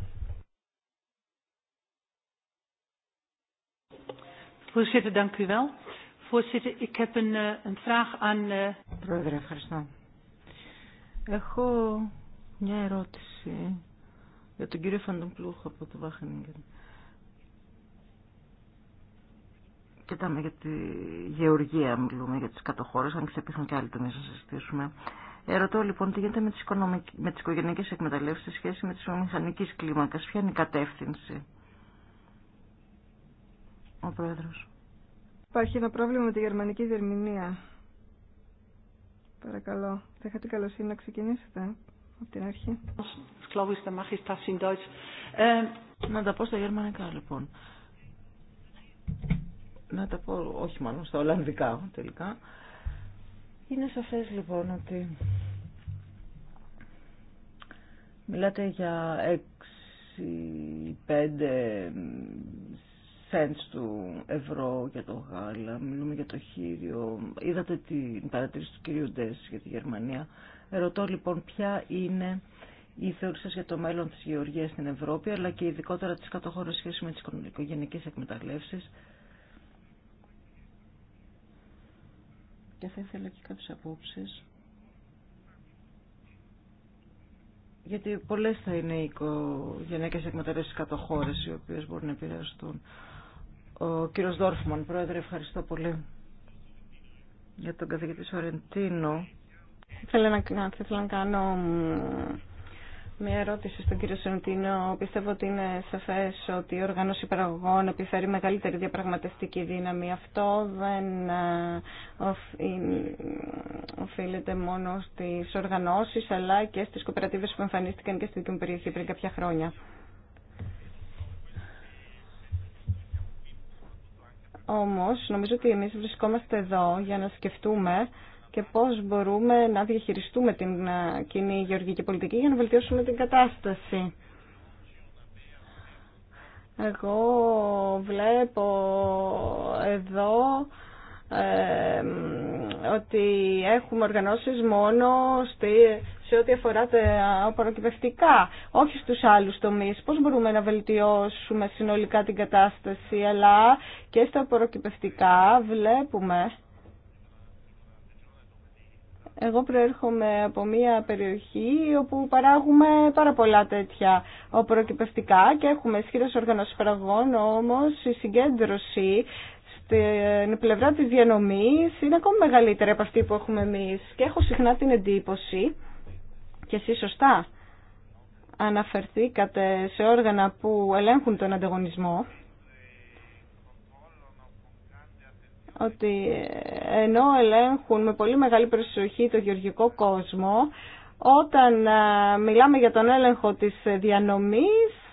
Voorzitter, dank u wel. Voorzitter, ik heb een, eh, een vraag aan... Eh, Πρόεδρε, ευχαριστώ. Έχω μια ερώτηση για τον κύριο Φαντομπλούχο από το Βάχνιγκεν. Κοιτάμε για τη γεωργία, μιλούμε για τις κατοχώρες, αν ξεπίθουν και άλλοι τομείς να συζητήσουμε. Ερωτώ λοιπόν τι γίνεται με τις, οικονομικ... με τις οικογενειακές εκμεταλλεύσεις σε σχέση με τις μηχανικής κλίμακας. Ποια είναι η κατεύθυνση. Ο Πρόεδρος. Υπάρχει ένα πρόβλημα με τη γερμανική διερμηνία. Παρακαλώ, θα είχατε καλοσύνη να ξεκινήσετε από την αρχή. Ε, να τα πω στα γερμανικά λοιπόν. Να τα πω, όχι μάλλον, στα ολλανδικά τελικά. Είναι σαφές λοιπόν ότι μιλάτε για έξι, πέντε cents του ευρώ για το γάλα, μιλούμε για το χείριο. Είδατε την παρατήρηση του κυρίου Ντές για τη Γερμανία. Ρωτώ λοιπόν ποια είναι η θεωρή σας για το μέλλον τη γεωργίας στην Ευρώπη, αλλά και ειδικότερα τη κατοχώρες σχέση με τι οικογενικές εκμεταλλεύσει. Και θα ήθελα και κάποιες απόψει. γιατί πολλέ θα είναι οι οικογενειακέ εκμεταλλεύσει κατοχώρες οι οποίε μπορούν να επηρεαστούν. Ο κύριος Δόρφμαν, πρόεδρε, ευχαριστώ πολύ για τον καθηγητή Σορεντίνο. Θέλω να, να, θέλω να κάνω μια ερώτηση στον κύριο Σορεντίνο. Πιστεύω ότι είναι σαφές ότι η οργάνωση παραγωγών επιφέρει μεγαλύτερη διαπραγματευτική δύναμη. Αυτό δεν ε, οφείλεται μόνο στις οργανώσεις αλλά και στις κοπερατίβες που εμφανίστηκαν και στην περιοχή πριν κάποια χρόνια. Όμως, νομίζω ότι εμείς βρισκόμαστε εδώ για να σκεφτούμε και πώς μπορούμε να διαχειριστούμε την ε, κοινή γεωργική πολιτική για να βελτιώσουμε την κατάσταση. Εγώ βλέπω εδώ ε, ότι έχουμε οργανώσεις μόνο στη, σε ό,τι αφορά τα όχι στους άλλους τομείς. Πώς μπορούμε να βελτιώσουμε συνολικά την κατάσταση, αλλά και στα απορροκυπευτικά βλέπουμε... Εγώ προέρχομαι από μια περιοχή όπου παράγουμε πάρα πολλά τέτοια οπροκυπευτικά και έχουμε ισχυρές οργανώσεις παραγών, όμως η συγκέντρωση στην πλευρά της διανομής είναι ακόμη μεγαλύτερη από αυτή που έχουμε εμείς. Και έχω συχνά την εντύπωση και εσείς σωστά αναφερθήκατε σε όργανα που ελέγχουν τον ανταγωνισμό ότι ενώ ελέγχουν με πολύ μεγάλη προσοχή το γεωργικό κόσμο όταν μιλάμε για τον έλεγχο της διανομής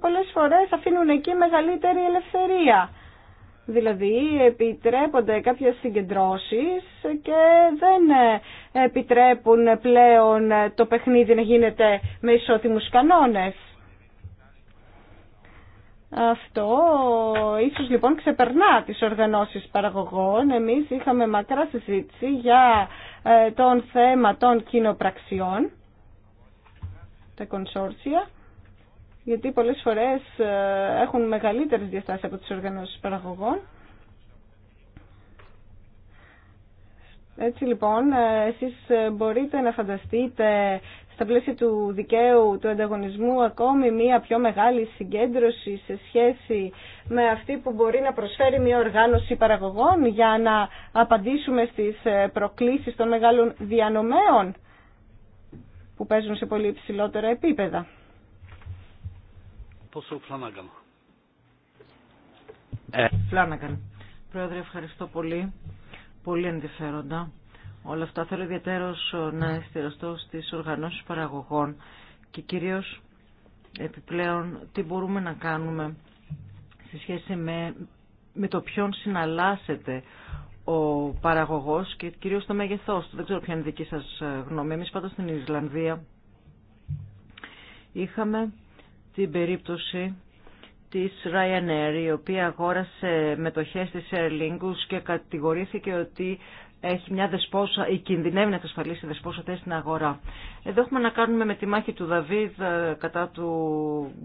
πολλές φορές αφήνουν εκεί μεγαλύτερη ελευθερία Δηλαδή επιτρέπονται κάποιες συγκεντρώσεις και δεν επιτρέπουν πλέον το παιχνίδι να γίνεται με ισότιμους κανόνες. Αυτό ίσως λοιπόν ξεπερνά τις οργανώσεις παραγωγών. Εμείς είχαμε μακρά συζήτηση για ε, τον θέμα των κοινοπραξιών, τα κονσόρσια γιατί πολλές φορές ε, έχουν μεγαλύτερες διαστάσεις από τις οργανώσεις παραγωγών. Έτσι λοιπόν, ε, εσείς ε, μπορείτε να φανταστείτε στα πλαίσια του δικαίου του ανταγωνισμού ακόμη μία πιο μεγάλη συγκέντρωση σε σχέση με αυτή που μπορεί να προσφέρει μία οργάνωση παραγωγών για να απαντήσουμε στις προκλήσεις των μεγάλων διανομέων που παίζουν σε πολύ υψηλότερα επίπεδα. Πόσο Ε. φλάνακαν. Πρόεδρε, ευχαριστώ πολύ. Πολύ ενδιαφέροντα. Όλα αυτά θέλω ιδιαίτερως ε, να εστιαστώ στις οργανώσεις παραγωγών και κυρίως επιπλέον τι μπορούμε να κάνουμε σε σχέση με, με το ποιον συναλλάσσεται ο παραγωγός και κυρίως το μέγεθός του. Δεν ξέρω ποια είναι δική σας ε, γνώμη. Εμείς πάντω στην Ισλανδία είχαμε στην περίπτωση της Ryanair, η οποία αγόρασε μετοχές της Air Lingus και κατηγορήθηκε ότι έχει μια δεσπόσα, ή κινδυνεύει να εξασφαλίσει δεσπόσα θέση στην αγορά. Εδώ έχουμε να κάνουμε με τη μάχη του Δαβίδ ε, κατά του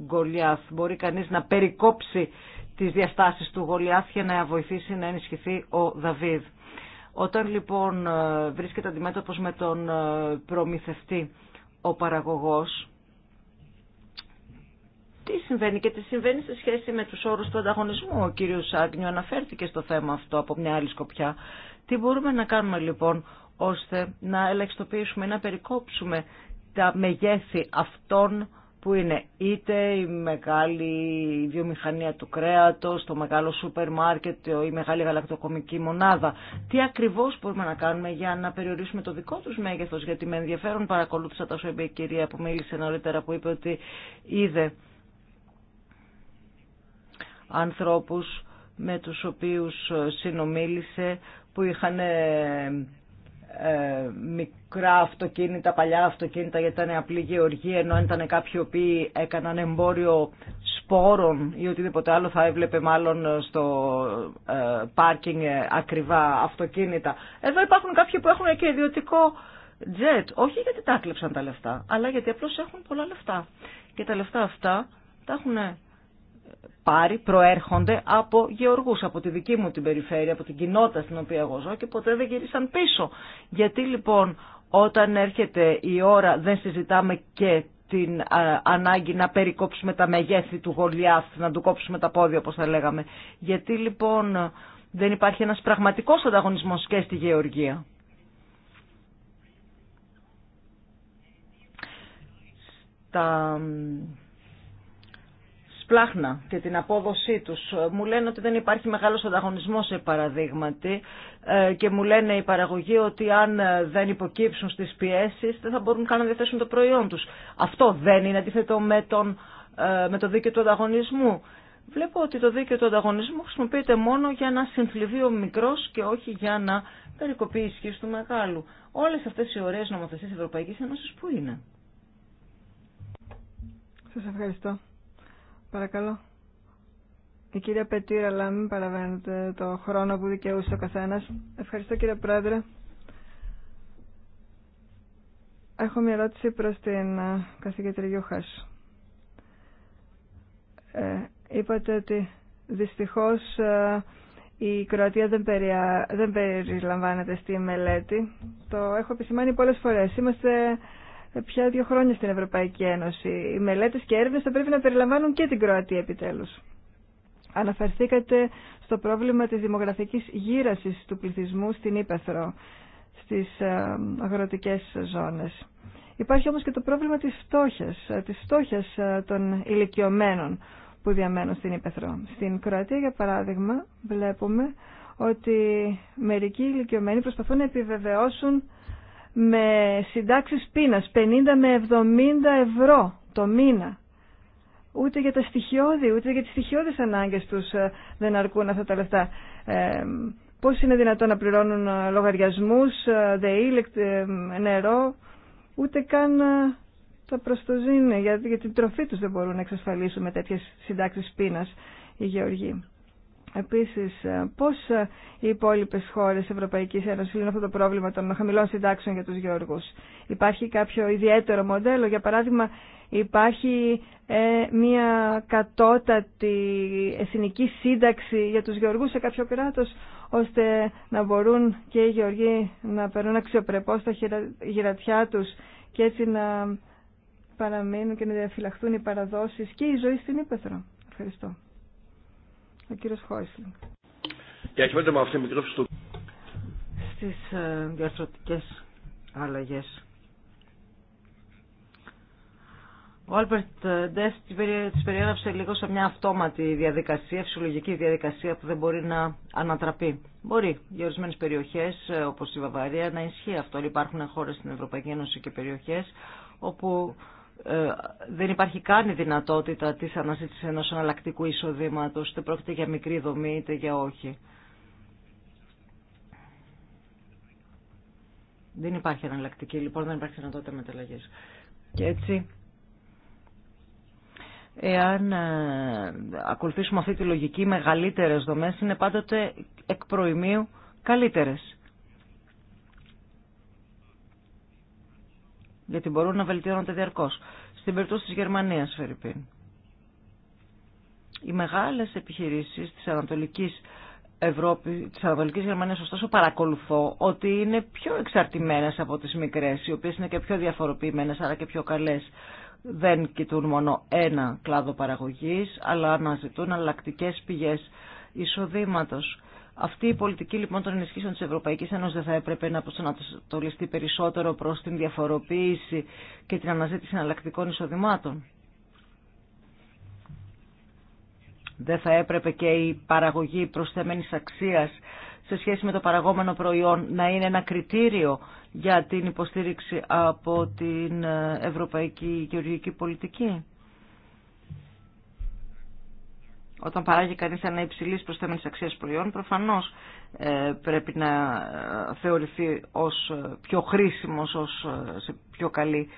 Γολιάθ. Μπορεί κανείς να περικόψει τις διαστάσεις του Γολιάθ για να βοηθήσει να ενισχυθεί ο Δαβίδ. Όταν λοιπόν ε, βρίσκεται αντιμέτωπος με τον ε, προμηθευτή ο παραγωγός, τι συμβαίνει και τι συμβαίνει σε σχέση με τους όρους του ανταγωνισμού. Ο κύριος Άγνιο αναφέρθηκε στο θέμα αυτό από μια άλλη σκοπιά. Τι μπορούμε να κάνουμε λοιπόν ώστε να ελαχιστοποιήσουμε ή να περικόψουμε τα μεγέθη αυτών που είναι είτε η μεγάλη βιομηχανία του κρέατος, το μεγάλο σούπερ μάρκετ, η μεγάλη γαλακτοκομική μονάδα. Τι ακριβώς μπορούμε να κάνουμε για να περιορίσουμε το δικό τους μέγεθος, γιατί με ενδιαφέρον παρακολούθησα τα είπε η κυρία που μίλησε νωρίτερα που είπε ότι είδε ανθρώπους με τους οποίους ε, συνομίλησε που είχαν ε, ε, μικρά αυτοκίνητα, παλιά αυτοκίνητα γιατί ήταν απλή γεωργία ενώ ήταν κάποιοι οποίοι έκαναν εμπόριο σπόρων ή οτιδήποτε άλλο θα έβλεπε μάλλον στο πάρκινγκ ακριβά αυτοκίνητα. Εδώ υπάρχουν κάποιοι που έχουν και ιδιωτικό τζετ, όχι γιατί τα έκλεψαν τα λεφτά, αλλά γιατί απλώς έχουν πολλά λεφτά. Και τα λεφτά αυτά τα έχουν πάρει προέρχονται από γεωργούς, από τη δική μου την περιφέρεια, από την κοινότητα στην οποία εγώ ζω και ποτέ δεν γυρίσαν πίσω. Γιατί λοιπόν όταν έρχεται η ώρα δεν συζητάμε και την ανάγκη να περικόψουμε τα μεγέθη του Γολιάθ, να του κόψουμε τα πόδια όπως θα λέγαμε. Γιατί λοιπόν δεν υπάρχει ένας πραγματικός ανταγωνισμός και στη γεωργία. Τα σπλάχνα και την απόδοσή τους. Μου λένε ότι δεν υπάρχει μεγάλος ανταγωνισμός σε παραδείγματι ε, και μου λένε οι παραγωγοί ότι αν ε, δεν υποκύψουν στις πιέσεις δεν θα μπορούν καν να διαθέσουν το προϊόν τους. Αυτό δεν είναι αντίθετο με, τον, ε, με το δίκαιο του ανταγωνισμού. Βλέπω ότι το δίκαιο του ανταγωνισμού χρησιμοποιείται μόνο για να συνθλιβεί ο μικρός και όχι για να περικοπεί η ισχύ του μεγάλου. Όλες αυτές οι ωραίες νομοθεσίες Ευρωπαϊκής Ένωσης που είναι. Σας ευχαριστώ. Παρακαλώ. Η ε, κυρία Πετήρα, αλλά παραβαίνετε το χρόνο που δικαιούσε ο καθένα. Ευχαριστώ κύριε Πρόεδρε. Έχω μια ερώτηση προς την ε, καθηγήτρια Γιούχας. Ε, είπατε ότι δυστυχώς ε, η Κροατία δεν, περιλαμβάνεται στη μελέτη. Το έχω επισημάνει πολλές φορές. Είμαστε πια δύο χρόνια στην Ευρωπαϊκή Ένωση. Οι μελέτε και έρευνε θα πρέπει να περιλαμβάνουν και την Κροατία επιτέλου. Αναφερθήκατε στο πρόβλημα της δημογραφικής γύρασης του πληθυσμού στην Ήπεθρο, στις ε, αγροτικές ζώνες. Υπάρχει όμως και το πρόβλημα της φτώχειας, ε, της φτώχειας ε, των ηλικιωμένων που διαμένουν στην Ήπεθρο. Στην Κροατία, για παράδειγμα, βλέπουμε ότι μερικοί ηλικιωμένοι προσπαθούν να επιβεβαιώσουν με συντάξεις πείνας 50 με 70 ευρώ το μήνα. Ούτε για τα στοιχειώδη, ούτε για τις στοιχειώδεις ανάγκες τους ε, δεν αρκούν αυτά τα λεφτά. Ε, πώς είναι δυνατόν να πληρώνουν ε, λογαριασμούς, ε, ΔΕΗ, νερό, ούτε καν τα προστοζήν, γιατί για την τροφή τους δεν μπορούν να εξασφαλίσουν με τέτοιες συντάξεις πείνας οι γεωργοί. Επίσης, ε, πώς ε, οι υπόλοιπες χώρες Ευρωπαϊκής Ένωσης λύνουν αυτό το πρόβλημα των χαμηλών συντάξεων για τους γεωργούς. Υπάρχει κάποιο ιδιαίτερο μοντέλο, για παράδειγμα υπάρχει ε, μια κατώτατη εθνική σύνταξη για τους γεωργούς σε κάποιο κράτος, ώστε να μπορούν και οι γεωργοί να περνούν αξιοπρεπώς στα γυρατιά τους και έτσι να παραμείνουν και να διαφυλαχθούν οι παραδόσεις και η ζωή στην Ήπεθρο. Ευχαριστώ. Ο κύριος του. Στις ε, διαστροτικές αλλαγές. Ο Άλπερτ Ντεφ τις περιέγραψε λίγο σε μια αυτόματη διαδικασία, φυσιολογική διαδικασία που δεν μπορεί να ανατραπεί. Μπορεί για ορισμένε περιοχές ε, όπως η Βαβαρία να ισχύει αυτό. Υπάρχουν χώρες στην Ευρωπαϊκή Ένωση και περιοχές όπου ε, δεν υπάρχει καν η δυνατότητα της αναζήτησης ενός αναλλακτικού εισοδήματος, είτε πρόκειται για μικρή δομή είτε για όχι. Δεν υπάρχει αναλλακτική, λοιπόν δεν υπάρχει δυνατότητα μεταλλαγής. Και έτσι, εάν ε, ακολουθήσουμε αυτή τη λογική, μεγαλύτερες δομές είναι πάντοτε εκ προημίου καλύτερες. γιατί μπορούν να βελτιώνονται διαρκώ Στην περίπτωση τη Γερμανία, Φερρυπίν, οι μεγάλες επιχειρήσεις της Ανατολικής Ευρώπη, της Ανατολικής Γερμανίας, ωστόσο παρακολουθώ ότι είναι πιο εξαρτημένε από τις μικρές, οι οποίες είναι και πιο διαφοροποιημένε, άρα και πιο καλές. Δεν κοιτούν μόνο ένα κλάδο παραγωγή, αλλά αναζητούν αλλακτικέ πηγέ εισοδήματο. Αυτή η πολιτική λοιπόν των ενισχύσεων τη Ευρωπαϊκή Ένωση δεν θα έπρεπε να προσανατολιστεί περισσότερο προ την διαφοροποίηση και την αναζήτηση εναλλακτικών εισοδημάτων. Δεν θα έπρεπε και η παραγωγή προσθεμένης αξίας σε σχέση με το παραγόμενο προϊόν να είναι ένα κριτήριο για την υποστήριξη από την ευρωπαϊκή γεωργική πολιτική. Όταν παράγει κανεί ένα υψηλή προσθέμενη αξία προϊόν, προφανώ ε, πρέπει να ε, θεωρηθεί ω ε, πιο χρήσιμο, ω σε πιο καλή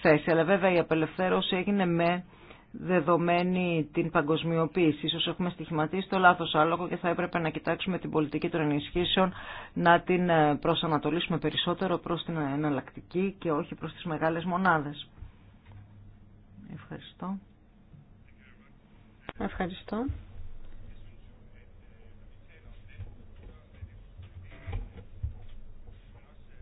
θέση. Αλλά βέβαια η απελευθέρωση έγινε με δεδομένη την παγκοσμιοποίηση. Ίσως έχουμε στοιχηματίσει το λάθος άλογο και θα έπρεπε να κοιτάξουμε την πολιτική των ενισχύσεων να την προσανατολίσουμε περισσότερο προς την εναλλακτική και όχι προς τις μεγάλες μονάδες. Ευχαριστώ. Ευχαριστώ.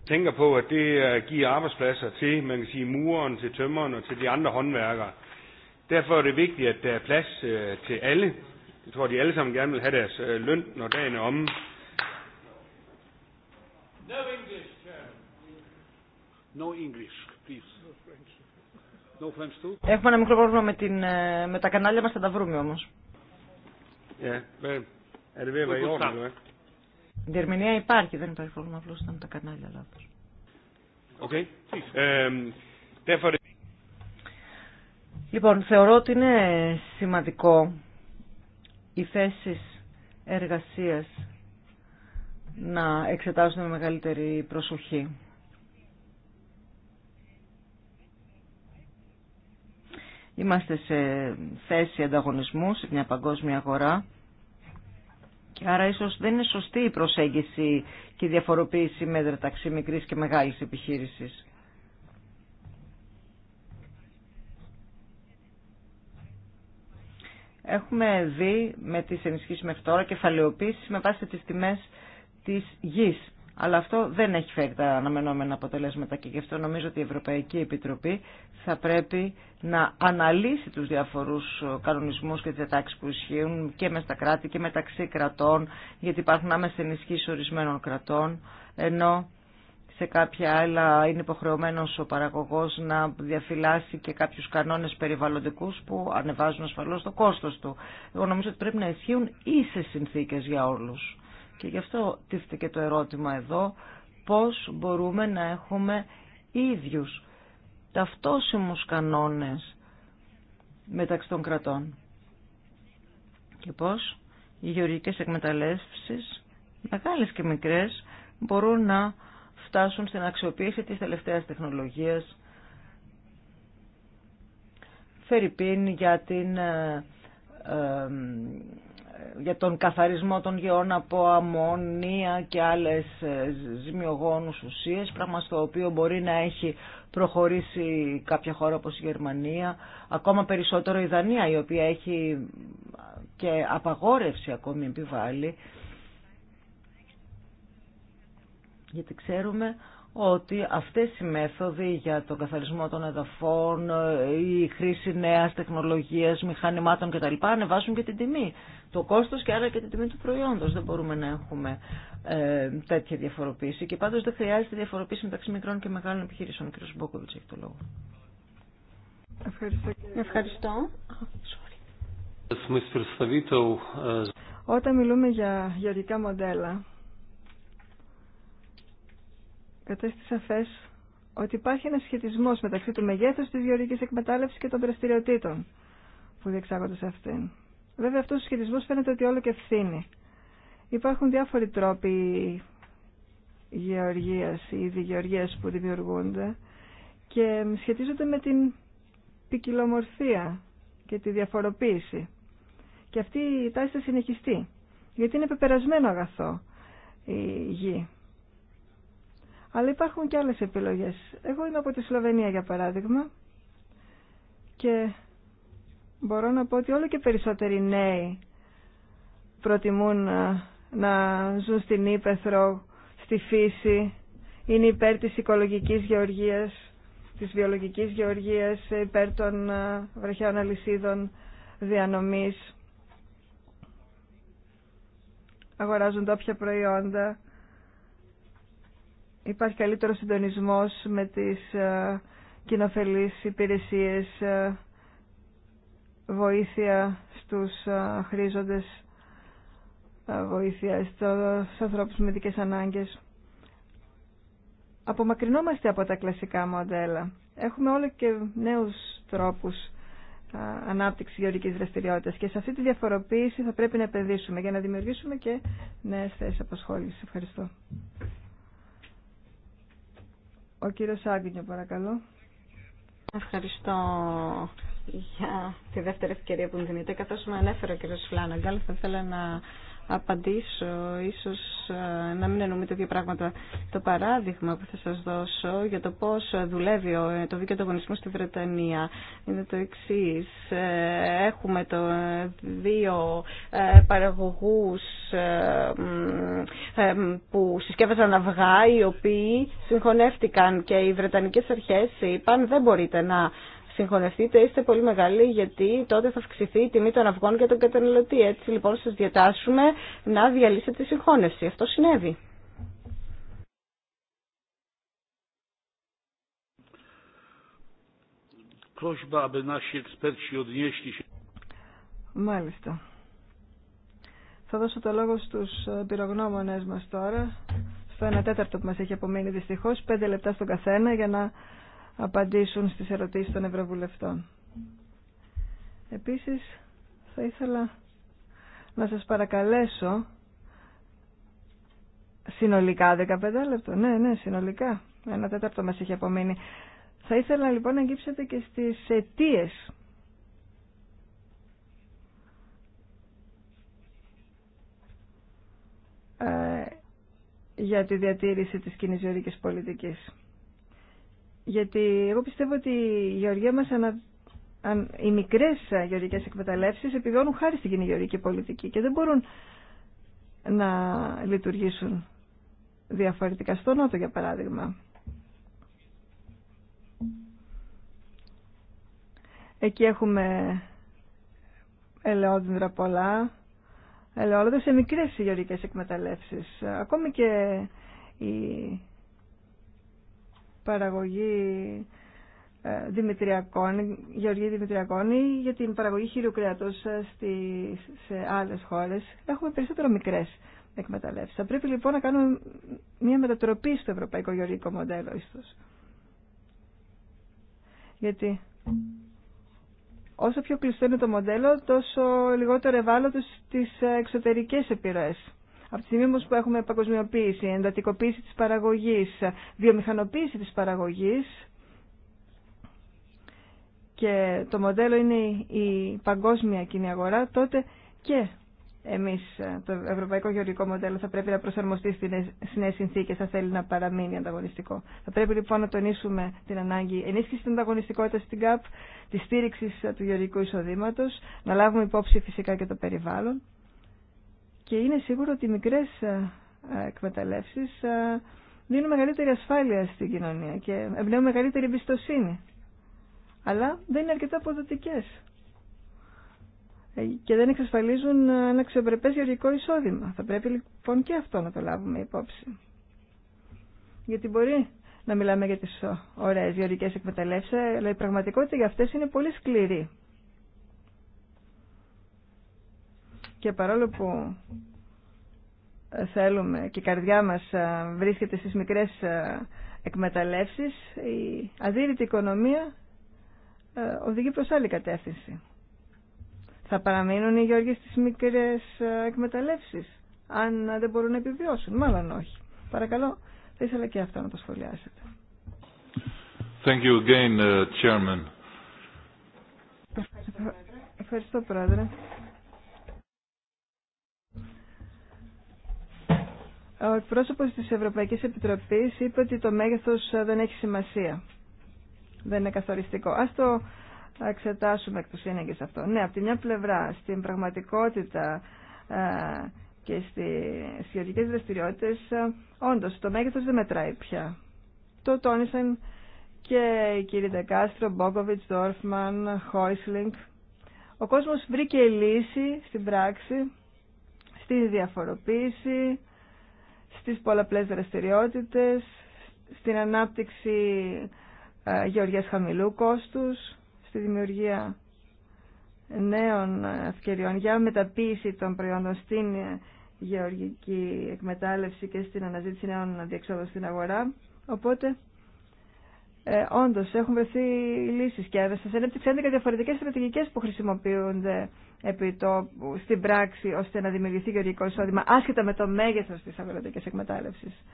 tænker på, at det giver arbejdspladser til, man kan sige, mureren, til tømmeren og til de andre håndværkere. Derfor er det vigtigt, at der er plads til alle. Jeg tror, de alle sammen gerne vil have deres løn, når dagen er omme. No English, No English, please. Έχουμε ένα μικρό πρόβλημα με, την, ε, με τα κανάλια μας, θα τα βρούμε όμως. Διερμηνία ε, ε, υπάρχει, δεν υπάρχει πρόβλημα, απλώς με τα κανάλια λάθος. Okay. λοιπόν, θεωρώ ότι είναι σημαντικό οι θέσει εργασίας να εξετάζονται με μεγαλύτερη προσοχή. Είμαστε σε θέση ανταγωνισμού, σε μια παγκόσμια αγορά και άρα ίσως δεν είναι σωστή η προσέγγιση και η διαφοροποίηση μέτρα ταξί μικρής και μεγάλης επιχείρησης. Έχουμε δει με τις ενισχύσεις μέχρι τώρα κεφαλαιοποίηση με βάση τις τιμές της γης αλλά αυτό δεν έχει φέρει τα αναμενόμενα αποτελέσματα και γι' αυτό νομίζω ότι η Ευρωπαϊκή Επιτροπή θα πρέπει να αναλύσει τους διαφορούς κανονισμούς και τις διατάξεις που ισχύουν και με στα κράτη και μεταξύ κρατών, γιατί υπάρχουν άμεσα ενισχύσεις ορισμένων κρατών, ενώ σε κάποια άλλα είναι υποχρεωμένος ο παραγωγός να διαφυλάσει και κάποιους κανόνες περιβαλλοντικούς που ανεβάζουν ασφαλώς το κόστος του. Εγώ νομίζω ότι πρέπει να ισχύουν ίσες συνθήκες για όλους. Και γι' αυτό τίθεται το ερώτημα εδώ, πώς μπορούμε να έχουμε ίδιους ταυτόσιμους κανόνες μεταξύ των κρατών. Και πώς οι γεωργικές εκμεταλλεύσεις, μεγάλες και μικρές, μπορούν να φτάσουν στην αξιοποίηση της τελευταίας τεχνολογίας. Φερρυπίν για την ε, ε, για τον καθαρισμό των γεών από αμμονία και άλλες ε, ζημιογόνους ουσίες, πράγμα στο οποίο μπορεί να έχει προχωρήσει κάποια χώρα όπως η Γερμανία, ακόμα περισσότερο η Δανία, η οποία έχει και απαγόρευση ακόμη επιβάλλει. Γιατί ξέρουμε ότι αυτές οι μέθοδοι για τον καθαρισμό των εδαφών, η χρήση νέας τεχνολογίας, μηχανημάτων κτλ. ανεβάζουν και την τιμή. Το κόστος και άρα και την τιμή του προϊόντος. Δεν μπορούμε να έχουμε ε, τέτοια διαφοροποίηση. Και πάντως δεν χρειάζεται διαφοροποίηση μεταξύ μικρών και μεγάλων επιχειρήσεων. Ο κ. Μπόκοβιτς έχει το λόγο. Ευχαριστώ. Ε, Όταν μιλούμε για γεωργικά μοντέλα, κατέστη σαφέ ότι υπάρχει ένα σχετισμό μεταξύ του μεγέθου τη γεωργική εκμετάλλευση και των δραστηριοτήτων που διεξάγονται σε αυτήν. Βέβαια, αυτό ο σχετισμό φαίνεται ότι όλο και ευθύνει. Υπάρχουν διάφοροι τρόποι γεωργία ή διγεωργία που δημιουργούνται και σχετίζονται με την ποικιλομορφία και τη διαφοροποίηση. Και αυτή η τάση θα συνεχιστεί. Γιατί είναι πεπερασμένο αγαθό η γη. Αλλά υπάρχουν και άλλες επιλογές. Εγώ είμαι από τη Σλοβενία για παράδειγμα και μπορώ να πω ότι όλο και περισσότεροι νέοι προτιμούν ε, να ζουν στην Ήπεθρο, στη φύση, είναι υπέρ της οικολογικής γεωργίας, της βιολογικής γεωργίας, υπέρ των ε, βραχιών αλυσίδων διανομής. Αγοράζουν όποια προϊόντα υπάρχει καλύτερο συντονισμός με τις ε, κοινοφελείς υπηρεσίες, ε, βοήθεια στους ε, ε, βοήθεια στους ανθρώπους με δικές ανάγκες. Απομακρυνόμαστε από τα κλασικά μοντέλα. Έχουμε όλο και νέους τρόπους ε, ανάπτυξη γεωργική δραστηριότητας και σε αυτή τη διαφοροποίηση θα πρέπει να επενδύσουμε για να δημιουργήσουμε και νέες θέσει απασχόληση. Ευχαριστώ. Ο κύριο Άγγινιο, παρακαλώ. Ευχαριστώ για τη δεύτερη ευκαιρία που μου δίνετε. Καθώ με ανέφερε ο κύριο Φλάνεγκαλ, θα ήθελα να απαντήσω, ίσως ε, να μην εννοούμε τα δύο πράγματα. Το παράδειγμα που θα σας δώσω για το πώς δουλεύει το δίκαιο του αγωνισμού στη Βρετανία είναι το εξή. Ε, έχουμε το δύο ε, παραγωγούς που συσκεύαζαν αυγά, οι οποίοι συγχωνεύτηκαν και οι Βρετανικές αρχές είπαν δεν μπορείτε να συγχωνευτείτε είστε πολύ μεγάλοι γιατί τότε θα αυξηθεί η τιμή των αυγών για τον καταναλωτή. Έτσι λοιπόν σας διατάσσουμε να διαλύσετε τη συγχώνευση. Αυτό συνέβη. Μάλιστα. Θα δώσω το λόγο στους πυρογνώμονες μας τώρα, στο 1 τέταρτο που μας έχει απομείνει δυστυχώς, 5 λεπτά στον καθένα για να απαντήσουν στις ερωτήσεις των Ευρωβουλευτών. Επίσης, θα ήθελα να σας παρακαλέσω συνολικά 15 λεπτό. Ναι, ναι, συνολικά. Ένα τέταρτο μας έχει απομείνει. Θα ήθελα λοιπόν να αγγίψετε και στις αιτίε. Ε, για τη διατήρηση της κοινής πολιτικής. Γιατί εγώ πιστεύω ότι η γεωργία μας ανα... οι μικρές γεωργικές εκμεταλλεύσεις επιβιώνουν χάρη στην κοινή γεωργική πολιτική και δεν μπορούν να λειτουργήσουν διαφορετικά στο Νότο για παράδειγμα. Εκεί έχουμε ελαιόδεντρα πολλά, ελαιόλαδο σε μικρές γεωργικές εκμεταλλεύσεις. Ακόμη και παραγωγή ε, δημητριακών, Γεωργή δημητριακών ή για την παραγωγή χειροκρέατος ε, σε άλλες χώρες. Έχουμε περισσότερο μικρές εκμεταλλεύσεις. Θα πρέπει λοιπόν να κάνουμε μια μετατροπή στο ευρωπαϊκό γεωργικό μοντέλο ίσως. Γιατί όσο πιο κλειστό είναι το μοντέλο, τόσο λιγότερο ευάλωτο στις εξωτερικές επιρροές. Από τη στιγμή όμω που έχουμε παγκοσμιοποίηση, εντατικοποίηση τη παραγωγή, βιομηχανοποίηση τη παραγωγή. και το μοντέλο είναι η παγκόσμια κοινή αγορά, τότε και εμεί, το ευρωπαϊκό γεωργικό μοντέλο θα πρέπει να προσαρμοστεί στις νέες συνθήκες θα θέλει να παραμείνει ανταγωνιστικό. Θα πρέπει λοιπόν να τονίσουμε την ανάγκη ενίσχυση τη ανταγωνιστικότητα στην ΚΑΠ, τη στήριξη του γεωργικού εισοδήματο, να λάβουμε υπόψη φυσικά και το περιβάλλον και είναι σίγουρο ότι οι μικρές ε, εκμεταλλεύσεις ε, δίνουν μεγαλύτερη ασφάλεια στην κοινωνία και εμπνέουν μεγαλύτερη εμπιστοσύνη. Αλλά δεν είναι αρκετά αποδοτικέ ε, και δεν εξασφαλίζουν ένα αξιοπρεπέ γεωργικό εισόδημα. Θα πρέπει λοιπόν και αυτό να το λάβουμε υπόψη. Γιατί μπορεί να μιλάμε για τις ωραίε γεωργικές εκμεταλλεύσει, αλλά η πραγματικότητα για αυτέ είναι πολύ σκληρή. Και παρόλο που ε, θέλουμε και η καρδιά μας ε, βρίσκεται στις μικρές ε, εκμεταλλεύσεις, η αδύρυτη οικονομία οδηγεί προς άλλη κατεύθυνση. Θα παραμείνουν οι Γεώργοι στις μικρές εκμεταλλεύσεις, αν δεν μπορούν να επιβιώσουν. Μάλλον όχι. Παρακαλώ, θα ήθελα και αυτό να το σχολιάσετε. Thank you again, uh, Chairman. Ευχαριστώ, Πρόεδρε. Ο εκπρόσωπος της Ευρωπαϊκής Επιτροπής είπε ότι το μέγεθος ε, δεν έχει σημασία. Δεν είναι καθοριστικό. Ας το εξετάσουμε εκ του σύνεγγες αυτό. Ναι, από τη μια πλευρά, στην πραγματικότητα ε, και στις γεωργικές δραστηριότητες, ε, όντως το μέγεθος δεν μετράει πια. Το τόνισαν και οι κύριοι Ντεκάστρο, Μπόκοβιτς, Ντόρφμαν, Χόισλινγκ. Ο κόσμος βρήκε λύση στην πράξη, στη διαφοροποίηση, στις πολλαπλές δραστηριότητες, στην ανάπτυξη ε, γεωργίας χαμηλού κόστους, στη δημιουργία νέων ευκαιριών για μεταποίηση των προϊόντων στην γεωργική εκμετάλλευση και στην αναζήτηση νέων διεξόδων στην αγορά. Οπότε ε, όντως έχουν βρεθεί λύσεις και έβεσαν ενέπτυξε 11 διαφορετικές στρατηγικές που χρησιμοποιούνται επί το, στην πράξη ώστε να δημιουργηθεί γεωργικό εισόδημα άσχετα με το μέγεθος της αγροτικής εκμετάλλευσης.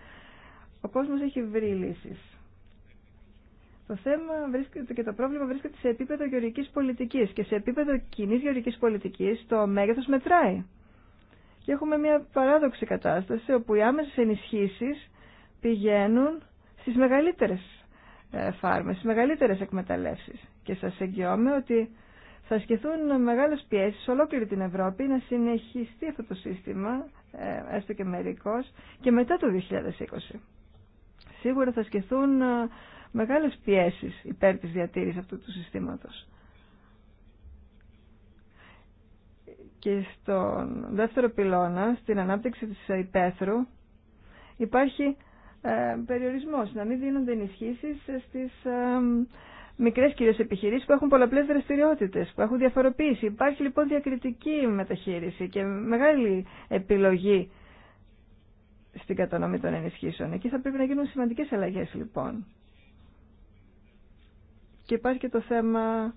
Ο κόσμος έχει βρει λύσεις. Το θέμα βρίσκεται και το πρόβλημα βρίσκεται σε επίπεδο γεωργικής πολιτικής και σε επίπεδο κοινή γεωργικής πολιτικής το μέγεθος μετράει. Και έχουμε μια παράδοξη κατάσταση όπου οι άμεσε ενισχύσει πηγαίνουν στι μεγαλύτερε. Ε, φάρμες, μεγαλύτερες εκμεταλλεύσεις. Και σας εγγυώμαι ότι θα ασκηθούν μεγάλες πιέσεις σε ολόκληρη την Ευρώπη να συνεχιστεί αυτό το σύστημα, ε, έστω και μερικώς, και μετά το 2020. Σίγουρα θα ασκηθούν ε, μεγάλες πιέσεις υπέρ της διατήρησης αυτού του συστήματος. Και στον δεύτερο πυλώνα, στην ανάπτυξη της υπαίθρου, υπάρχει ε, περιορισμός, να μην δίνονται ενισχύσεις στις ε, μικρές κυρίως επιχειρήσεις που έχουν πολλαπλές δραστηριότητες, που έχουν διαφοροποίηση. Υπάρχει λοιπόν διακριτική μεταχείριση και μεγάλη επιλογή στην κατανομή των ενισχύσεων. Εκεί θα πρέπει να γίνουν σημαντικές αλλαγές λοιπόν. Και υπάρχει και το θέμα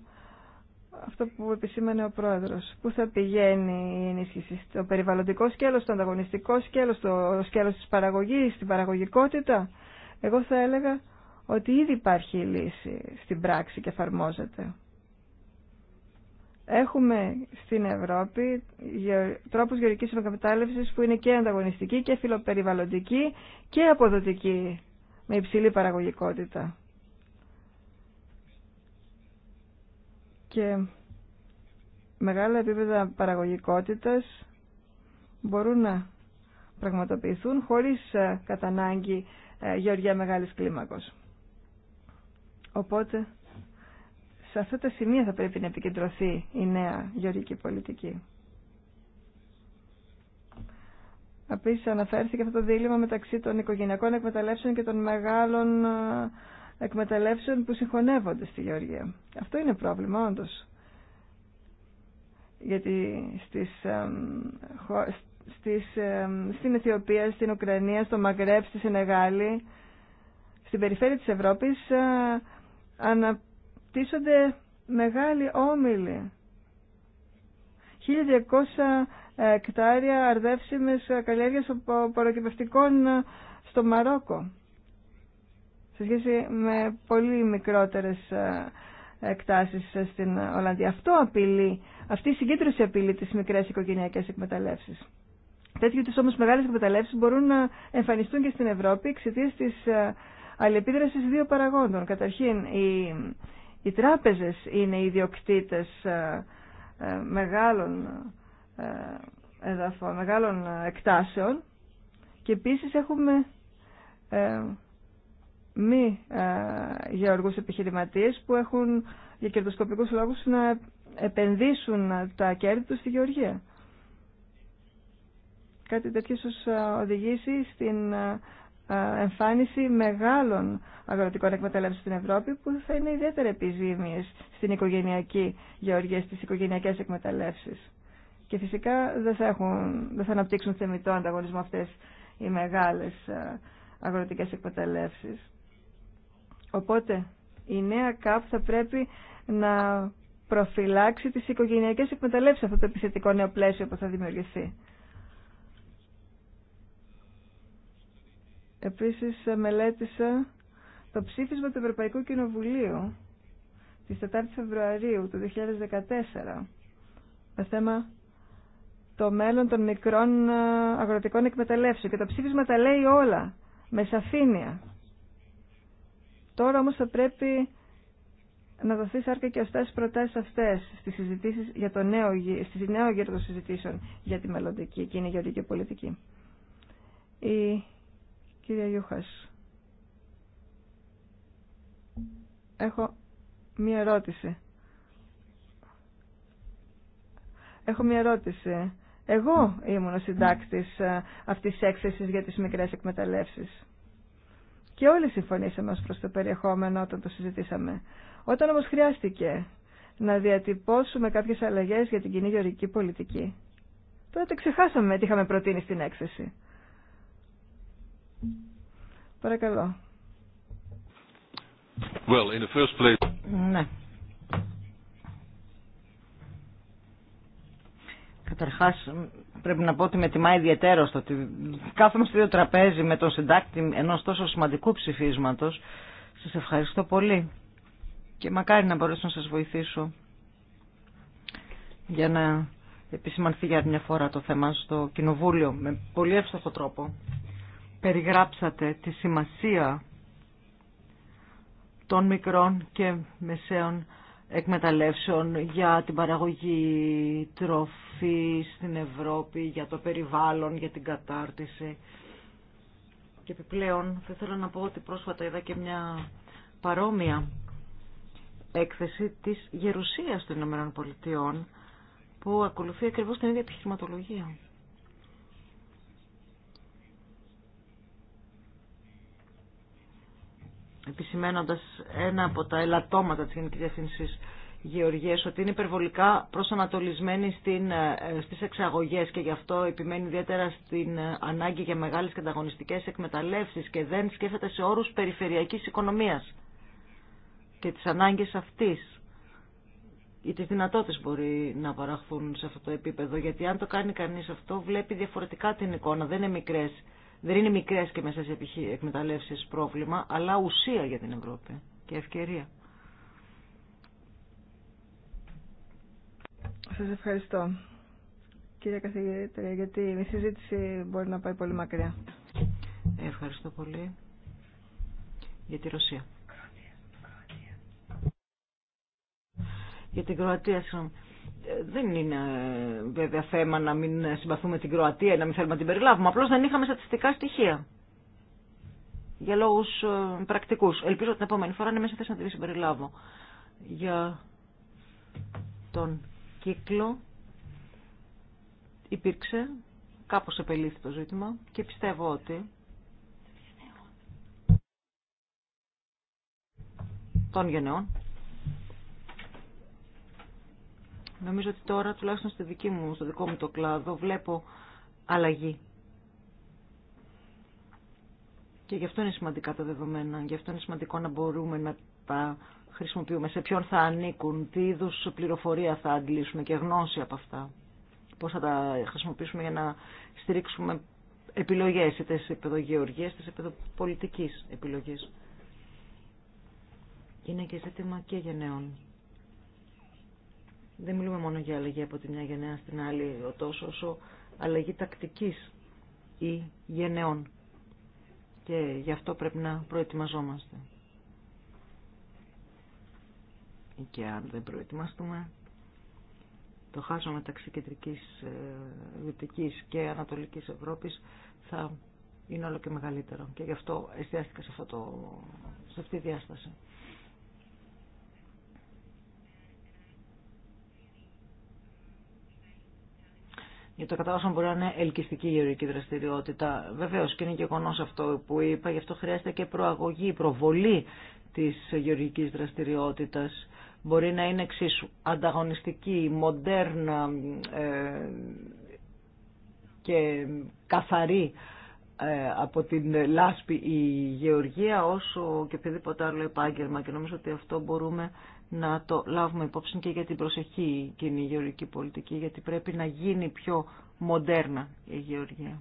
αυτό που επισήμανε ο πρόεδρος. Πού θα πηγαίνει η ενίσχυση, στο περιβαλλοντικό σκέλος, στο ανταγωνιστικό σκέλος, στο σκέλος της παραγωγής, στην παραγωγικότητα. Εγώ θα έλεγα ότι ήδη υπάρχει η λύση στην πράξη και εφαρμόζεται. Έχουμε στην Ευρώπη τρόπους γεωργικής υποκαπιτάλευσης που είναι και ανταγωνιστική και φιλοπεριβαλλοντική και αποδοτική με υψηλή παραγωγικότητα. και μεγάλα επίπεδα παραγωγικότητας μπορούν να πραγματοποιηθούν χωρίς ε, κατά ανάγκη ε, γεωργία μεγάλης κλίμακος. Οπότε σε αυτά τα σημεία θα πρέπει να επικεντρωθεί η νέα γεωργική πολιτική. Επίσης αναφέρθηκε αυτό το δίλημα μεταξύ των οικογενειακών εκμεταλλεύσεων και των μεγάλων ε, εκμεταλλεύσεων που συγχωνεύονται στη Γεωργία. Αυτό είναι πρόβλημα όντως. Γιατί στις, στις, στην Αιθιοπία, στην Ουκρανία, στο Μαγκρέπ, στη Σενεγάλη, στην περιφέρεια της Ευρώπης ε, αναπτύσσονται μεγάλοι όμιλοι. 1.200 εκτάρια αρδεύσιμες καλλιέργειες ποροκυπευτικών ε, στο Μαρόκο σε σχέση με πολύ μικρότερες ε, εκτάσεις στην Ολλανδία. Αυτό απειλεί, αυτή η συγκέντρωση απειλεί τις μικρές οικογενειακές εκμεταλλεύσεις. Τέτοιου όμως μεγάλες εκμεταλλεύσεις μπορούν να εμφανιστούν και στην Ευρώπη εξαιτία της ε, αλληλεπίδρασης δύο παραγόντων. Καταρχήν, οι, οι τράπεζες είναι οι ιδιοκτήτες ε, μεγάλων μεγάλων εκτάσεων και επίσης έχουμε μη ε, γεωργούς επιχειρηματίες που έχουν για κερδοσκοπικούς λόγους να επενδύσουν τα κέρδη τους στη γεωργία. Κάτι τέτοιο ίσως ε, οδηγήσει στην ε, εμφάνιση μεγάλων αγροτικών εκμεταλλεύσεων στην Ευρώπη που θα είναι ιδιαίτερα επιζήμιες στην οικογενειακή γεωργία, στις οικογενειακές εκμεταλλεύσεις. Και φυσικά δεν θα, δεν θα αναπτύξουν θεμητό ανταγωνισμό αυτές οι μεγάλες αγροτικές εκμεταλλεύσεις. Οπότε η νέα ΚΑΠ θα πρέπει να προφυλάξει τις οικογενειακές εκμεταλλεύσεις αυτό το επιθετικό νέο πλαίσιο που θα δημιουργηθεί. Επίσης μελέτησα το ψήφισμα του Ευρωπαϊκού Κοινοβουλίου της 4 Φεβρουαρίου του 2014 με θέμα το μέλλον των μικρών ε, αγροτικών εκμεταλλεύσεων και το ψήφισμα τα λέει όλα με σαφήνεια. Τώρα όμως θα πρέπει να δοθεί σάρκα και ωστά στις προτάσεις αυτές, στις συζητήσεις για το νέο, στις νέο των συζητήσεων για τη μελλοντική εκείνη γεωργική πολιτική. Η κυρία Γιούχας. Έχω μία ερώτηση. Έχω μία ερώτηση. Εγώ ήμουν ο συντάκτης ε, αυτής της έκθεσης για τις μικρές εκμεταλλεύσεις. Και όλοι συμφωνήσαμε ως προς το περιεχόμενο όταν το συζητήσαμε. Όταν όμως χρειάστηκε να διατυπώσουμε κάποιες αλλαγές για την κοινή γεωρική πολιτική, τότε ξεχάσαμε τι είχαμε προτείνει στην έκθεση. Παρακαλώ. Well, in the first place... Ναι. Καταρχάς πρέπει να πω ότι με τιμά ιδιαίτερο το ότι κάθομαι στο τραπέζι με τον συντάκτη ενός τόσο σημαντικού ψηφίσματο. Σας ευχαριστώ πολύ και μακάρι να μπορέσω να σας βοηθήσω για να επισημανθεί για μια φορά το θέμα στο Κοινοβούλιο με πολύ εύστοχο τρόπο. Περιγράψατε τη σημασία των μικρών και μεσαίων εκμεταλλεύσεων για την παραγωγή τροφής στην Ευρώπη, για το περιβάλλον, για την κατάρτιση. Και επιπλέον θα ήθελα να πω ότι πρόσφατα είδα και μια παρόμοια έκθεση της Γερουσίας των Ηνωμένων που ακολουθεί ακριβώς την ίδια επιχειρηματολογία. επισημένοντας ένα από τα ελαττώματα της Γενικής Διευθύνσης Γεωργίας ότι είναι υπερβολικά προσανατολισμένη στι ε, στις εξαγωγές και γι' αυτό επιμένει ιδιαίτερα στην ε, ανάγκη για μεγάλες και ανταγωνιστικές εκμεταλλεύσεις και δεν σκέφτεται σε όρους περιφερειακής οικονομίας και τις ανάγκες αυτής ή τις δυνατότητες μπορεί να παραχθούν σε αυτό το επίπεδο γιατί αν το κάνει κανείς αυτό βλέπει διαφορετικά την εικόνα, δεν είναι μικρές δεν είναι μικρές και μέσα σε εκμεταλλεύσεις πρόβλημα, αλλά ουσία για την Ευρώπη και ευκαιρία. Σας ευχαριστώ. Κύριε Καθηγητή, γιατί η συζήτηση μπορεί να πάει πολύ μακριά. Ευχαριστώ πολύ για τη Ρωσία. Για την Κροατία, συγγνώμη δεν είναι βέβαια θέμα να μην συμπαθούμε την Κροατία, να μην θέλουμε να την περιλάβουμε. Απλώς δεν είχαμε στατιστικά στοιχεία. Για λόγους ε, πρακτικούς. Ελπίζω την επόμενη φορά να είμαι σε θέση να την συμπεριλάβω. Για τον κύκλο υπήρξε, κάπως επελήθη το ζήτημα και πιστεύω ότι των γενναιών Νομίζω ότι τώρα, τουλάχιστον στη δική μου, στο δικό μου το κλάδο, βλέπω αλλαγή. Και γι' αυτό είναι σημαντικά τα δεδομένα. Γι' αυτό είναι σημαντικό να μπορούμε να τα χρησιμοποιούμε. Σε ποιον θα ανήκουν, τι είδου πληροφορία θα αντλήσουμε και γνώση από αυτά. Πώ θα τα χρησιμοποιήσουμε για να στηρίξουμε επιλογέ, είτε σε επίπεδο γεωργία, είτε σε επίπεδο πολιτική επιλογή. Είναι και ζήτημα και νέων δεν μιλούμε μόνο για αλλαγή από τη μια γενναία στην άλλη, τόσο όσο αλλαγή τακτικής ή γενναίων. Και γι' αυτό πρέπει να προετοιμαζόμαστε. Και αν δεν προετοιμαστούμε, το χάσμα μεταξύ κεντρικής, ε, δυτικής και ανατολικής Ευρώπης θα είναι όλο και μεγαλύτερο. Και γι' αυτό εστιάστηκα το, σε αυτή τη διάσταση. για το κατά μπορεί να είναι ελκυστική η γεωργική δραστηριότητα. Βεβαίω και είναι γεγονό αυτό που είπα, γι' αυτό χρειάζεται και προαγωγή, προβολή τη γεωργική δραστηριότητα. Μπορεί να είναι εξίσου ανταγωνιστική, μοντέρνα ε, και καθαρή ε, από την λάσπη η γεωργία όσο και οποιοδήποτε άλλο επάγγελμα και νομίζω ότι αυτό μπορούμε να το λάβουμε υπόψη και για την προσεχή κοινή γεωργική πολιτική, γιατί πρέπει να γίνει πιο μοντέρνα η γεωργία.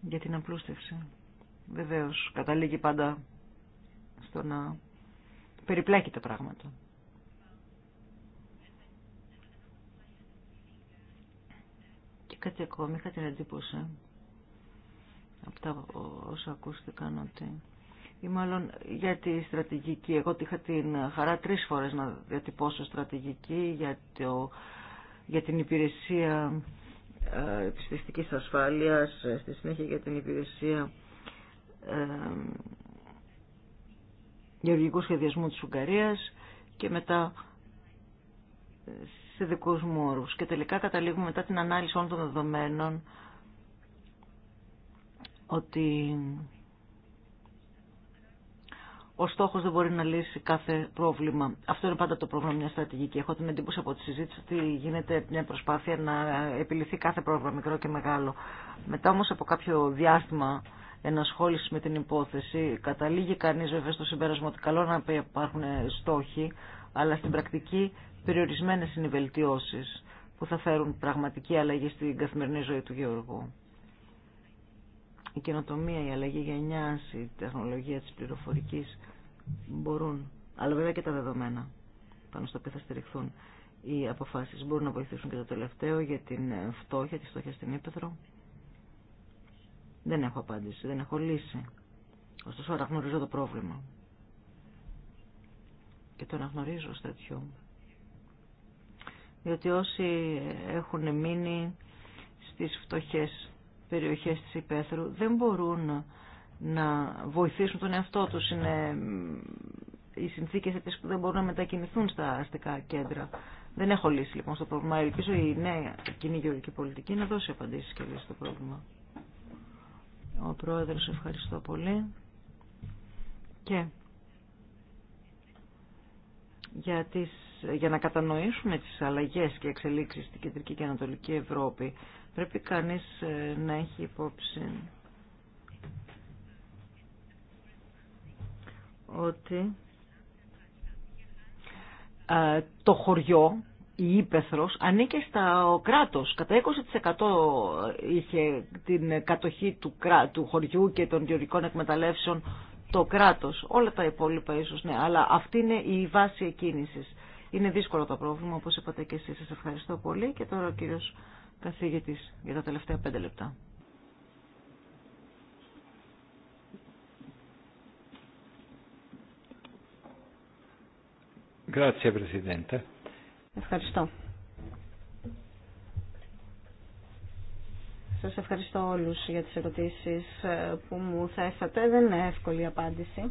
Για την απλούστευση. Βεβαίως, καταλήγει πάντα στο να περιπλέκει τα πράγματα. Και κάτι ακόμη, είχα την εντύπωση από τα όσα ακούστηκαν ότι ή μάλλον για τη στρατηγική. Εγώ είχα την χαρά τρεις φορές να διατυπώσω στρατηγική για, το, για την υπηρεσία θεστικής ασφάλειας, ε, στη συνέχεια για την υπηρεσία ε, γεωργικού σχεδιασμού της Ουγγαρίας και μετά ε, σε δικούς μου όρους. Και τελικά καταλήγουμε μετά την ανάλυση όλων των δεδομένων ότι ο στόχος δεν μπορεί να λύσει κάθε πρόβλημα. Αυτό είναι πάντα το πρόβλημα μια στρατηγική. Έχω την εντύπωση από τη συζήτηση ότι γίνεται μια προσπάθεια να επιληθεί κάθε πρόβλημα, μικρό και μεγάλο. Μετά όμως από κάποιο διάστημα ενασχόληση με την υπόθεση, καταλήγει κανείς βέβαια στο συμπέρασμα ότι καλό να υπάρχουν στόχοι, αλλά στην πρακτική περιορισμένες είναι οι βελτιώσεις που θα φέρουν πραγματική αλλαγή στην καθημερινή ζωή του Γεωργού η καινοτομία, η αλλαγή γενιάς, η τεχνολογία της πληροφορικής μπορούν, αλλά βέβαια και τα δεδομένα πάνω στα οποία θα στηριχθούν οι αποφάσεις μπορούν να βοηθήσουν και το τελευταίο για την φτώχεια, τη φτώχεια στην Ήπεθρο. Δεν έχω απάντηση, δεν έχω λύση. Ωστόσο αναγνωρίζω το πρόβλημα. Και το αναγνωρίζω ως τέτοιο. Διότι όσοι έχουν μείνει στις φτωχές περιοχές της υπαίθρου δεν μπορούν να βοηθήσουν τον εαυτό τους. Είναι οι συνθήκες αυτές που δεν μπορούν να μετακινηθούν στα αστικά κέντρα. Δεν έχω λύση λοιπόν στο πρόβλημα. Ελπίζω η νέα κοινή γεωργική πολιτική να δώσει απαντήσεις και λύσει στο πρόβλημα. Ο Πρόεδρος ευχαριστώ πολύ. Και για, για να κατανοήσουμε τις αλλαγές και εξελίξεις στην Κεντρική και Ανατολική Ευρώπη πρέπει κανείς ε, να έχει υπόψη ότι ε, το χωριό, η Ήπεθρος, ανήκε στα κράτος. Κατά 20% είχε την κατοχή του, του χωριού και των γεωργικών εκμεταλλεύσεων το κράτος. Όλα τα υπόλοιπα ίσως, ναι. Αλλά αυτή είναι η βάση εκκίνησης. Είναι δύσκολο το πρόβλημα, όπως είπατε και εσείς. Σας ευχαριστώ πολύ. Και τώρα ο κύριος καθηγητής για τα τελευταία πέντε λεπτά. Ευχαριστώ. Σας ευχαριστώ όλους για τις ερωτήσεις ε, που μου θέσατε. Δεν είναι εύκολη απάντηση.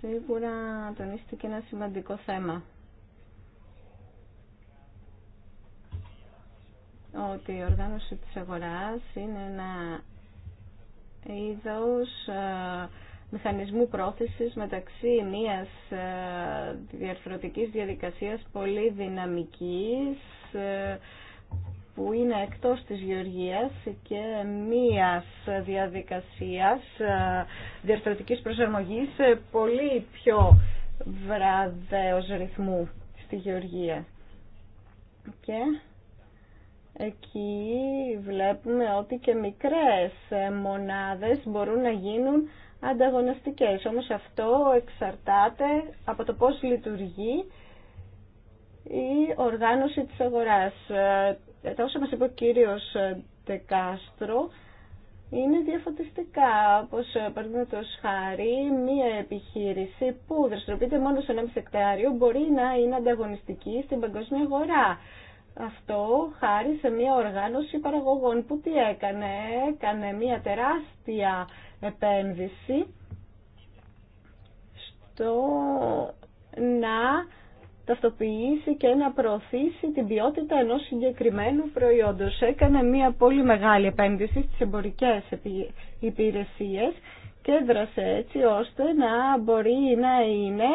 Σίγουρα τονίστηκε ένα σημαντικό θέμα ότι η οργάνωση της αγοράς είναι ένα είδος ε, μηχανισμού πρόθεσης μεταξύ μιας ε, διαρθρωτικής διαδικασίας πολύ δυναμικής ε, που είναι εκτός της γεωργίας και μίας διαδικασίας διαρθρωτικής προσαρμογής πολύ πιο βραδέως ρυθμού στη γεωργία. Και εκεί βλέπουμε ότι και μικρές μονάδες μπορούν να γίνουν ανταγωνιστικές. Όμως αυτό εξαρτάται από το πώς λειτουργεί η οργάνωση της αγοράς. Τα όσα μας είπε ο κύριος Τεκάστρο είναι διαφωτιστικά, όπως παραδείγματο χάρη μία επιχείρηση που δραστηριοποιείται μόνο σε ένα μισεκτάριο μπορεί να είναι ανταγωνιστική στην παγκόσμια αγορά. Αυτό χάρη σε μια οργάνωση παραγωγών που τι έκανε, έκανε μια τεράστια επένδυση στο να ταυτοποιήσει και να προωθήσει την ποιότητα ενός συγκεκριμένου προϊόντος. Έκανε μια πολύ μεγάλη επένδυση στις εμπορικές υπηρεσίες και έδρασε έτσι ώστε να μπορεί να είναι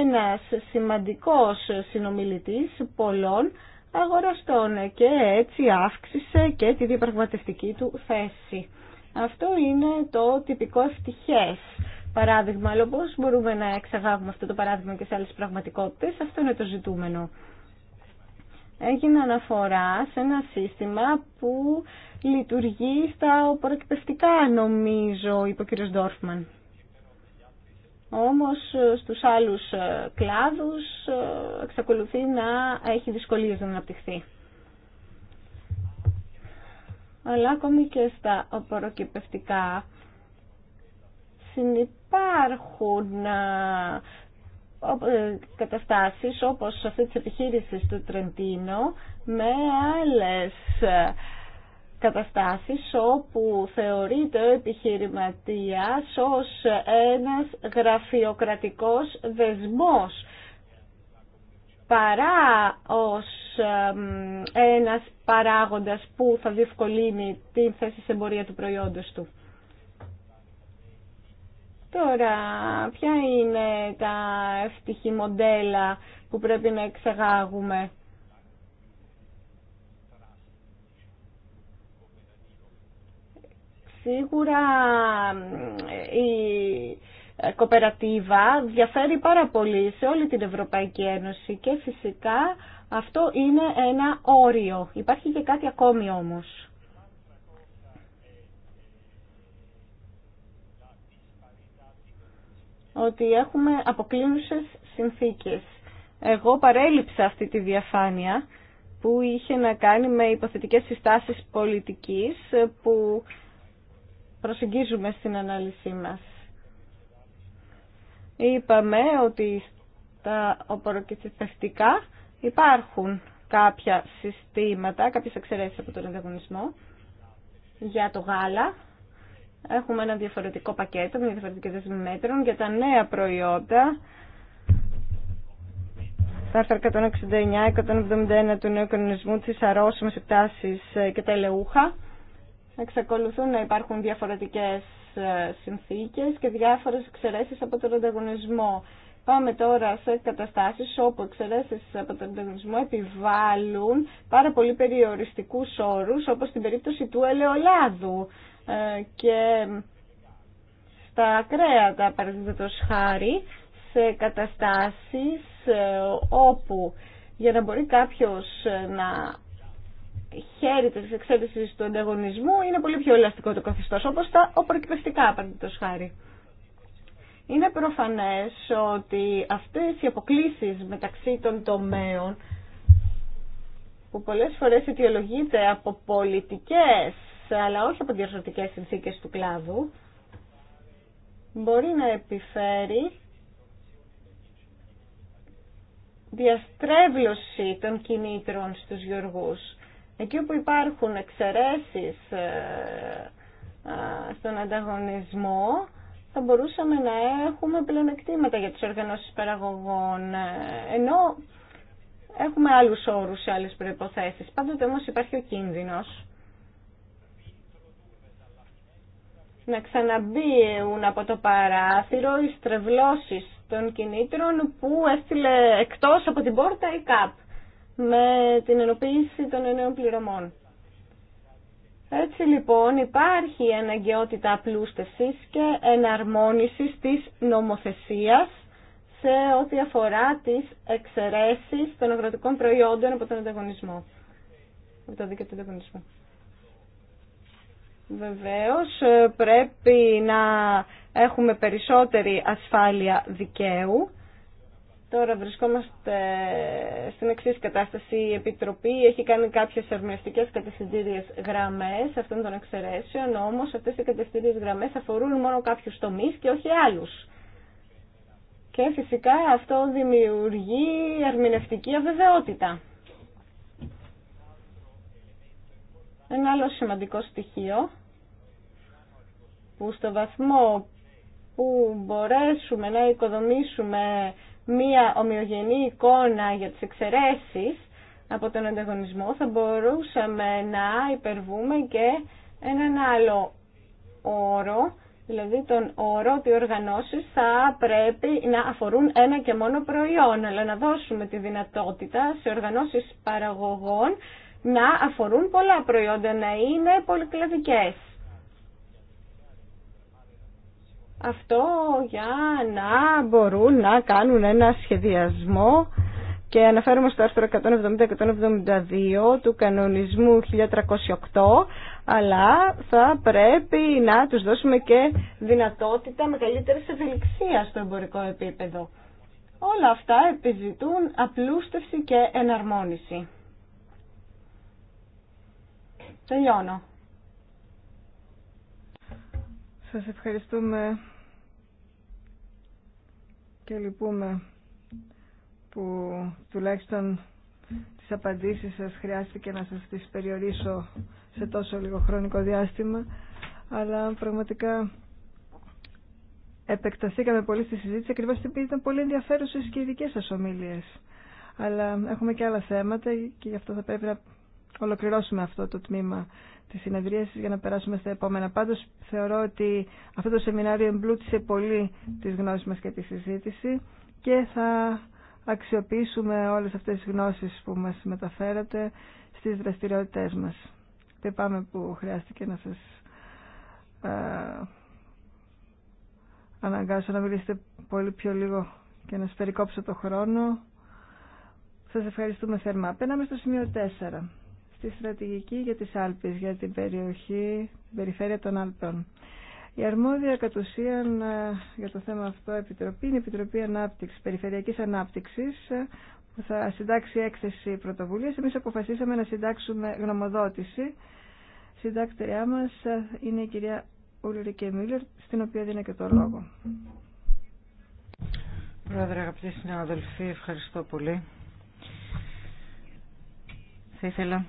ένας σημαντικός συνομιλητής πολλών αγοραστών και έτσι αύξησε και τη διαπραγματευτική του θέση. Αυτό είναι το τυπικό ευτυχές παράδειγμα, αλλά μπορούμε να εξαγάγουμε αυτό το παράδειγμα και σε άλλες πραγματικότητες, αυτό είναι το ζητούμενο. Έγινε αναφορά σε ένα σύστημα που λειτουργεί στα οπορεκπαιστικά, νομίζω, είπε ο κ. Ντόρφμαν. Όμως ε, στους άλλους ε, κλάδους ε, εξακολουθεί να έχει δυσκολίες να αναπτυχθεί. Αλλά ακόμη και στα οποροκυπευτικά συνυπάρχουν καταστάσεις όπως αυτή της επιχείρησης του Τρεντίνο με άλλες καταστάσεις όπου θεωρείται ο επιχειρηματίας ως ένας γραφειοκρατικός δεσμός παρά ως ένας παράγοντας που θα διευκολύνει την θέση σε εμπορία του προϊόντος του. Τώρα, ποια είναι τα ευτυχή μοντέλα που πρέπει να εξεγάγουμε; Σίγουρα ε, η ε, κοπερατίβα διαφέρει πάρα πολύ σε όλη την Ευρωπαϊκή Ένωση και φυσικά αυτό είναι ένα όριο. Υπάρχει και κάτι ακόμη όμως. Ότι έχουμε αποκλίνουσες συνθήκες. Εγώ παρέλειψα αυτή τη διαφάνεια που είχε να κάνει με υποθετικές συστάσεις πολιτικής που προσεγγίζουμε στην ανάλυση μας. Είπαμε ότι τα οποροκυτσιστευτικά υπάρχουν κάποια συστήματα, κάποιες εξαιρέσεις από τον ανταγωνισμό για το γάλα. Έχουμε ένα διαφορετικό πακέτο με διαφορετικές δεσμοί μέτρων για τα νέα προϊόντα. Τα άρθρα 169-171 του νέου κανονισμού, τις αρρώσιμες εκτάσεις ε, και τα ελαιούχα εξακολουθούν να υπάρχουν διαφορετικές ε, συνθήκες και διάφορες εξαιρέσεις από τον ανταγωνισμό. Πάμε τώρα σε καταστάσεις όπου εξαιρέσεις από τον ανταγωνισμό επιβάλλουν πάρα πολύ περιοριστικούς όρους όπως στην περίπτωση του ελαιολάδου ε, και στα κρέατα παραδείγματος χάρη σε καταστάσεις ε, όπου για να μπορεί κάποιος να χέρι της εξέτασης του ανταγωνισμού είναι πολύ πιο ελαστικό το καθεστώς, όπως τα οπροκυπευτικά, παραδείγματος χάρη. Είναι προφανές ότι αυτές οι αποκλήσει μεταξύ των τομέων που πολλές φορές αιτιολογείται από πολιτικές αλλά όχι από διαρθρωτικές συνθήκες του κλάδου μπορεί να επιφέρει διαστρέβλωση των κινήτρων στους γεωργούς. Εκεί όπου υπάρχουν εξαιρέσεις ε, ε, στον ανταγωνισμό, θα μπορούσαμε να έχουμε πλεονεκτήματα για τις οργανώσεις παραγωγών, ε, ενώ έχουμε άλλους όρους σε άλλες προϋποθέσεις. Πάντοτε όμως υπάρχει ο κίνδυνος να ξαναμπίουν από το παράθυρο οι στρεβλώσεις των κινήτρων που έστειλε εκτός από την πόρτα η ΚΑΠ με την ενοποίηση των νέων πληρωμών. Έτσι λοιπόν υπάρχει αναγκαιότητα απλούστευσης και εναρμόνισης της νομοθεσίας σε ό,τι αφορά τις εξαιρέσεις των αγροτικών προϊόντων από τον ανταγωνισμό. Από το δίκαιο του Βεβαίως πρέπει να έχουμε περισσότερη ασφάλεια δικαίου Τώρα βρισκόμαστε στην εξή κατάσταση. Η Επιτροπή έχει κάνει κάποιε ερμηνευτικέ κατευθυντήριε γραμμέ αυτών των εξαιρέσεων, όμω αυτέ οι κατευθυντήριε γραμμέ αφορούν μόνο κάποιου τομεί και όχι άλλου. Και φυσικά αυτό δημιουργεί ερμηνευτική αβεβαιότητα. Ένα άλλο σημαντικό στοιχείο που στο βαθμό που μπορέσουμε να οικοδομήσουμε μία ομοιογενή εικόνα για τις εξαιρέσεις από τον ανταγωνισμό θα μπορούσαμε να υπερβούμε και έναν άλλο όρο, δηλαδή τον όρο ότι οι οργανώσεις θα πρέπει να αφορούν ένα και μόνο προϊόν, αλλά να δώσουμε τη δυνατότητα σε οργανώσεις παραγωγών να αφορούν πολλά προϊόντα, να είναι πολυκλαδικές. Αυτό για να μπορούν να κάνουν ένα σχεδιασμό και αναφέρομαι στο άρθρο 170-172 του κανονισμού 1308 αλλά θα πρέπει να τους δώσουμε και δυνατότητα μεγαλύτερης ευελιξίας στο εμπορικό επίπεδο. Όλα αυτά επιζητούν απλούστευση και εναρμόνιση. Τελειώνω. Σας ευχαριστούμε και λυπούμε που τουλάχιστον τις απαντήσεις σας χρειάστηκε να σας τις περιορίσω σε τόσο λίγο χρονικό διάστημα αλλά πραγματικά επεκταθήκαμε πολύ στη συζήτηση ακριβώς επειδή ήταν πολύ ενδιαφέρουσες και οι δικές σας ομίλειες αλλά έχουμε και άλλα θέματα και γι' αυτό θα πρέπει να ολοκληρώσουμε αυτό το τμήμα τη συνεδρίαση για να περάσουμε στα επόμενα. Πάντω, θεωρώ ότι αυτό το σεμινάριο εμπλούτησε πολύ τι γνώσει μα και τη συζήτηση και θα αξιοποιήσουμε όλες αυτές τις γνώσεις που μας μεταφέρατε στις δραστηριότητές μας. πάμε που χρειάστηκε να σας ε, αναγκάσω να μιλήσετε πολύ πιο λίγο και να σας περικόψω το χρόνο. Σας ευχαριστούμε θερμά. Πέναμε στο σημείο 4 τη στρατηγική για τις Άλπες, για την περιοχή, την περιφέρεια των Αλπών. Η αρμόδια κατ' ουσίαν ε, για το θέμα αυτό επιτροπή είναι η Επιτροπή Ανάπτυξης, Περιφερειακής Ανάπτυξης ε, που θα συντάξει έκθεση πρωτοβουλίας. Εμείς αποφασίσαμε να συντάξουμε γνωμοδότηση. Συντάκτριά μας ε, είναι η κυρία Ουλρικέ Μίλλερ, στην οποία δίνω και το λόγο. Πρόεδρε, αγαπητοί συνάδελφοι, ευχαριστώ πολύ. Θα ήθελα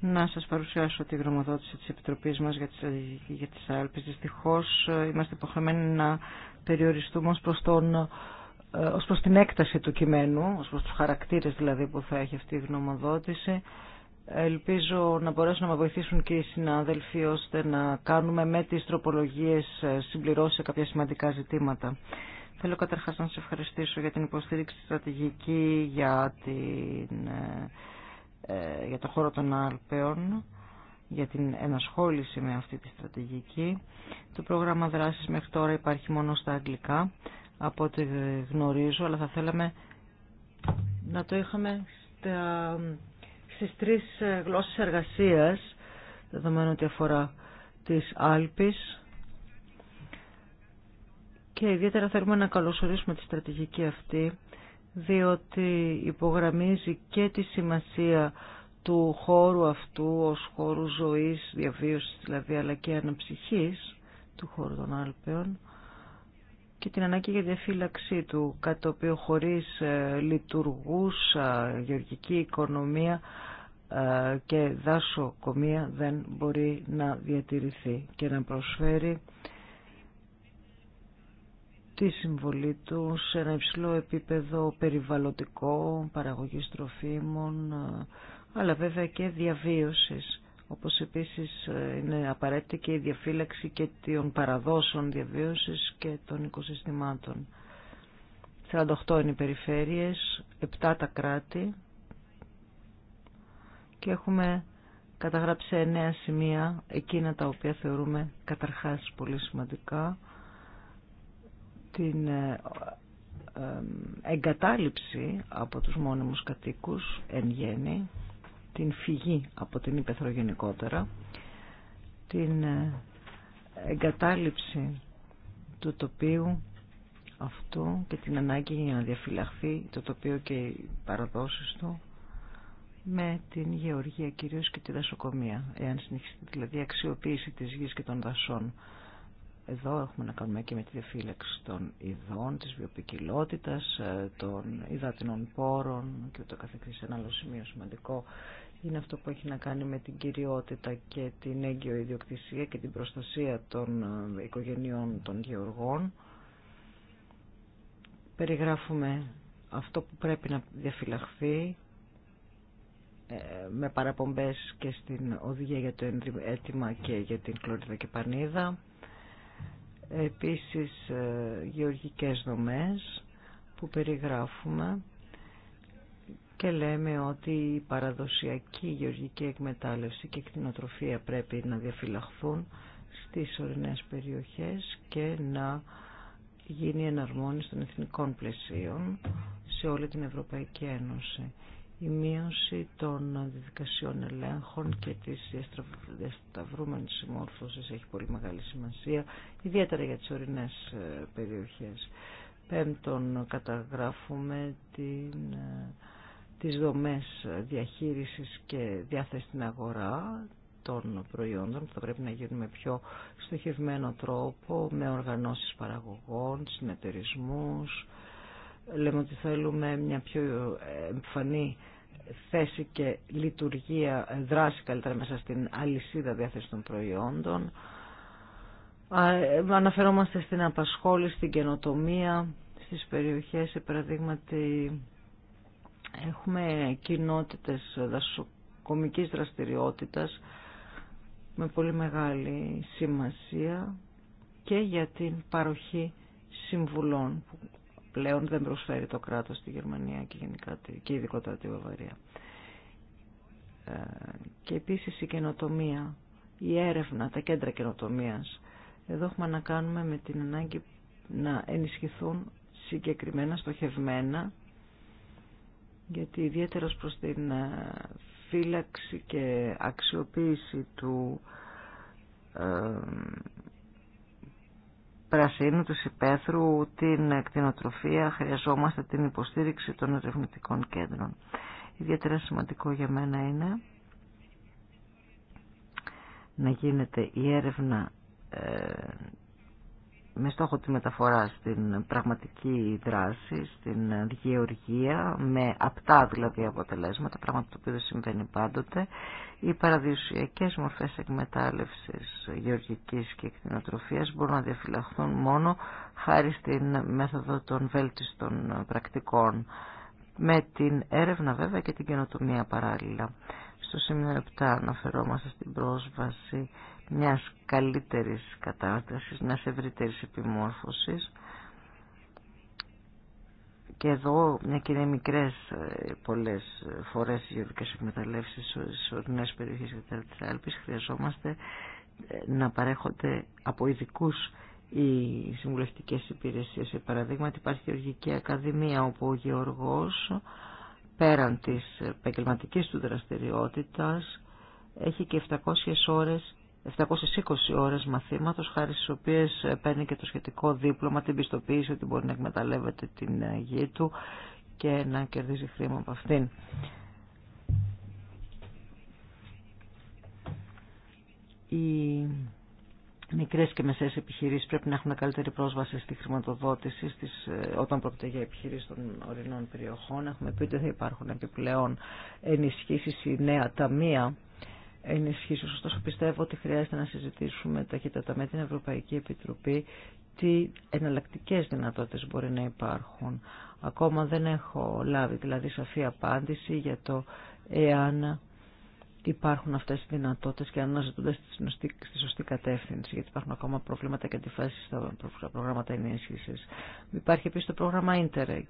να σας παρουσιάσω τη γνωμοδότηση της Επιτροπής μας για τις, για τις Άλπες. Δυστυχώς ε, είμαστε υποχρεωμένοι να περιοριστούμε ως προς, τον, ε, ως προς την έκταση του κειμένου, ως προς τους χαρακτήρες δηλαδή που θα έχει αυτή η γνωμοδότηση. Ελπίζω να μπορέσουν να με βοηθήσουν και οι συνάδελφοι ώστε να κάνουμε με τις τροπολογίες ε, συμπληρώσει σε κάποια σημαντικά ζητήματα. Θέλω καταρχάς να σας ευχαριστήσω για την υποστήριξη στρατηγική, για την ε, για το χώρο των Αλπαίων για την ενασχόληση με αυτή τη στρατηγική. Το πρόγραμμα δράσης μέχρι τώρα υπάρχει μόνο στα αγγλικά, από ό,τι γνωρίζω, αλλά θα θέλαμε να το είχαμε στα, στις τρεις ε, γλώσσες εργασίας, δεδομένου ότι αφορά τις Άλπης. Και ιδιαίτερα θέλουμε να καλωσορίσουμε τη στρατηγική αυτή διότι υπογραμμίζει και τη σημασία του χώρου αυτού ως χώρου ζωής, διαβίωσης δηλαδή, αλλά και αναψυχής του χώρου των Άλπαιων και την ανάγκη για διαφύλαξή του, κάτι το οποίο χωρίς ε, λειτουργούσα γεωργική οικονομία ε, και δάσο κομία δεν μπορεί να διατηρηθεί και να προσφέρει τη συμβολή του σε ένα υψηλό επίπεδο περιβαλλοντικό, παραγωγής τροφίμων, αλλά βέβαια και διαβίωσης. Όπως επίσης ε, είναι απαραίτητη και η διαφύλαξη και των παραδόσεων διαβίωσης και των οικοσυστημάτων. 48 είναι οι περιφέρειες, 7 τα κράτη και έχουμε καταγράψει 9 σημεία, εκείνα τα οποία θεωρούμε καταρχάς πολύ σημαντικά την ε, ε, ε, εγκατάλειψη από τους μόνιμους κατοίκους εν γέννη, την φυγή από την Ήπεθρο γενικότερα, την εγκατάλειψη του τοπίου αυτού και την ανάγκη για να διαφυλαχθεί το τοπίο και οι παραδόσεις του με την γεωργία κυρίως και τη δασοκομεία, εάν συνεχιστεί δηλαδή αξιοποίηση της γης και των δασών. Εδώ έχουμε να κάνουμε και με τη διαφύλαξη των ειδών, της βιοπικιλότητας, ε, των υδάτινων πόρων και ούτω καθεξής. Ένα άλλο σημείο σημαντικό είναι αυτό που έχει να κάνει με την κυριότητα και την έγκυο ιδιοκτησία και την προστασία των ε, οικογενειών των γεωργών. Περιγράφουμε αυτό που πρέπει να διαφυλαχθεί ε, με παραπομπές και στην οδηγία για το έτοιμα και για την κλωρίδα και πανίδα επίσης ε, γεωργικές δομές που περιγράφουμε και λέμε ότι η παραδοσιακή γεωργική εκμετάλλευση και κτηνοτροφία πρέπει να διαφυλαχθούν στις ορεινές περιοχές και να γίνει εναρμόνιση των εθνικών πλαισίων σε όλη την Ευρωπαϊκή Ένωση η μείωση των διδικασιών ελέγχων και της διασταυρούμενης συμμόρφωσης έχει πολύ μεγάλη σημασία, ιδιαίτερα για τις ορεινές ε, περιοχές. Πέμπτον, καταγράφουμε την, ε, τις δομές διαχείρισης και διάθεση στην αγορά των προϊόντων που θα πρέπει να γίνουν με πιο στοχευμένο τρόπο, με οργανώσεις παραγωγών, συνεταιρισμούς, λέμε ότι θέλουμε μια πιο εμφανή θέση και λειτουργία, δράση καλύτερα μέσα στην αλυσίδα διάθεση των προϊόντων. Ε, αναφερόμαστε στην απασχόληση, στην καινοτομία, στις περιοχές, παραδείγματι έχουμε κοινότητες δασοκομικής δραστηριότητας με πολύ μεγάλη σημασία και για την παροχή συμβουλών πλέον δεν προσφέρει το κράτος στη Γερμανία και, γενικά, και ειδικότερα τη Βαβαρία. Ε, και επίσης η καινοτομία, η έρευνα, τα κέντρα καινοτομίας. Εδώ έχουμε να κάνουμε με την ανάγκη να ενισχυθούν συγκεκριμένα, στοχευμένα, γιατί ιδιαίτερα προς την ε, φύλαξη και αξιοποίηση του ε, πρασίνου, του υπαίθρου, την κτηνοτροφία χρειαζόμαστε την υποστήριξη των ερευνητικών κέντρων. Ιδιαίτερα σημαντικό για μένα είναι να γίνεται η έρευνα ε, με στόχο τη μεταφορά στην πραγματική δράση, στην γεωργία, με απτά δηλαδή αποτελέσματα, πράγμα το οποίο δεν συμβαίνει πάντοτε, οι παραδοσιακές μορφές εκμετάλλευσης γεωργικής και εκτινοτροφίας μπορούν να διαφυλαχθούν μόνο χάρη στην μέθοδο των βέλτιστων πρακτικών, με την έρευνα βέβαια και την καινοτομία παράλληλα. Στο σημείο 7 αναφερόμαστε στην πρόσβαση μιας καλύτερης κατάστασης, μιας ευρύτερης επιμόρφωσης. Και εδώ, μια και είναι μικρές ε, πολλές φορές οι γεωργικές εκμεταλλεύσεις στις ορεινές περιοχές και της Άλπης, χρειαζόμαστε ε, να παρέχονται από ειδικού οι συμβουλευτικές υπηρεσίες. παραδείγμα, υπάρχει γεωργική ακαδημία όπου ο γεωργός πέραν της επαγγελματική του δραστηριότητας έχει και 700 ώρες 720 ώρες μαθήματος, χάρη στις οποίες παίρνει και το σχετικό δίπλωμα, την πιστοποίηση ότι μπορεί να εκμεταλλεύεται την γη του και να κερδίζει χρήμα από αυτήν. Οι μικρές και μεσαίες επιχειρήσεις πρέπει να έχουν καλύτερη πρόσβαση στη χρηματοδότηση στις, όταν πρόκειται για επιχειρήσεις των ορεινών περιοχών. Έχουμε πει ότι θα υπάρχουν επιπλέον ενισχύσεις ή νέα ταμεία ενισχύσει. Ωστόσο πιστεύω ότι χρειάζεται να συζητήσουμε ταχύτατα με την Ευρωπαϊκή Επιτροπή τι εναλλακτικέ δυνατότητε μπορεί να υπάρχουν. Ακόμα δεν έχω λάβει δηλαδή σαφή απάντηση για το εάν υπάρχουν αυτέ οι δυνατότητε και αν αναζητούνται στη σωστή κατεύθυνση, γιατί υπάρχουν ακόμα προβλήματα και αντιφάσει στα προγράμματα ενίσχυση. Υπάρχει επίση το πρόγραμμα Interreg,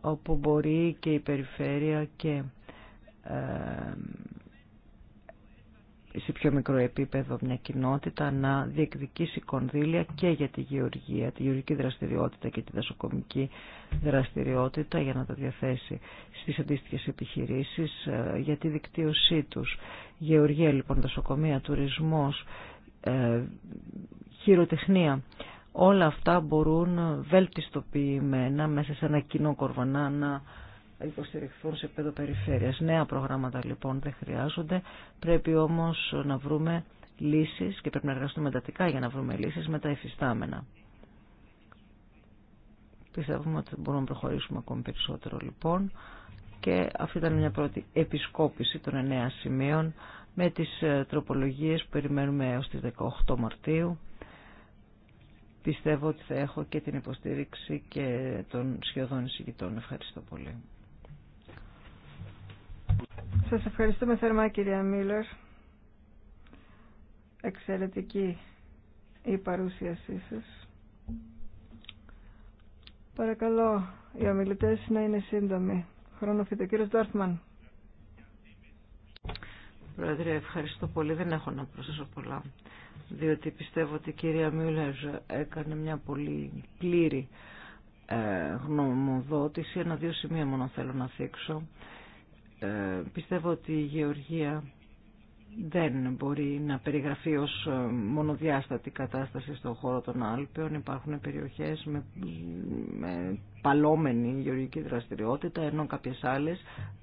όπου μπορεί και η περιφέρεια και ε, σε πιο μικρό επίπεδο μια κοινότητα να διεκδικήσει κονδύλια και για τη γεωργία, τη γεωργική δραστηριότητα και τη δασοκομική δραστηριότητα για να τα διαθέσει στις αντίστοιχες επιχειρήσεις ε, για τη δικτύωσή τους. Γεωργία λοιπόν, δασοκομεία, τουρισμός, ε, χειροτεχνία. Όλα αυτά μπορούν βελτιστοποιημένα μέσα σε ένα κοινό κορβανά να υποστηριχθούν σε επίπεδο περιφέρειας. Νέα προγράμματα λοιπόν δεν χρειάζονται, πρέπει όμως να βρούμε λύσεις και πρέπει να εργαστούμε εντατικά για να βρούμε λύσεις με τα εφιστάμενα. Πιστεύουμε ότι μπορούμε να προχωρήσουμε ακόμη περισσότερο λοιπόν και αυτή ήταν μια πρώτη επισκόπηση των εννέα σημείων με τις ε, τροπολογίες που περιμένουμε έως τις 18 Μαρτίου. Πιστεύω ότι θα έχω και την υποστήριξη και των σχεδόν εισηγητών. Ευχαριστώ πολύ. Σας ευχαριστούμε θερμά κυρία Μίλλερ. Εξαιρετική η παρουσίασή σας. Παρακαλώ οι ομιλητές να είναι σύντομοι. Χρόνο ο κύριος Ντόρφμαν. Πρόεδρε, ευχαριστώ πολύ. Δεν έχω να προσθέσω πολλά. Διότι πιστεύω ότι η κυρία Μίλλερ έκανε μια πολύ πλήρη ε, γνωμοδότηση. Ένα-δύο σημεία μόνο θέλω να θίξω. Ε, πιστεύω ότι η γεωργία δεν μπορεί να περιγραφεί ως ε, μονοδιάστατη κατάσταση στον χώρο των Άλπαιων. Υπάρχουν περιοχές με, με παλόμενη γεωργική δραστηριότητα, ενώ κάποιες άλλες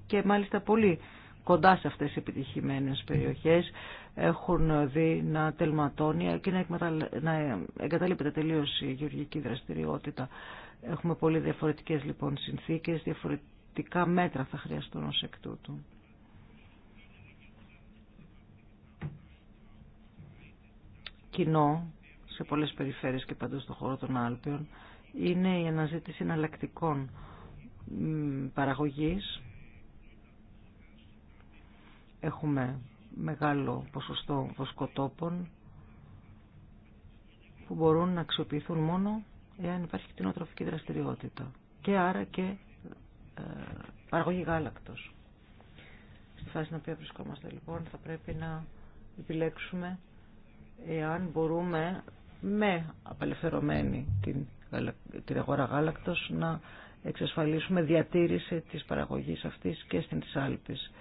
και μάλιστα πολύ κοντά σε αυτές τις επιτυχημένες περιοχές έχουν δει να τελματώνει και να, εκμεταλ... να εγκαταλείπεται τελείως η γεωργική δραστηριότητα. Έχουμε πολύ διαφορετικές λοιπόν συνθήκες, διαφορετικές προληπτικά μέτρα θα χρειαστούν ως εκ τούτου. Κοινό σε πολλές περιφέρειες και παντού στον χώρο των Άλπιων είναι η αναζήτηση εναλλακτικών παραγωγής. Έχουμε μεγάλο ποσοστό βοσκοτόπων που μπορούν να αξιοποιηθούν μόνο εάν υπάρχει κτηνοτροφική δραστηριότητα και άρα και παραγωγή γάλακτος. Στη φάση στην οποία βρισκόμαστε λοιπόν θα πρέπει να επιλέξουμε εάν μπορούμε με απελευθερωμένη την, την αγορά γάλακτος να εξασφαλίσουμε διατήρηση της παραγωγής αυτής και στην της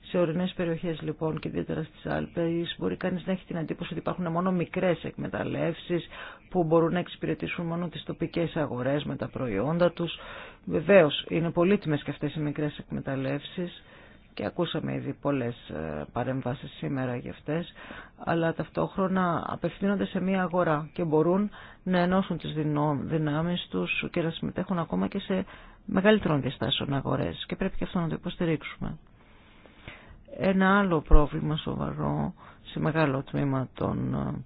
Σε ορεινέ περιοχέ λοιπόν και ιδιαίτερα στι Άλπε μπορεί κανεί να έχει την αντίποση ότι υπάρχουν μόνο μικρέ εκμεταλλεύσει που μπορούν να εξυπηρετήσουν μόνο τι τοπικέ αγορέ με τα προϊόντα του Βεβαίως είναι πολύτιμες και αυτές οι μικρές εκμεταλλεύσεις και ακούσαμε ήδη πολλές ε, παρεμβάσεις σήμερα για αυτές, αλλά ταυτόχρονα απευθύνονται σε μία αγορά και μπορούν να ενώσουν τις δυνάμεις τους και να συμμετέχουν ακόμα και σε μεγαλύτερων διαστάσεων αγορές και πρέπει και αυτό να το υποστηρίξουμε. Ένα άλλο πρόβλημα σοβαρό σε μεγάλο τμήμα των ε,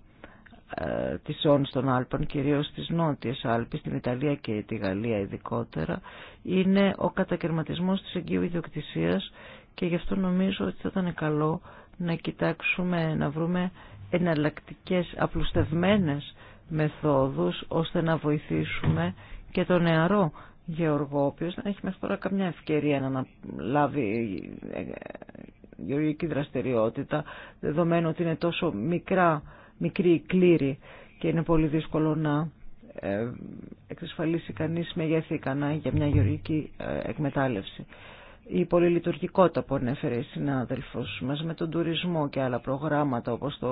ε, τη ζώνη των Άλπων, κυρίως της νότια Άλπης, στην Ιταλία και τη Γαλλία ειδικότερα, είναι ο κατακαιρματισμό της εγγύου Ιδιοκτησία, και γι' αυτό νομίζω ότι θα ήταν καλό να κοιτάξουμε, να βρούμε εναλλακτικέ απλουστευμένε μεθόδους ώστε να βοηθήσουμε και τον νεαρό γεωργό, ο οποίο δεν έχει μέχρι τώρα καμιά ευκαιρία να αναλάβει ε, ε, γεωργική δραστηριότητα, δεδομένου ότι είναι τόσο μικρά μικρή κλήρη και είναι πολύ δύσκολο να ε, εξασφαλίσει κανείς μεγέθη ικανά για μια γεωργική ε, εκμετάλλευση. Η πολυλειτουργικότητα που ανέφερε η συνάδελφος μας με τον τουρισμό και άλλα προγράμματα όπως το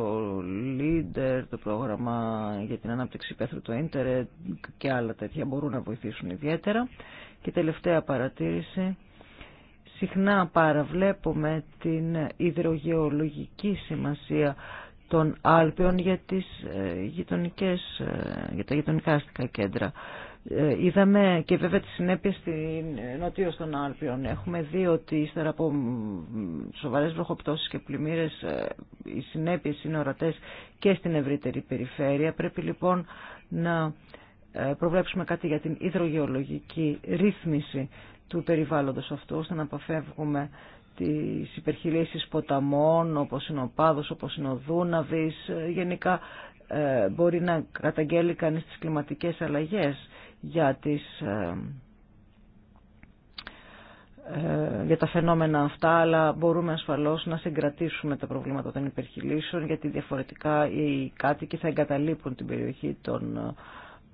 LEADER, το πρόγραμμα για την ανάπτυξη πέθρου του ίντερνετ και άλλα τέτοια μπορούν να βοηθήσουν ιδιαίτερα. Και τελευταία παρατήρηση, συχνά παραβλέπουμε την υδρογεολογική σημασία των Άλπαιων για, τις ε, γειτονικές, ε, για τα γειτονικά αστικά κέντρα. Ε, είδαμε και βέβαια τις συνέπειες στην νοτίως των Άλπιων. Έχουμε δει ότι ύστερα από σοβαρές βροχοπτώσεις και πλημμύρες οι συνέπειες είναι ορατές και στην ευρύτερη περιφέρεια. Πρέπει λοιπόν να προβλέψουμε κάτι για την υδρογεωλογική ρύθμιση του περιβάλλοντος αυτού ώστε να αποφεύγουμε τις υπερχιλήσεις ποταμών όπως είναι ο Πάδος, όπως είναι ο Δούναβης. Γενικά ε, μπορεί να καταγγέλει κανείς τις κλιματικές αλλαγές για, τις, ε, ε, για τα φαινόμενα αυτά, αλλά μπορούμε ασφαλώς να συγκρατήσουμε τα προβλήματα των υπερχιλήσεων, γιατί διαφορετικά οι κάτοικοι θα εγκαταλείπουν την περιοχή των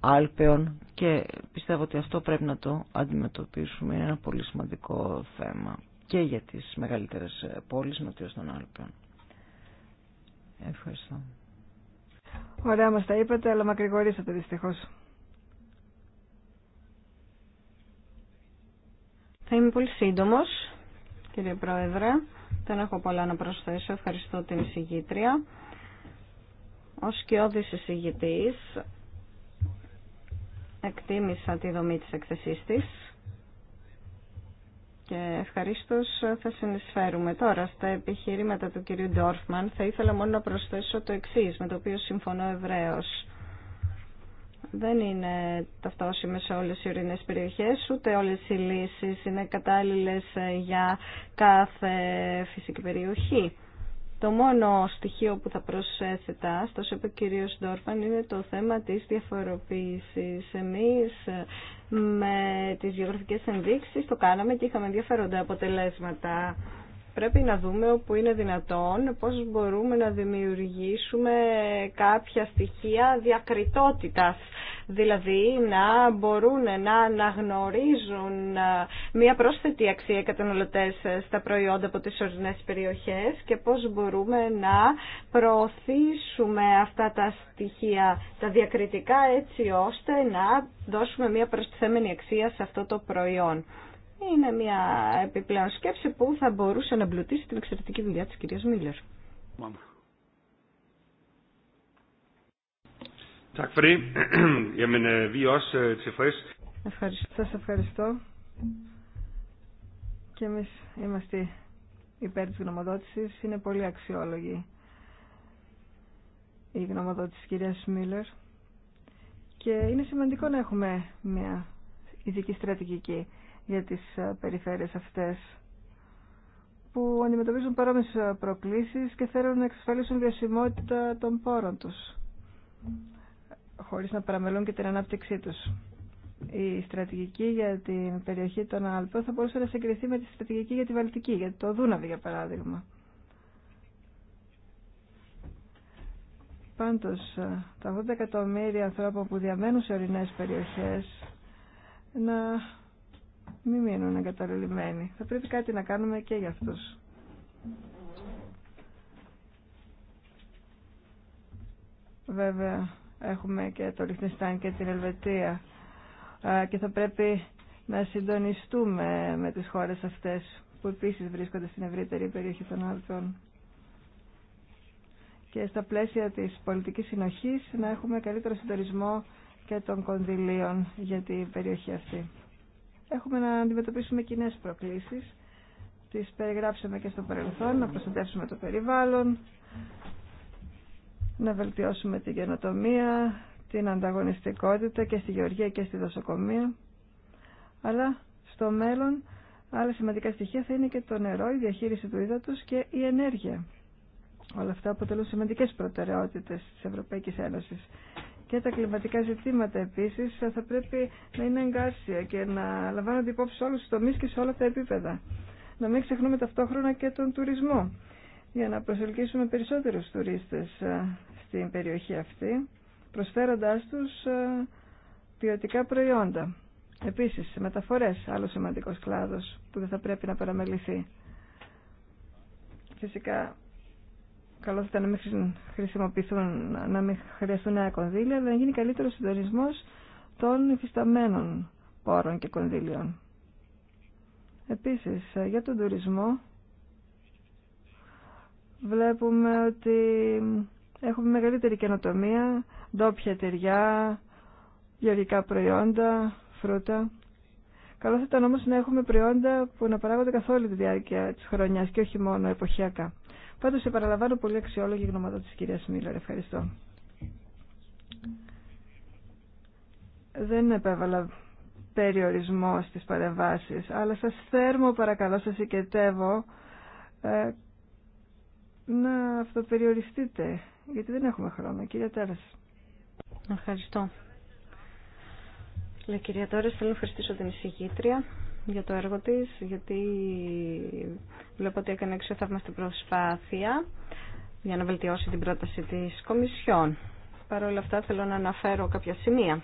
Άλπαιων και πιστεύω ότι αυτό πρέπει να το αντιμετωπίσουμε. Είναι ένα πολύ σημαντικό θέμα και για τις μεγαλύτερες πόλεις νοτιώς των Άλπων. Ευχαριστώ. Ωραία μας τα είπατε, αλλά μακρηγορήσατε δυστυχώς. Θα είμαι πολύ σύντομος, κύριε Πρόεδρε. Δεν έχω πολλά να προσθέσω. Ευχαριστώ την εισηγήτρια. Ως κοιόδης εισηγητής, εκτίμησα τη δομή της εκθεσής της και ευχαριστώ θα συνεισφέρουμε. Τώρα στα επιχειρήματα του κυρίου Ντόρφμαν θα ήθελα μόνο να προσθέσω το εξή, με το οποίο συμφωνώ ευρέω. Δεν είναι ταυτόσιμε σε όλες οι ορεινέ περιοχές, ούτε όλες οι λύσεις είναι κατάλληλες για κάθε φυσική περιοχή. Το μόνο στοιχείο που θα προσέθετα, στο είπε ο Ντόρφαν, είναι το θέμα της διαφοροποίησης. Εμείς ε, με τις γεωγραφικές ενδείξεις το κάναμε και είχαμε ενδιαφέροντα αποτελέσματα πρέπει να δούμε όπου είναι δυνατόν πώς μπορούμε να δημιουργήσουμε κάποια στοιχεία διακριτότητας. Δηλαδή να μπορούν να αναγνωρίζουν μια πρόσθετη αξία καταναλωτές στα προϊόντα από τις ορεινές περιοχές και πώς μπορούμε να προωθήσουμε αυτά τα στοιχεία τα διακριτικά έτσι ώστε να δώσουμε μια προσθεμένη αξία σε αυτό το προϊόν είναι μια επιπλέον σκέψη που θα μπορούσε να εμπλουτίσει την εξαιρετική δουλειά της κυρίας Μίλλερ. Äh, ευχαριστώ. Σας ευχαριστώ. Και εμείς είμαστε υπέρ της γνωμοδότησης. Είναι πολύ αξιόλογη η γνωμοδότηση της κυρίας Μίλλερ. Και είναι σημαντικό να έχουμε μια ειδική στρατηγική για τις ε, περιφέρειες αυτές που αντιμετωπίζουν παρόμοιες ε, προκλήσεις και θέλουν να εξασφαλίσουν βιωσιμότητα των πόρων τους χωρίς να παραμελούν και την ανάπτυξή τους. Η στρατηγική για την περιοχή των Αλπών θα μπορούσε να συγκριθεί με τη στρατηγική για τη Βαλτική, για το Δούναβι για παράδειγμα. Πάντως, ε, τα 80 εκατομμύρια ανθρώπων που διαμένουν σε ορεινές περιοχές να μην μείνουν εγκαταλελειμμένοι. Θα πρέπει κάτι να κάνουμε και για αυτούς. Βέβαια, έχουμε και το Λιχνιστάν και την Ελβετία και θα πρέπει να συντονιστούμε με τις χώρες αυτές που επίσης βρίσκονται στην ευρύτερη περιοχή των Αλπών και στα πλαίσια της πολιτικής συνοχής να έχουμε καλύτερο συντονισμό και των κονδυλίων για την περιοχή αυτή έχουμε να αντιμετωπίσουμε κοινέ προκλήσει. Τις περιγράψαμε και στο παρελθόν, να προστατεύσουμε το περιβάλλον, να βελτιώσουμε την καινοτομία, την ανταγωνιστικότητα και στη γεωργία και στη δοσοκομεία. Αλλά στο μέλλον άλλα σημαντικά στοιχεία θα είναι και το νερό, η διαχείριση του ύδατος και η ενέργεια. Όλα αυτά αποτελούν σημαντικές προτεραιότητες της Ευρωπαϊκής Ένωσης. Και τα κλιματικά ζητήματα επίσης θα πρέπει να είναι εγκάσια και να λαμβάνονται υπόψη σε όλους τους τομείς και σε όλα τα επίπεδα. Να μην ξεχνούμε ταυτόχρονα και τον τουρισμό για να προσελκύσουμε περισσότερους τουρίστες ε, στην περιοχή αυτή προσφέροντάς τους ε, ποιοτικά προϊόντα. Επίσης, μεταφορές, άλλο σημαντικός κλάδος που δεν θα πρέπει να παραμεληθεί. Φυσικά, καλό θα ήταν να μην χρησιμοποιηθούν, να μην χρειαστούν νέα κονδύλια, αλλά να γίνει καλύτερο συντονισμό των υφισταμένων πόρων και κονδύλιων. Επίσης, ε, για τον τουρισμό βλέπουμε ότι έχουμε μεγαλύτερη καινοτομία, ντόπια τυριά, γεωργικά προϊόντα, φρούτα. Καλό θα ήταν όμως να έχουμε προϊόντα που να παράγονται καθ' όλη τη διάρκεια της χρονιάς και όχι μόνο εποχιακά. Πάντως, επαναλαμβάνω πολύ αξιόλογη γνώματα τη κυρίας Μίλλερ. Ευχαριστώ. Δεν επέβαλα περιορισμό στις παρεμβάσεις, αλλά σας θέρμο παρακαλώ, σας οικετεύω ε, να αυτοπεριοριστείτε, γιατί δεν έχουμε χρόνο. Κυρία Τέρας. Ευχαριστώ. Λέει κυρία Τόρες, θέλω να ευχαριστήσω την εισηγήτρια για το έργο της, γιατί βλέπω ότι έκανε εξωθαύμαστη προσπάθεια για να βελτιώσει την πρόταση της Κομισιόν. Παρ' όλα αυτά θέλω να αναφέρω κάποια σημεία.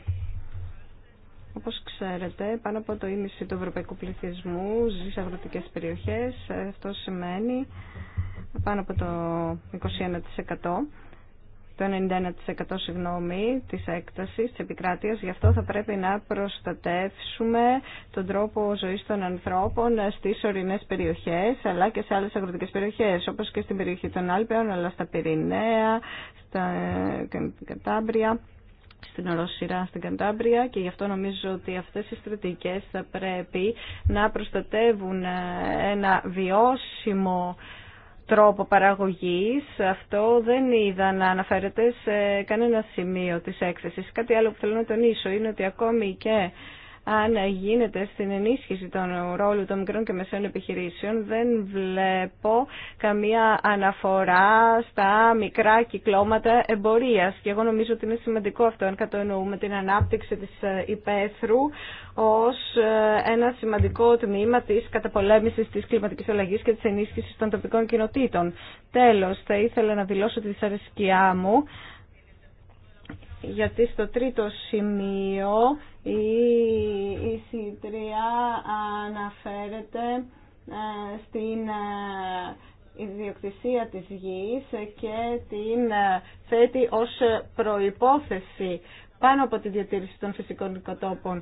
Όπως ξέρετε, πάνω από το ίμιση του ευρωπαϊκού πληθυσμού ζει σε αγροτικές περιοχές. Αυτό σημαίνει πάνω από το 21% το 91% συγγνώμη, της έκτασης, της επικράτειας. Γι' αυτό θα πρέπει να προστατεύσουμε τον τρόπο ζωής των ανθρώπων στις ορεινές περιοχές, αλλά και σε άλλες αγροτικές περιοχές, όπως και στην περιοχή των Άλπαιων, αλλά στα Πυρηναία, στα Κατάμπρια στην Ορόσυρα, στην Καντάμπρια και γι' αυτό νομίζω ότι αυτές οι στρατηγικές θα πρέπει να προστατεύουν ένα βιώσιμο τρόπο παραγωγής. Αυτό δεν είδα να αναφέρεται σε κανένα σημείο της έκθεσης. Κάτι άλλο που θέλω να τονίσω είναι ότι ακόμη και αν γίνεται στην ενίσχυση των ρόλων των μικρών και μεσαίων επιχειρήσεων, δεν βλέπω καμία αναφορά στα μικρά κυκλώματα εμπορίας. Και εγώ νομίζω ότι είναι σημαντικό αυτό, αν κατανοούμε την ανάπτυξη της ε, υπαίθρου ως ε, ένα σημαντικό τμήμα της καταπολέμησης της κλιματικής αλλαγής και της ενίσχυσης των τοπικών κοινοτήτων. Τέλος, θα ήθελα να δηλώσω τη δυσαρεσκιά μου γιατί στο τρίτο σημείο η σύτρία αναφέρεται ε, στην ε, ιδιοκτησία της γης και την ε, θέτει ως προϋπόθεση πάνω από τη διατήρηση των φυσικών οικοτόπων.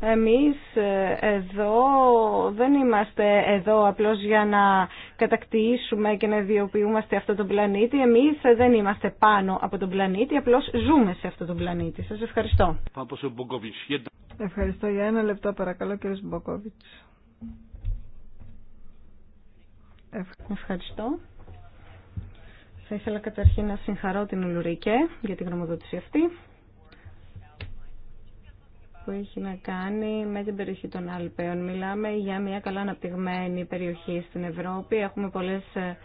Εμείς ε, εδώ δεν είμαστε εδώ απλώς για να κατακτήσουμε και να ιδιοποιούμαστε αυτό τον πλανήτη. Εμείς ε, δεν είμαστε πάνω από τον πλανήτη, απλώς ζούμε σε αυτό τον πλανήτη. Σας ευχαριστώ. Ευχαριστώ για ένα λεπτό παρακαλώ κύριε Μποκόβιτς. Ευχαριστώ. Θα ήθελα καταρχήν να συγχαρώ την Ουλουρικέ για την γνωμοδότηση αυτή που έχει να κάνει με την περιοχή των Αλπέων. Μιλάμε για μια καλά αναπτυγμένη περιοχή στην Ευρώπη. Έχουμε πολλές ε,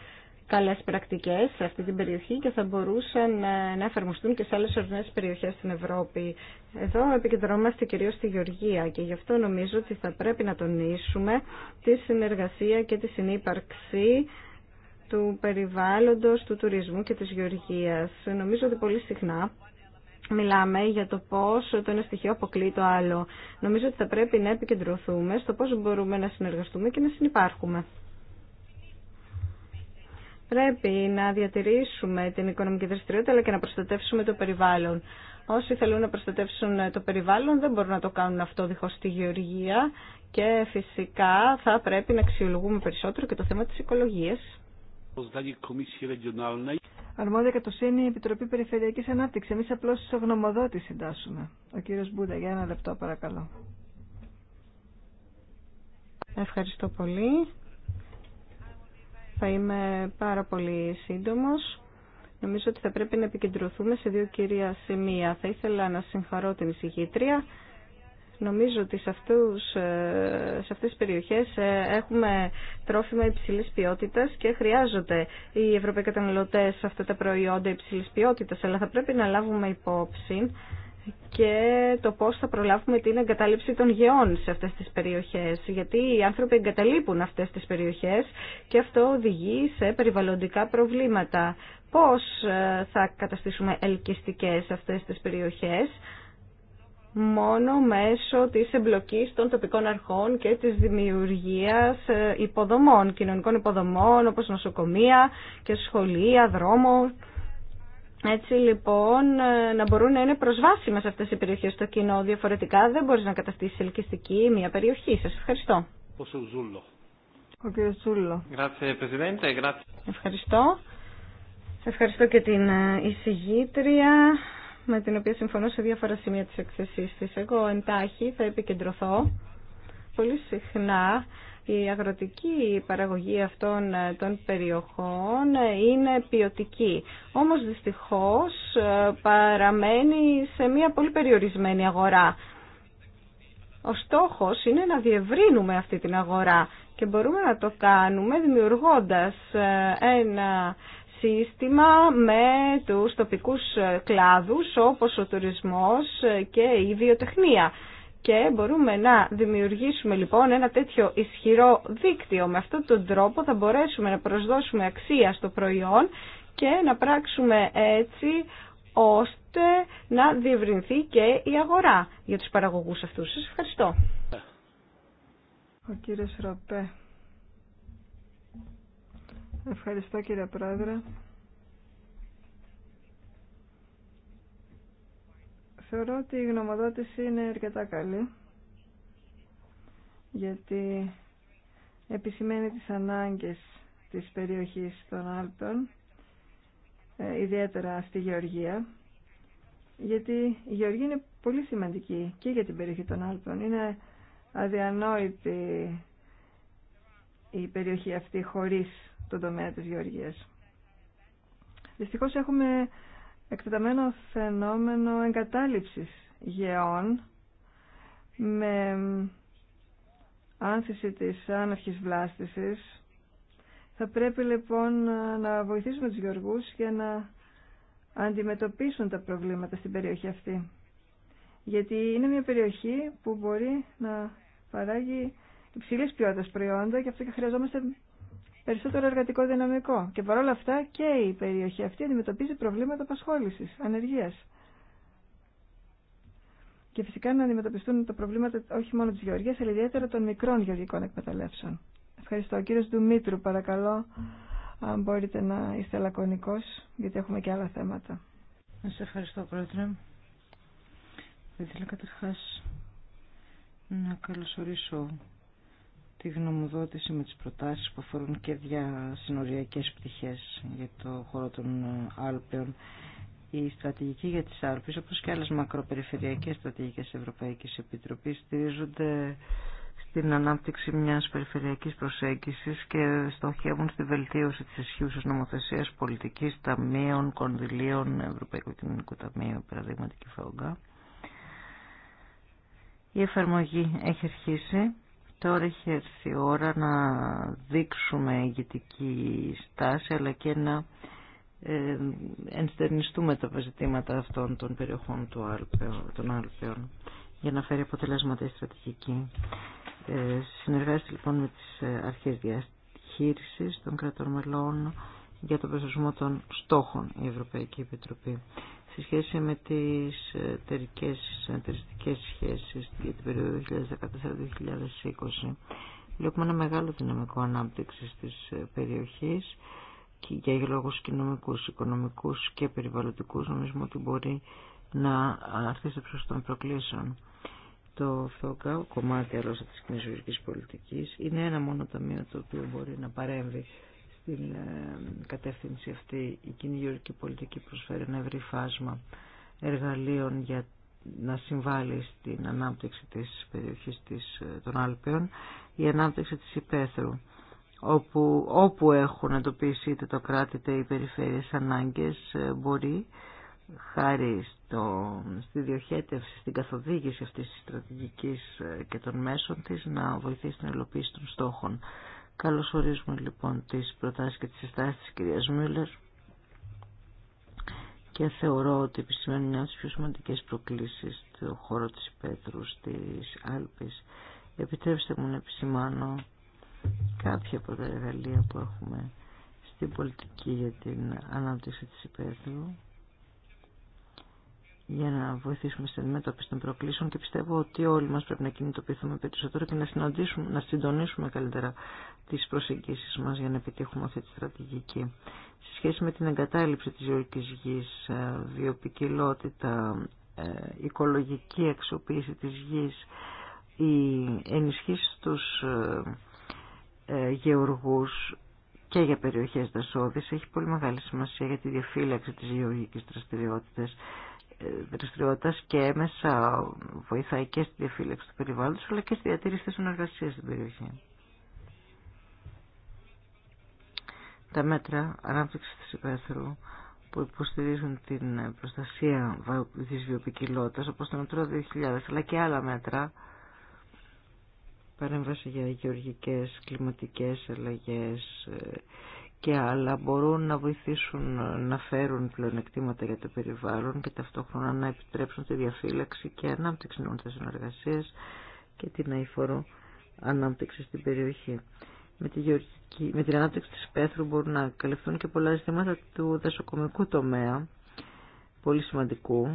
καλές πρακτικές σε αυτή την περιοχή και θα μπορούσαν ε, να εφαρμοστούν και σε άλλες ορεινές περιοχές στην Ευρώπη. Εδώ επικεντρώμαστε κυρίως στη Γεωργία και γι' αυτό νομίζω ότι θα πρέπει να τονίσουμε τη συνεργασία και τη συνύπαρξη του περιβάλλοντος, του τουρισμού και της γεωργίας. Νομίζω ότι πολύ συχνά μιλάμε για το πώς το ένα στοιχείο αποκλεί το άλλο. Νομίζω ότι θα πρέπει να επικεντρωθούμε στο πώς μπορούμε να συνεργαστούμε και να συνεπάρχουμε. Πρέπει να διατηρήσουμε την οικονομική δραστηριότητα αλλά και να προστατεύσουμε το περιβάλλον. Όσοι θέλουν να προστατεύσουν το περιβάλλον δεν μπορούν να το κάνουν αυτό δίχως στη γεωργία και φυσικά θα πρέπει να αξιολογούμε περισσότερο και το θέμα της οικολογίας Αρμόδια κατοσύνη η Επιτροπή Περιφερειακής Ανάπτυξης. απλώ σε γνωμοδότη συντάσσουμε. Ο κύριο Μπούντα, για ένα λεπτό παρακαλώ. Ευχαριστώ πολύ. Θα είμαι πάρα πολύ σύντομος. Νομίζω ότι θα πρέπει να επικεντρωθούμε σε δύο κυρία σημεία. Θα ήθελα να συγχαρώ την εισηγήτρια Νομίζω ότι σε, αυτούς, ε, σε αυτές τις περιοχές ε, έχουμε τρόφιμα υψηλής ποιότητας και χρειάζονται οι Ευρωπαίοι καταναλωτές αυτά τα προϊόντα υψηλής ποιότητας, αλλά θα πρέπει να λάβουμε υπόψη και το πώς θα προλάβουμε την εγκατάλειψη των γεών σε αυτές τις περιοχές. Γιατί οι άνθρωποι εγκαταλείπουν αυτές τις περιοχές και αυτό οδηγεί σε περιβαλλοντικά προβλήματα. Πώς ε, θα καταστήσουμε ελκυστικές αυτές τις περιοχές μόνο μέσω της εμπλοκής των τοπικών αρχών και της δημιουργίας ε, υποδομών, κοινωνικών υποδομών όπως νοσοκομεία και σχολεία, δρόμο. Έτσι λοιπόν ε, να μπορούν να είναι προσβάσιμες αυτές οι περιοχές στο κοινό. Διαφορετικά δεν μπορείς να καταστήσεις ελκυστική μια περιοχή. Σας ευχαριστώ. Ο Ευχαριστώ. Ευχαριστώ και την ε, εισηγήτρια με την οποία συμφωνώ σε διάφορα σημεία της εκθεσής της. Εγώ εντάχει θα επικεντρωθώ πολύ συχνά η αγροτική παραγωγή αυτών ε, των περιοχών ε, είναι ποιοτική. Όμως δυστυχώς ε, παραμένει σε μια πολύ περιορισμένη αγορά. Ο στόχος είναι να διευρύνουμε αυτή την αγορά και μπορούμε να το κάνουμε δημιουργώντας ένα σύστημα με τους τοπικούς κλάδους όπως ο τουρισμός και η βιοτεχνία. Και μπορούμε να δημιουργήσουμε λοιπόν ένα τέτοιο ισχυρό δίκτυο. Με αυτόν τον τρόπο θα μπορέσουμε να προσδώσουμε αξία στο προϊόν και να πράξουμε έτσι ώστε να διευρυνθεί και η αγορά για τους παραγωγούς αυτούς. Σας ευχαριστώ. Ο κύριος Ροπέ. Ευχαριστώ κύριε Πρόεδρε. Θεωρώ ότι η γνωμοδότηση είναι αρκετά καλή γιατί επισημαίνει τις ανάγκες της περιοχής των Άλπων ε, ιδιαίτερα στη Γεωργία γιατί η Γεωργία είναι πολύ σημαντική και για την περιοχή των Άλπων είναι αδιανόητη η περιοχή αυτή χωρίς το τομέα της γεωργίας. Δυστυχώς έχουμε εκτεταμένο φαινόμενο εγκατάλειψης γεών με άνθηση της άναρχης βλάστησης. Θα πρέπει λοιπόν να βοηθήσουμε τους γεωργούς για να αντιμετωπίσουν τα προβλήματα στην περιοχή αυτή. Γιατί είναι μια περιοχή που μπορεί να παράγει υψηλής ποιότητας προϊόντα και αυτό και χρειαζόμαστε περισσότερο εργατικό δυναμικό. Και παρόλα αυτά και η περιοχή αυτή αντιμετωπίζει προβλήματα απασχόληση, ανεργία. Και φυσικά να αντιμετωπιστούν τα προβλήματα όχι μόνο τη γεωργία, αλλά ιδιαίτερα των μικρών γεωργικών εκμεταλλεύσεων. Ευχαριστώ. κύριο Δημήτρου, παρακαλώ, αν μπορείτε να είστε λακωνικό, γιατί έχουμε και άλλα θέματα. Σα ευχαριστώ, Πρόεδρε. Θα ήθελα καταρχά να καλωσορίσω τη γνωμοδότηση με τις προτάσεις που αφορούν και συνοριακές πτυχές για το χώρο των Άλπαιων. Η στρατηγική για τις Άλπες, όπως και άλλες μακροπεριφερειακές στρατηγικές Ευρωπαϊκής Επιτροπής, στηρίζονται στην ανάπτυξη μιας περιφερειακής προσέγγισης και στοχεύουν στη βελτίωση της ισχύουσα νομοθεσίας πολιτικής ταμείων, κονδυλίων, Ευρωπαϊκού Κοινωνικού Ταμείου, παραδείγματι και Η εφαρμογή έχει αρχίσει Τώρα έχει έρθει η ώρα να δείξουμε ηγητική στάση αλλά και να ε, ενστερνιστούμε τα ζητήματα αυτών των περιοχών του των Άλπαιων για να φέρει αποτελέσματα η στρατηγική. Ε, συνεργάζεται λοιπόν με τις ε, αρχές διαχείρισης των κρατών μελών, για τον προσδοσμό των στόχων η Ευρωπαϊκή Επιτροπή σε σχέση με τις εταιρικές συνεταιριστικές σχέσεις για την περίοδο 2014-2020 βλέπουμε ένα μεγάλο δυναμικό ανάπτυξη τη ε, περιοχή και για λόγους κοινωνικού, οικονομικούς και περιβαλλοντικούς νομίζουμε ότι μπορεί να αρθεί σε των προκλήσεων. Το ΦΟΚΑ, κομμάτι άλλωστε της κοινωνικής πολιτικής, είναι ένα μόνο ταμείο το οποίο μπορεί να παρέμβει στην ε, κατεύθυνση αυτή η κοινή γεωργική πολιτική προσφέρει ένα ευρύ φάσμα εργαλείων για να συμβάλλει στην ανάπτυξη της περιοχής της, ε, των Άλπαιων, η ανάπτυξη της υπαίθρου, όπου, όπου έχουν εντοπίσει είτε το κράτη είτε οι περιφέρειες ανάγκες ε, μπορεί χάρη στο, στη διοχέτευση, στην καθοδήγηση αυτής της στρατηγικής και των μέσων της να βοηθήσει την ελοπίση των στόχων. Καλωσορίζουμε λοιπόν τις προτάσεις και τις συστάσεις της κυρίας Μίλλερ και θεωρώ ότι επισημαίνει μια από τις πιο σημαντικές προκλήσεις του χώρο της πέτρου της Άλπης. Επιτρέψτε μου να επισημάνω κάποια από τα εργαλεία που έχουμε στην πολιτική για την ανάπτυξη της υπαίθρου για να βοηθήσουμε στην αντιμετώπιση των προκλήσεων και πιστεύω ότι όλοι μας πρέπει να κινητοποιηθούμε περισσότερο και να, να συντονίσουμε καλύτερα τις προσεγγίσεις μας για να επιτύχουμε αυτή τη στρατηγική. Σε σχέση με την εγκατάλειψη της γεωργικής γης, ε, βιοπικιλότητα, ε, οικολογική αξιοποίηση της γης, η ενισχύσεις στους ε, γεωργούς και για περιοχές δασόδης έχει πολύ μεγάλη σημασία για τη διαφύλαξη της γεωργικής δραστηριότητας δραστηριότητα και έμεσα βοηθάει και στη διαφύλαξη του περιβάλλοντος αλλά και στη διατήρηση της εργασία στην περιοχή. Τα μέτρα ανάπτυξης της υπαίθρου που υποστηρίζουν την προστασία της βιοποικιλότητας όπως το Μετρό 2000 αλλά και άλλα μέτρα παρέμβαση για γεωργικές, κλιματικές αλλαγές, ε, και άλλα μπορούν να βοηθήσουν να φέρουν πλεονεκτήματα για το περιβάλλον και ταυτόχρονα να επιτρέψουν τη διαφύλαξη και ανάπτυξη νέων θέσεων εργασία και την αηφορό ανάπτυξη στην περιοχή. Με, τη γεωργική, με την ανάπτυξη της πέθρου μπορούν να καλυφθούν και πολλά ζητήματα του δασοκομικού τομέα, πολύ σημαντικού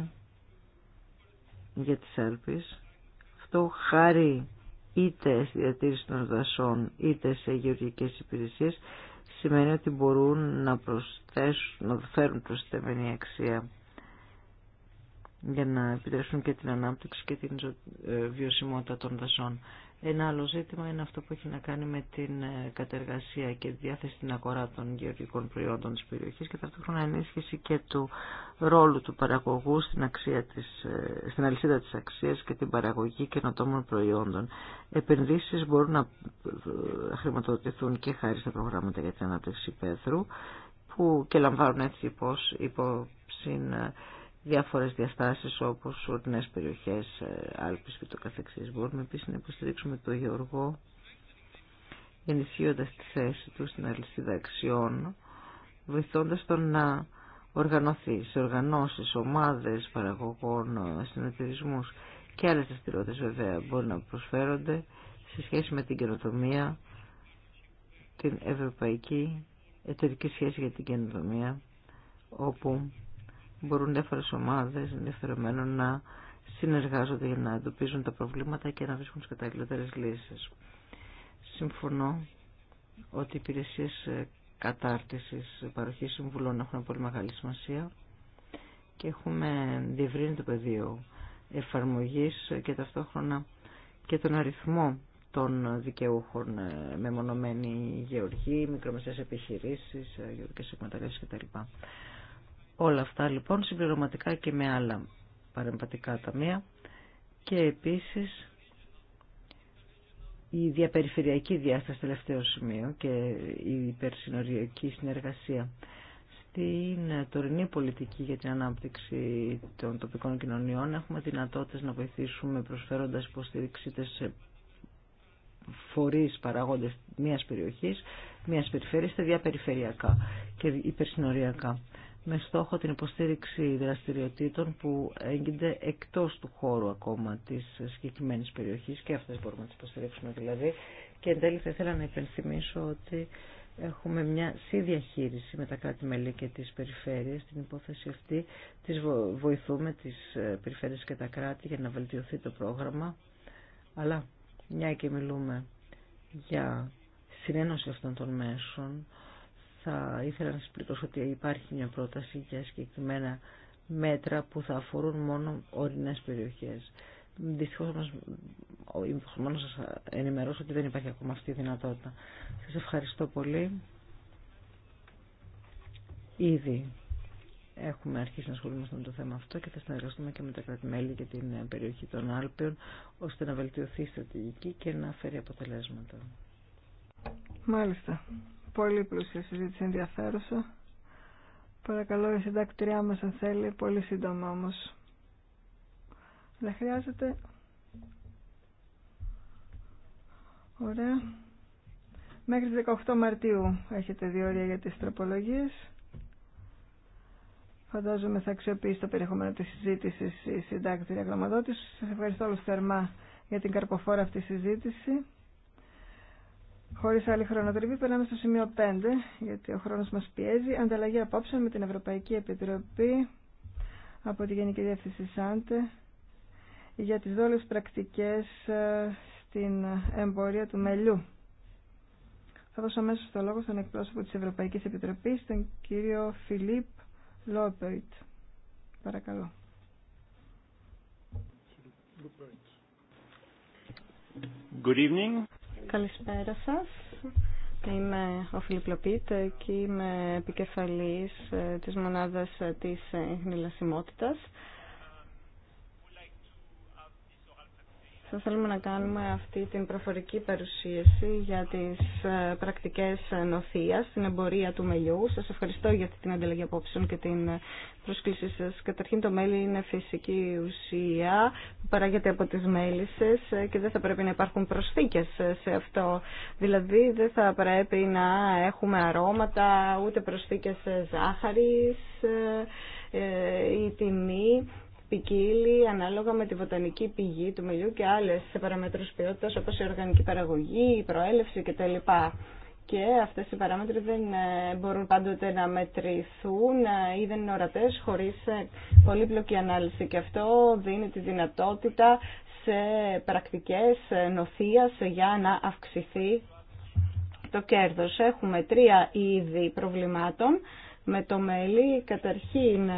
για τις Άλπεις. Αυτό χάρη είτε στη διατήρηση των δασών είτε σε γεωργικές υπηρεσίες σημαίνει ότι μπορούν να προσθέσουν, να φέρουν προσθεμένη αξία για να επιτρέψουν και την ανάπτυξη και την ε, βιωσιμότητα των δασών. Ένα άλλο ζήτημα είναι αυτό που έχει να κάνει με την ε, κατεργασία και διάθεση στην αγορά των γεωργικών προϊόντων της περιοχής και ταυτόχρονα ενίσχυση και του ρόλου του παραγωγού στην, αξία της, ε, στην αλυσίδα της αξίας και την παραγωγή καινοτόμων προϊόντων. Επενδύσεις μπορούν να ε, χρηματοδοτηθούν και χάρη στα προγράμματα για την ανάπτυξη πέθρου που και λαμβάνουν έτσι υπόψη διάφορες διαστάσεις όπως ορεινές περιοχές, ε, Άλπης και το καθεξής. Μπορούμε επίση να υποστηρίξουμε το Γεωργό ενισχύοντα τη θέση του στην αλυσίδα αξιών, βοηθώντας τον να οργανωθεί σε οργανώσεις, ομάδες παραγωγών, ε, συνεταιρισμού και άλλες δραστηριότητε βέβαια μπορεί να προσφέρονται σε σχέση με την καινοτομία, την ευρωπαϊκή εταιρική σχέση για την καινοτομία, όπου μπορούν διάφορε ομάδε ενδιαφερομένων να συνεργάζονται για να εντοπίζουν τα προβλήματα και να βρίσκουν τι καταλληλότερε λύσει. Συμφωνώ ότι οι υπηρεσίε κατάρτιση παροχή συμβουλών έχουν πολύ μεγάλη σημασία και έχουμε διευρύνει το πεδίο εφαρμογή και ταυτόχρονα και τον αριθμό των δικαιούχων ε, μονομένη γεωργή, μικρομεσαίες επιχειρήσεις, ε, γεωργικές εκμεταλλεύσεις κτλ. Όλα αυτά λοιπόν συμπληρωματικά και με άλλα παρεμβατικά ταμεία και επίσης η διαπεριφερειακή διάσταση τελευταίο σημείο και η υπερσυνοριακή συνεργασία. Στην τωρινή πολιτική για την ανάπτυξη των τοπικών κοινωνιών έχουμε δυνατότητες να βοηθήσουμε προσφέροντας υποστήριξη σε φορείς παραγόντες μιας περιοχής, μιας περιφέρειας, διαπεριφερειακά και υπερσυνοριακά με στόχο την υποστήριξη δραστηριοτήτων που έγινε εκτός του χώρου ακόμα της συγκεκριμένη περιοχής και αυτές μπορούμε να τις υποστηρίξουμε δηλαδή. Και εν τέλει θα ήθελα να υπενθυμίσω ότι έχουμε μια συνδιαχείριση με τα κράτη-μέλη και τις περιφέρειες. Την υπόθεση αυτή τις βοηθούμε τις ε, περιφέρειες και τα κράτη για να βελτιωθεί το πρόγραμμα. Αλλά μια και μιλούμε για συνένωση αυτών των μέσων, θα ήθελα να σας πληρώσω ότι υπάρχει μια πρόταση για συγκεκριμένα μέτρα που θα αφορούν μόνο ορεινές περιοχές. Δυστυχώ όμως υποχρεωμένο να σας ενημερώσω ότι δεν υπάρχει ακόμα αυτή η δυνατότητα. Σα ευχαριστώ πολύ. Ήδη έχουμε αρχίσει να ασχολούμαστε με το θέμα αυτό και θα συνεργαστούμε και με τα κρατημέλη και την περιοχή των Άλπαιων ώστε να βελτιωθεί η στρατηγική και να φέρει αποτελέσματα. Μάλιστα. Πολύ πλούσια συζήτηση ενδιαφέρουσα. Παρακαλώ η συντάκτρια μας αν θέλει, πολύ σύντομα όμως. Δεν χρειάζεται. Ωραία. Μέχρι τις 18 Μαρτίου έχετε δύο ώρια για τις τροπολογίες. Φαντάζομαι θα αξιοποιήσει το περιεχόμενο της συζήτησης η συντάκτηρια γραμματότης. Σας ευχαριστώ όλους θερμά για την καρποφόρα αυτή συζήτηση. Χωρίς άλλη χρονοτριβή περνάμε στο σημείο 5, γιατί ο χρόνος μας πιέζει. Ανταλλαγή απόψεων με την Ευρωπαϊκή Επιτροπή από τη Γενική Διεύθυνση ΣΑΝΤΕ για τις δόλες πρακτικές ε, στην εμπορία του μελιού. Θα δώσω αμέσω το λόγο στον εκπρόσωπο της Ευρωπαϊκής Επιτροπής, τον κύριο Φιλίπ Λόπερτ. Παρακαλώ. Good evening. Καλησπέρα σας. Είμαι ο Φιλιπλοπίτ και είμαι επικεφαλής ε, της μονάδας ε, της χνηλασιμότητας ε, Θα θέλουμε να κάνουμε αυτή την προφορική παρουσίαση για τις ε, πρακτικές νοθείας στην εμπορία του μελιού. Σας ευχαριστώ για την ανταλλαγή απόψεων και την ε, πρόσκλησή σας. Καταρχήν το μέλι είναι φυσική ουσία που παράγεται από τις μέλισσες ε, και δεν θα πρέπει να υπάρχουν προσθήκες σε αυτό. Δηλαδή δεν θα πρέπει να έχουμε αρώματα ούτε προσθήκες ζάχαρης η τιμή ποικίλει ανάλογα με τη βοτανική πηγή του μελιού και άλλες παραμέτρους ποιότητας όπως η οργανική παραγωγή, η προέλευση κτλ. Και αυτές οι παράμετροι δεν ε, μπορούν πάντοτε να μετρηθούν ε, ή δεν είναι ορατές χωρίς ε, πολύπλοκη ανάλυση. Και αυτό δίνει τη δυνατότητα σε πρακτικές νοθείας για να αυξηθεί το κέρδος. Έχουμε τρία είδη προβλημάτων με το μέλι. Καταρχήν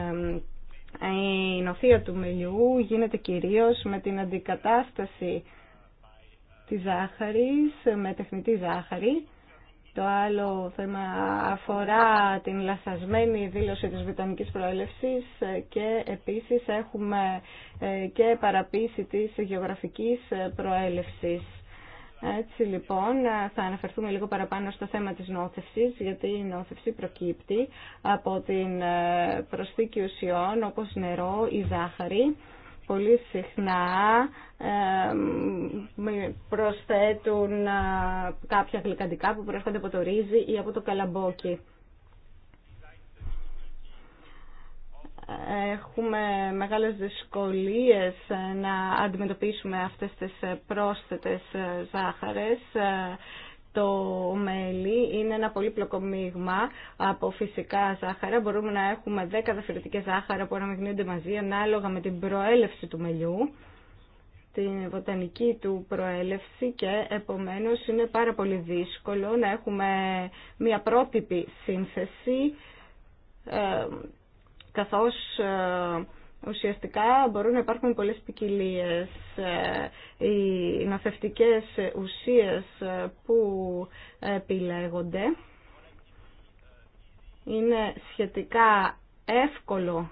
η νοθεία του μελιού γίνεται κυρίως με την αντικατάσταση της ζάχαρης με τεχνητή ζάχαρη. Το άλλο θέμα αφορά την λασασμένη δήλωση της βιτανικής προέλευσης και επίσης έχουμε ε, και παραποίηση της γεωγραφικής προέλευσης. Έτσι λοιπόν θα αναφερθούμε λίγο παραπάνω στο θέμα της νόθευσης, γιατί η νόθευση προκύπτει από την ε, προσθήκη ουσιών όπως νερό ή ζάχαρη. Πολύ συχνά ε, προσθέτουν ε, κάποια γλυκαντικά που προέρχονται από το ρύζι ή από το καλαμπόκι. έχουμε μεγάλες δυσκολίες να αντιμετωπίσουμε αυτές τις πρόσθετες ζάχαρες. Το μέλι είναι ένα πολύπλοκο μείγμα από φυσικά ζάχαρα. Μπορούμε να έχουμε 10 διαφορετικές ζάχαρα που αναμειγνύονται μαζί ανάλογα με την προέλευση του μελιού την βοτανική του προέλευση και επομένως είναι πάρα πολύ δύσκολο να έχουμε μια πρότυπη σύνθεση ε, καθώς ε, ουσιαστικά μπορούν να υπάρχουν πολλές ποικιλίε. Ε, οι νοθευτικές ουσίες ε, που επιλέγονται είναι σχετικά εύκολο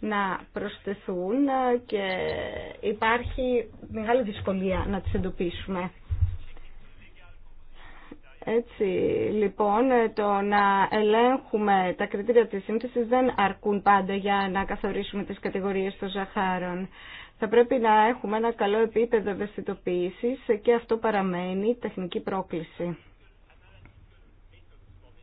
να προσθεθούν και υπάρχει μεγάλη δυσκολία να τις εντοπίσουμε. Έτσι, λοιπόν, το να ελέγχουμε τα κριτήρια της σύνθεσης δεν αρκούν πάντα για να καθορίσουμε τις κατηγορίες των ζαχάρων. Θα πρέπει να έχουμε ένα καλό επίπεδο ευαισθητοποίησης και αυτό παραμένει τεχνική πρόκληση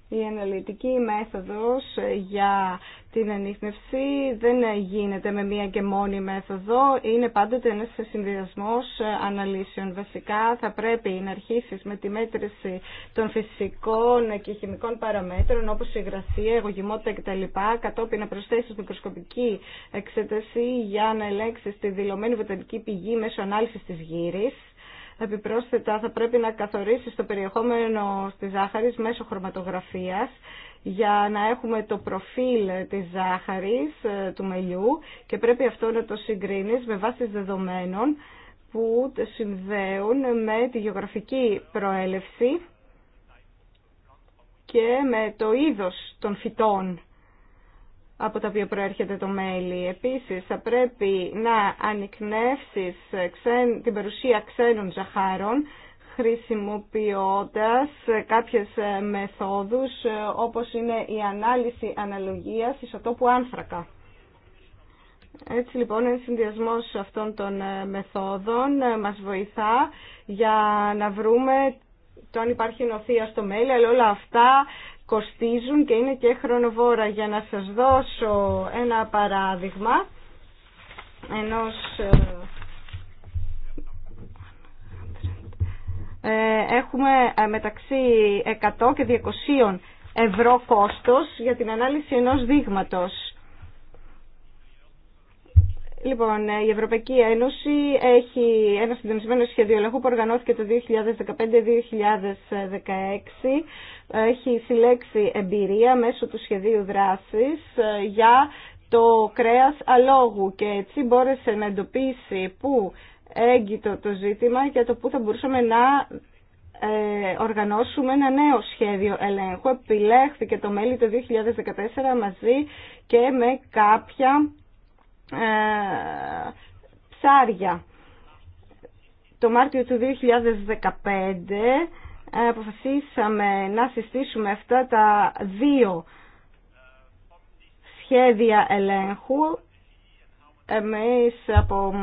η αναλυτική μέθοδος για την ανείχνευση δεν γίνεται με μία και μόνη μέθοδο, είναι πάντοτε ένας συνδυασμός αναλύσεων. Βασικά θα πρέπει να αρχίσεις με τη μέτρηση των φυσικών και χημικών παραμέτρων όπως η υγρασία, εγωγημότητα κτλ. Κατόπιν να προσθέσεις μικροσκοπική εξέταση για να ελέγξεις τη δηλωμένη βοτανική πηγή μέσω ανάλυσης της γύρης Επιπρόσθετα θα πρέπει να καθορίσει το περιεχόμενο της ζάχαρη μέσω χρωματογραφίας για να έχουμε το προφίλ της ζάχαρης, ε, του μελιού και πρέπει αυτό να το συγκρίνεις με βάση δεδομένων που συνδέουν με τη γεωγραφική προέλευση και με το είδος των φυτών από τα οποία προέρχεται το μέλι. Επίσης, θα πρέπει να ανοιχνεύσεις την παρουσία ξένων ζαχάρων, χρησιμοποιώντας κάποιες ε, μεθόδους, ε, όπως είναι η ανάλυση αναλογίας ισοτόπου άνθρακα. Έτσι λοιπόν, ένα συνδυασμό αυτών των ε, μεθόδων μας βοηθά για να βρούμε το αν υπάρχει νοθεία στο μέλι, αλλά όλα αυτά κοστίζουν και είναι και χρονοβόρα. Για να σας δώσω ένα παράδειγμα ενός... Ε, ε, έχουμε ε, μεταξύ 100 και 200 ευρώ κόστος για την ανάλυση ενός δείγματος. Λοιπόν, ε, η Ευρωπαϊκή Ένωση έχει ένα συντονισμένο σχέδιο ελέγχου που οργανώθηκε το 2015-2016. Έχει συλλέξει εμπειρία μέσω του σχεδίου δράσης ε, για το κρέας αλόγου και έτσι μπόρεσε να εντοπίσει πού έγκυτο το ζήτημα και το πού θα μπορούσαμε να ε, οργανώσουμε ένα νέο σχέδιο ελέγχου. Επιλέχθηκε το μέλη το 2014 μαζί και με κάποια ε, ψάρια. Το Μάρτιο του 2015 ε, αποφασίσαμε να συστήσουμε αυτά τα δύο σχέδια ελέγχου. Εμείς από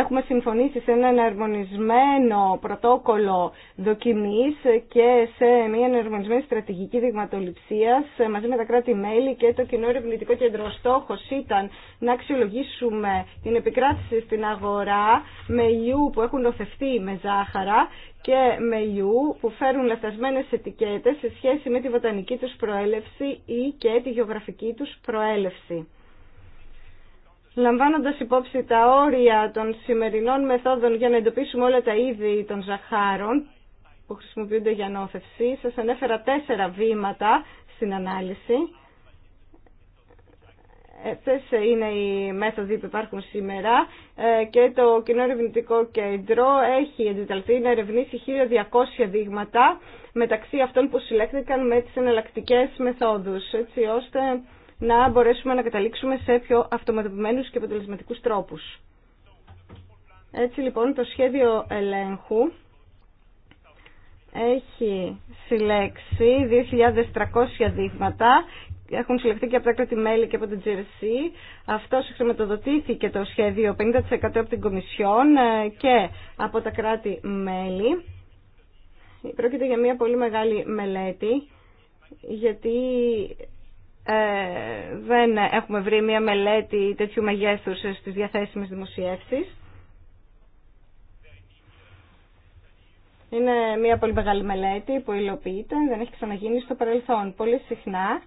έχουμε συμφωνήσει σε ένα εναρμονισμένο πρωτόκολλο δοκιμής και σε μια εναρμονισμένη στρατηγική δειγματοληψίας μαζί με τα κράτη-μέλη και το Κοινό Ερευνητικό Κέντρο. Ο στόχος ήταν να αξιολογήσουμε την επικράτηση στην αγορά με ιού που έχουν νοθευτεί με ζάχαρα και με ιού που φέρουν λαθασμένες ετικέτες σε σχέση με τη βοτανική τους προέλευση ή και τη γεωγραφική τους προέλευση λαμβάνοντας υπόψη τα όρια των σημερινών μεθόδων για να εντοπίσουμε όλα τα είδη των ζαχάρων που χρησιμοποιούνται για νόθευση, σας ανέφερα τέσσερα βήματα στην ανάλυση. Ε, Αυτέ είναι οι μέθοδοι που υπάρχουν σήμερα ε, και το Κοινό Ερευνητικό Κέντρο έχει εντεταλθεί να ερευνήσει 1.200 δείγματα μεταξύ αυτών που συλλέχθηκαν με τις εναλλακτικέ μεθόδους, έτσι ώστε να μπορέσουμε να καταλήξουμε σε πιο αυτοματοποιημένους και αποτελεσματικούς τρόπους. Έτσι λοιπόν το σχέδιο ελέγχου έχει συλλέξει 2.300 δείγματα έχουν συλλεχθεί και από τα κράτη-μέλη και από την GRC. Αυτό χρηματοδοτήθηκε το σχέδιο 50% από την Κομισιόν ε, και από τα κράτη-μέλη. Πρόκειται για μια πολύ μεγάλη μελέτη, γιατί ε, δεν έχουμε βρει μια μελέτη τέτοιου μεγέθους στις διαθέσιμες δημοσιεύσεις. Είναι μια πολύ μεγάλη μελέτη που υλοποιείται, δεν έχει ξαναγίνει στο παρελθόν. Πολύ συχνά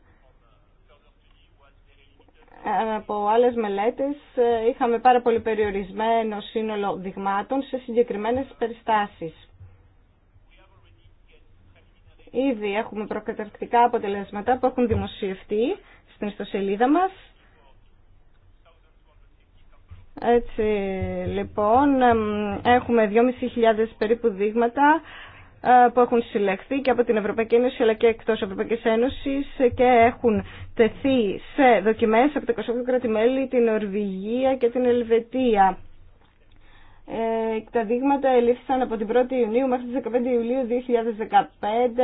ε, από άλλες μελέτες ε, είχαμε πάρα πολύ περιορισμένο σύνολο δειγμάτων σε συγκεκριμένες περιστάσεις. Ήδη έχουμε προκαταρκτικά αποτελέσματα που έχουν δημοσιευτεί στην ιστοσελίδα μας. Έτσι λοιπόν έχουμε 2.500 περίπου δείγματα ε, που έχουν συλλεχθεί και από την Ευρωπαϊκή Ένωση αλλά και εκτός Ευρωπαϊκής Ένωσης και έχουν τεθεί σε δοκιμές από τα 28 κράτη-μέλη, την Ορβηγία και την Ελβετία. Ε, τα δείγματα ελήφθησαν από την 1η Ιουνίου μέχρι τις 15 Ιουλίου 2015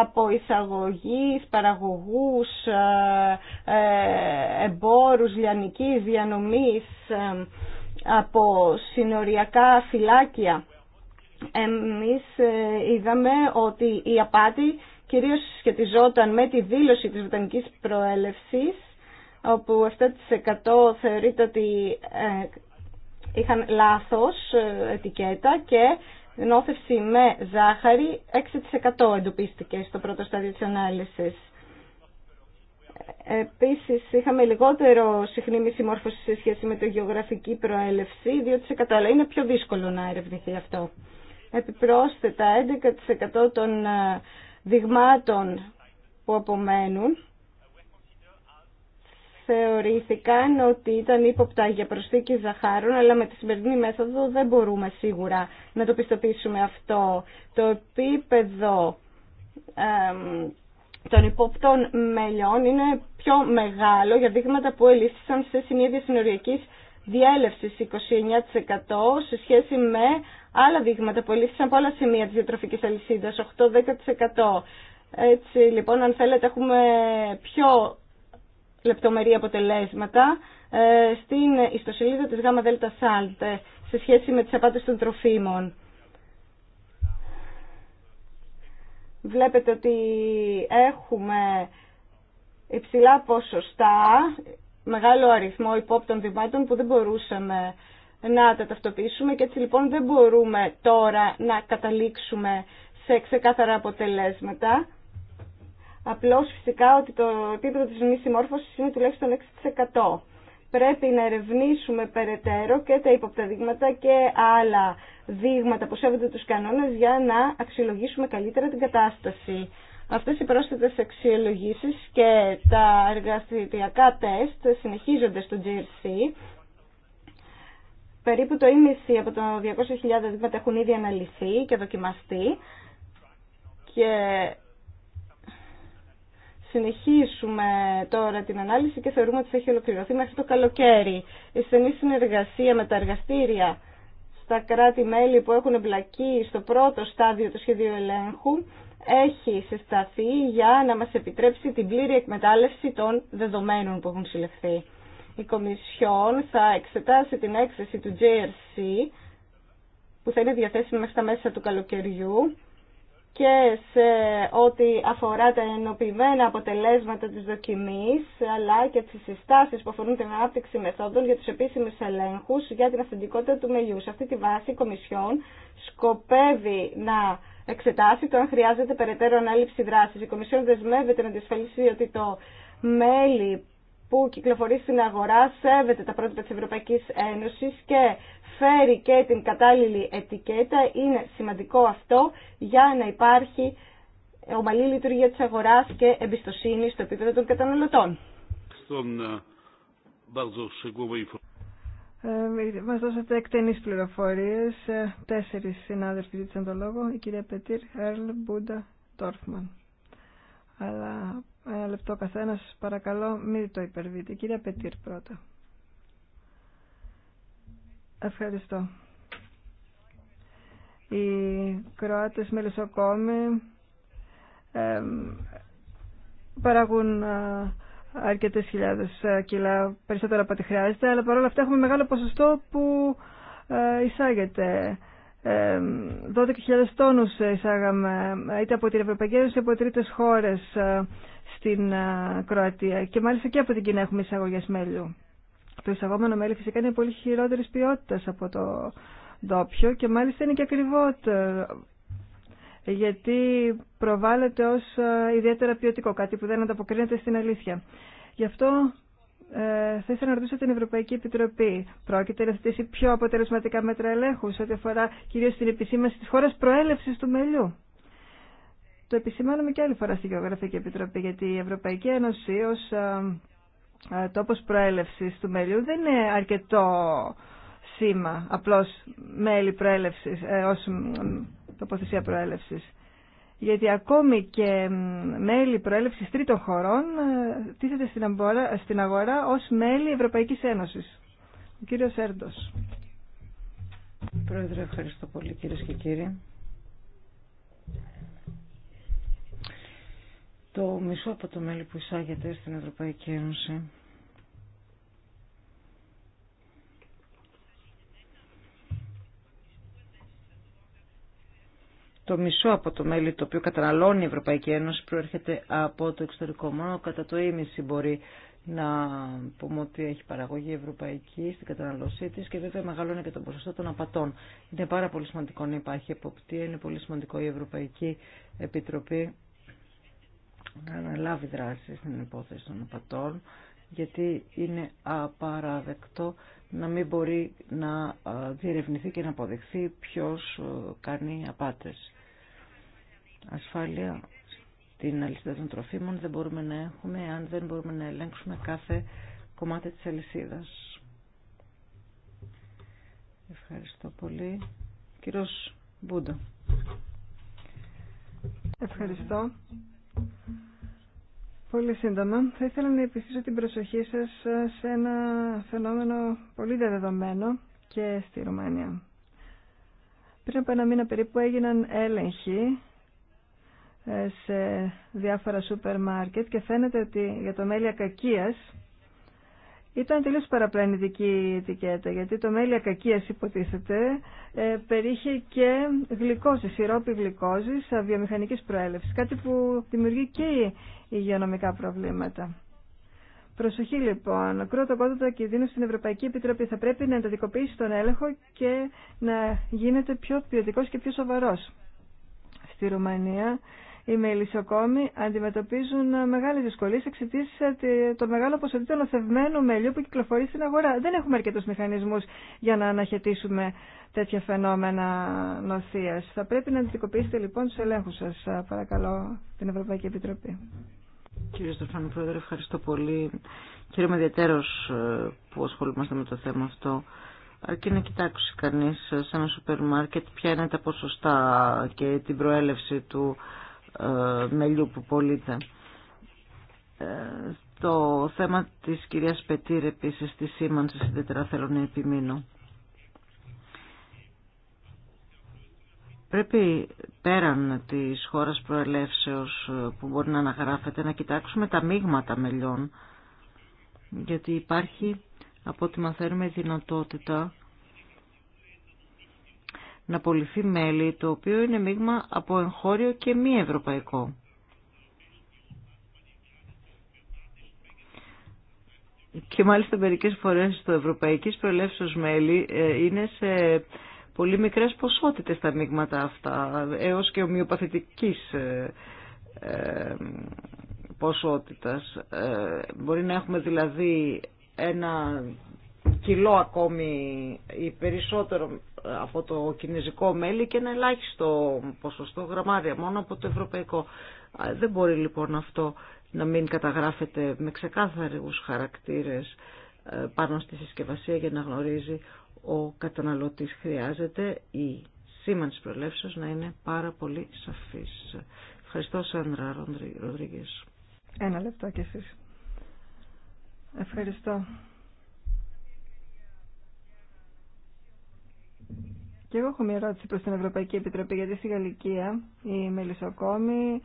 από εισαγωγή, παραγωγούς, ε, ε, εμπόρους, λιανικής, διανομής, από συνοριακά φυλάκια. Εμείς είδαμε ότι η απάτη κυρίως σχετιζόταν με τη δήλωση της βοτανικής προέλευσης όπου 7% θεωρείται ότι είχαν λάθος ε, ετικέτα και νόθευση με ζάχαρη 6% εντοπίστηκε στο πρώτο στάδιο της ανάλυσης. Επίσης είχαμε λιγότερο συχνή μισή μόρφωση σε σχέση με το γεωγραφική προέλευση, 2% αλλά είναι πιο δύσκολο να ερευνηθεί αυτό. Επιπρόσθετα 11% των ε, δειγμάτων που απομένουν θεωρήθηκαν ότι ήταν ύποπτα για προσθήκη ζαχάρων, αλλά με τη σημερινή μέθοδο δεν μπορούμε σίγουρα να το πιστοποιήσουμε αυτό. Το επίπεδο των υποπτών μελιών είναι πιο μεγάλο για δείγματα που ελήφθησαν σε σημεία συνοριακής διέλευσης 29% σε σχέση με άλλα δείγματα που ελήφθησαν από άλλα σημεία της διατροφικής αλυσίδας 8-10%. Έτσι λοιπόν αν θέλετε έχουμε πιο λεπτομερή αποτελέσματα ε, στην ιστοσελίδα της ΓΑΜΑ ΔΕΛΤΑ ΣΑΛΤΕ σε σχέση με τις απάτες των τροφίμων. Βλέπετε ότι έχουμε υψηλά ποσοστά, μεγάλο αριθμό υπόπτων βημάτων που δεν μπορούσαμε να τα ταυτοποιήσουμε και έτσι λοιπόν δεν μπορούμε τώρα να καταλήξουμε σε ξεκάθαρα αποτελέσματα. Απλώς φυσικά ότι το επίπεδο της μη συμμόρφωσης είναι τουλάχιστον 6%. Πρέπει να ερευνήσουμε περαιτέρω και τα δείγματα και άλλα δείγματα που σέβονται τους κανόνες για να αξιολογήσουμε καλύτερα την κατάσταση. Αυτές οι πρόσθετες αξιολογήσεις και τα εργαστηριακά τεστ συνεχίζονται στο GRC. Περίπου το ίμιση από τα 200.000 δείγματα έχουν ήδη αναλυθεί και δοκιμαστεί και συνεχίσουμε τώρα την ανάλυση και θεωρούμε ότι θα έχει ολοκληρωθεί μέχρι το καλοκαίρι. Η στενή συνεργασία με τα εργαστήρια στα κράτη-μέλη που έχουν εμπλακεί στο πρώτο στάδιο του σχεδίου ελέγχου έχει συσταθεί για να μας επιτρέψει την πλήρη εκμετάλλευση των δεδομένων που έχουν συλλεχθεί. Η Κομισιόν θα εξετάσει την έκθεση του JRC που θα είναι διαθέσιμη μέσα τα μέσα του καλοκαιριού και σε ό,τι αφορά τα ενοποιημένα αποτελέσματα της δοκιμής, αλλά και τις συστάσεις που αφορούν την ανάπτυξη μεθόδων για τους επίσημους ελέγχους για την αυθεντικότητα του μελιού. Σε αυτή τη βάση η Κομισιόν σκοπεύει να εξετάσει το αν χρειάζεται περαιτέρω ανάληψη δράσης. Η Κομισιόν δεσμεύεται να διασφαλίσει ότι το μέλι που κυκλοφορεί στην αγορά σέβεται τα πρότυπα της Ευρωπαϊκής Ένωσης και φέρει και την κατάλληλη ετικέτα. Είναι σημαντικό αυτό για να υπάρχει ομαλή λειτουργία της αγοράς και εμπιστοσύνη στο επίπεδο των καταναλωτών. Ε, ε, μας δώσατε εκτενείς πληροφορίες. Ε, τέσσερις συνάδελφοι ζήτησαν το λόγο. Η κυρία Πετήρ, Έρλ, Μπούντα, Τόρφμαν. Αλλά ένα λεπτό καθένα, παρακαλώ, μην το υπερβείτε. Κυρία Πετήρ, πρώτα. Ευχαριστώ. Οι Κροάτες μελισσοκόμοι ε, παράγουν αρκετές χιλιάδες κιλά περισσότερα από ό,τι χρειάζεται, αλλά παρόλα αυτά έχουμε μεγάλο ποσοστό που εισάγεται. 12.000 τόνους εισάγαμε είτε από την Ευρωπαϊκή Ένωση είτε από τρίτες χώρες στην Κροατία και μάλιστα και από την Κίνα έχουμε εισαγωγές μέλιου. Το εισαγόμενο μέλι φυσικά είναι πολύ χειρότερη ποιότητα από το ντόπιο και μάλιστα είναι και ακριβότερο ε, γιατί προβάλλεται ως ε, ιδιαίτερα ποιοτικό, κάτι που δεν ανταποκρίνεται στην αλήθεια. Γι' αυτό ε, θα ήθελα να ρωτήσω την Ευρωπαϊκή Επιτροπή. Πρόκειται να θέσει πιο αποτελεσματικά μέτρα ελέγχου σε ό,τι αφορά κυρίω την επισήμανση τη χώρα προέλευση του μελιού. Το επισημάνομαι και άλλη φορά στη Γεωγραφική Επιτροπή, γιατί η Ευρωπαϊκή Ένωση ω ε, ε, τόπος προέλευση του μελιού δεν είναι αρκετό σήμα, απλώς μέλη προέλευσης, ε, ως τοποθεσία προέλευση. Γιατί ακόμη και μέλη προέλευση τρίτων χωρών τίθεται στην αγορά, στην αγορά ως μέλη Ευρωπαϊκής Ένωση. Ο κύριος Έρντο. Πρόεδρε, ευχαριστώ πολύ κύριε και κύριοι. το μισό από το μέλι που εισάγεται στην Ευρωπαϊκή Ένωση. Το μισό από το μέλι το οποίο καταναλώνει η Ευρωπαϊκή Ένωση προέρχεται από το εξωτερικό. Μόνο κατά το ίμιση μπορεί να πούμε ότι έχει παραγωγή ευρωπαϊκή στην καταναλωσή τη και βέβαια μεγαλώνει και το ποσοστό των απατών. Είναι πάρα πολύ σημαντικό να υπάρχει εποπτεία, είναι πολύ σημαντικό η Ευρωπαϊκή Επιτροπή αναλάβει δράση στην υπόθεση των απατών γιατί είναι απαραδεκτό να μην μπορεί να διερευνηθεί και να αποδειχθεί ποιος κάνει απάτες. Ασφάλεια στην αλυσίδα των τροφίμων δεν μπορούμε να έχουμε αν δεν μπορούμε να ελέγξουμε κάθε κομμάτι της αλυσίδας. Ευχαριστώ πολύ. Κύριος Μπούντα. Ευχαριστώ. Πολύ σύντομα. Θα ήθελα να επιστήσω την προσοχή σας σε ένα φαινόμενο πολύ δεδομένο και στη Ρουμάνια. Πριν από ένα μήνα περίπου έγιναν έλεγχοι ε, σε διάφορα σούπερ μάρκετ και φαίνεται ότι για το μέλια κακίας ήταν τελείως παραπλανητική η ετικέτα, γιατί το μέλι ακακίας υποτίθεται ε, περιείχε και γλυκόζη, σιρόπι γλυκόζης βιομηχανικής προέλευσης, κάτι που δημιουργεί και υγειονομικά προβλήματα. Προσοχή λοιπόν, και κινδύνου στην Ευρωπαϊκή Επιτροπή θα πρέπει να εντατικοποιήσει τον έλεγχο και να γίνεται πιο ποιοτικό και πιο σοβαρός. Στη Ρουμανία οι μελισσοκόμοι αντιμετωπίζουν μεγάλες δυσκολίες ε, το των μεγάλων ποσοτήτων νοθευμένου μελιού που κυκλοφορεί στην αγορά. Δεν έχουμε αρκετού μηχανισμού για να αναχαιτήσουμε τέτοια φαινόμενα νοθεία. Θα πρέπει να αντιδικοποιήσετε λοιπόν του ελέγχου, σα ε, παρακαλώ, την Ευρωπαϊκή Επιτροπή. Κύριε Στροφάνη Πρόεδρε, ευχαριστώ πολύ. Κύριε Μεδιατέρος ε, που ασχολούμαστε με το θέμα αυτό. Αρκεί να κοιτάξει κανείς σε ένα σούπερ μάρκετ ποια ποσοστά και την προέλευση του ε, που πωλείται. Ε, το θέμα της κυρίας Πετήρ επίσης της σήμανσης ιδιαίτερα θέλω να επιμείνω. Πρέπει πέραν της χώρας προελεύσεως ε, που μπορεί να αναγράφεται να κοιτάξουμε τα μείγματα μελιών γιατί υπάρχει από ό,τι μαθαίνουμε δυνατότητα να απολυθεί μέλι, το οποίο είναι μείγμα από εγχώριο και μη ευρωπαϊκό. Και μάλιστα μερικές φορές το ευρωπαϊκής προελεύσεως μέλι ε, είναι σε πολύ μικρές ποσότητες τα μείγματα αυτά, έως και ομοιοπαθητικής ε, ε, ποσότητας. Μπορεί να έχουμε δηλαδή ένα κιλό ακόμη ή περισσότερο από το κινέζικο μέλι και ένα ελάχιστο ποσοστό γραμμάρια μόνο από το ευρωπαϊκό. Δεν μπορεί λοιπόν αυτό να μην καταγράφεται με ξεκάθαρους χαρακτήρες ε, πάνω στη συσκευασία για να γνωρίζει ο καταναλωτής χρειάζεται η σήμανση προλέψεως να είναι πάρα πολύ σαφής. Ευχαριστώ Σάντρα Ροντρίγκε. Ένα λεπτό κι εσείς. Ευχαριστώ. Και εγώ έχω μια ερώτηση προς την Ευρωπαϊκή Επιτροπή, γιατί στη Γαλλικία οι μελισσοκόμοι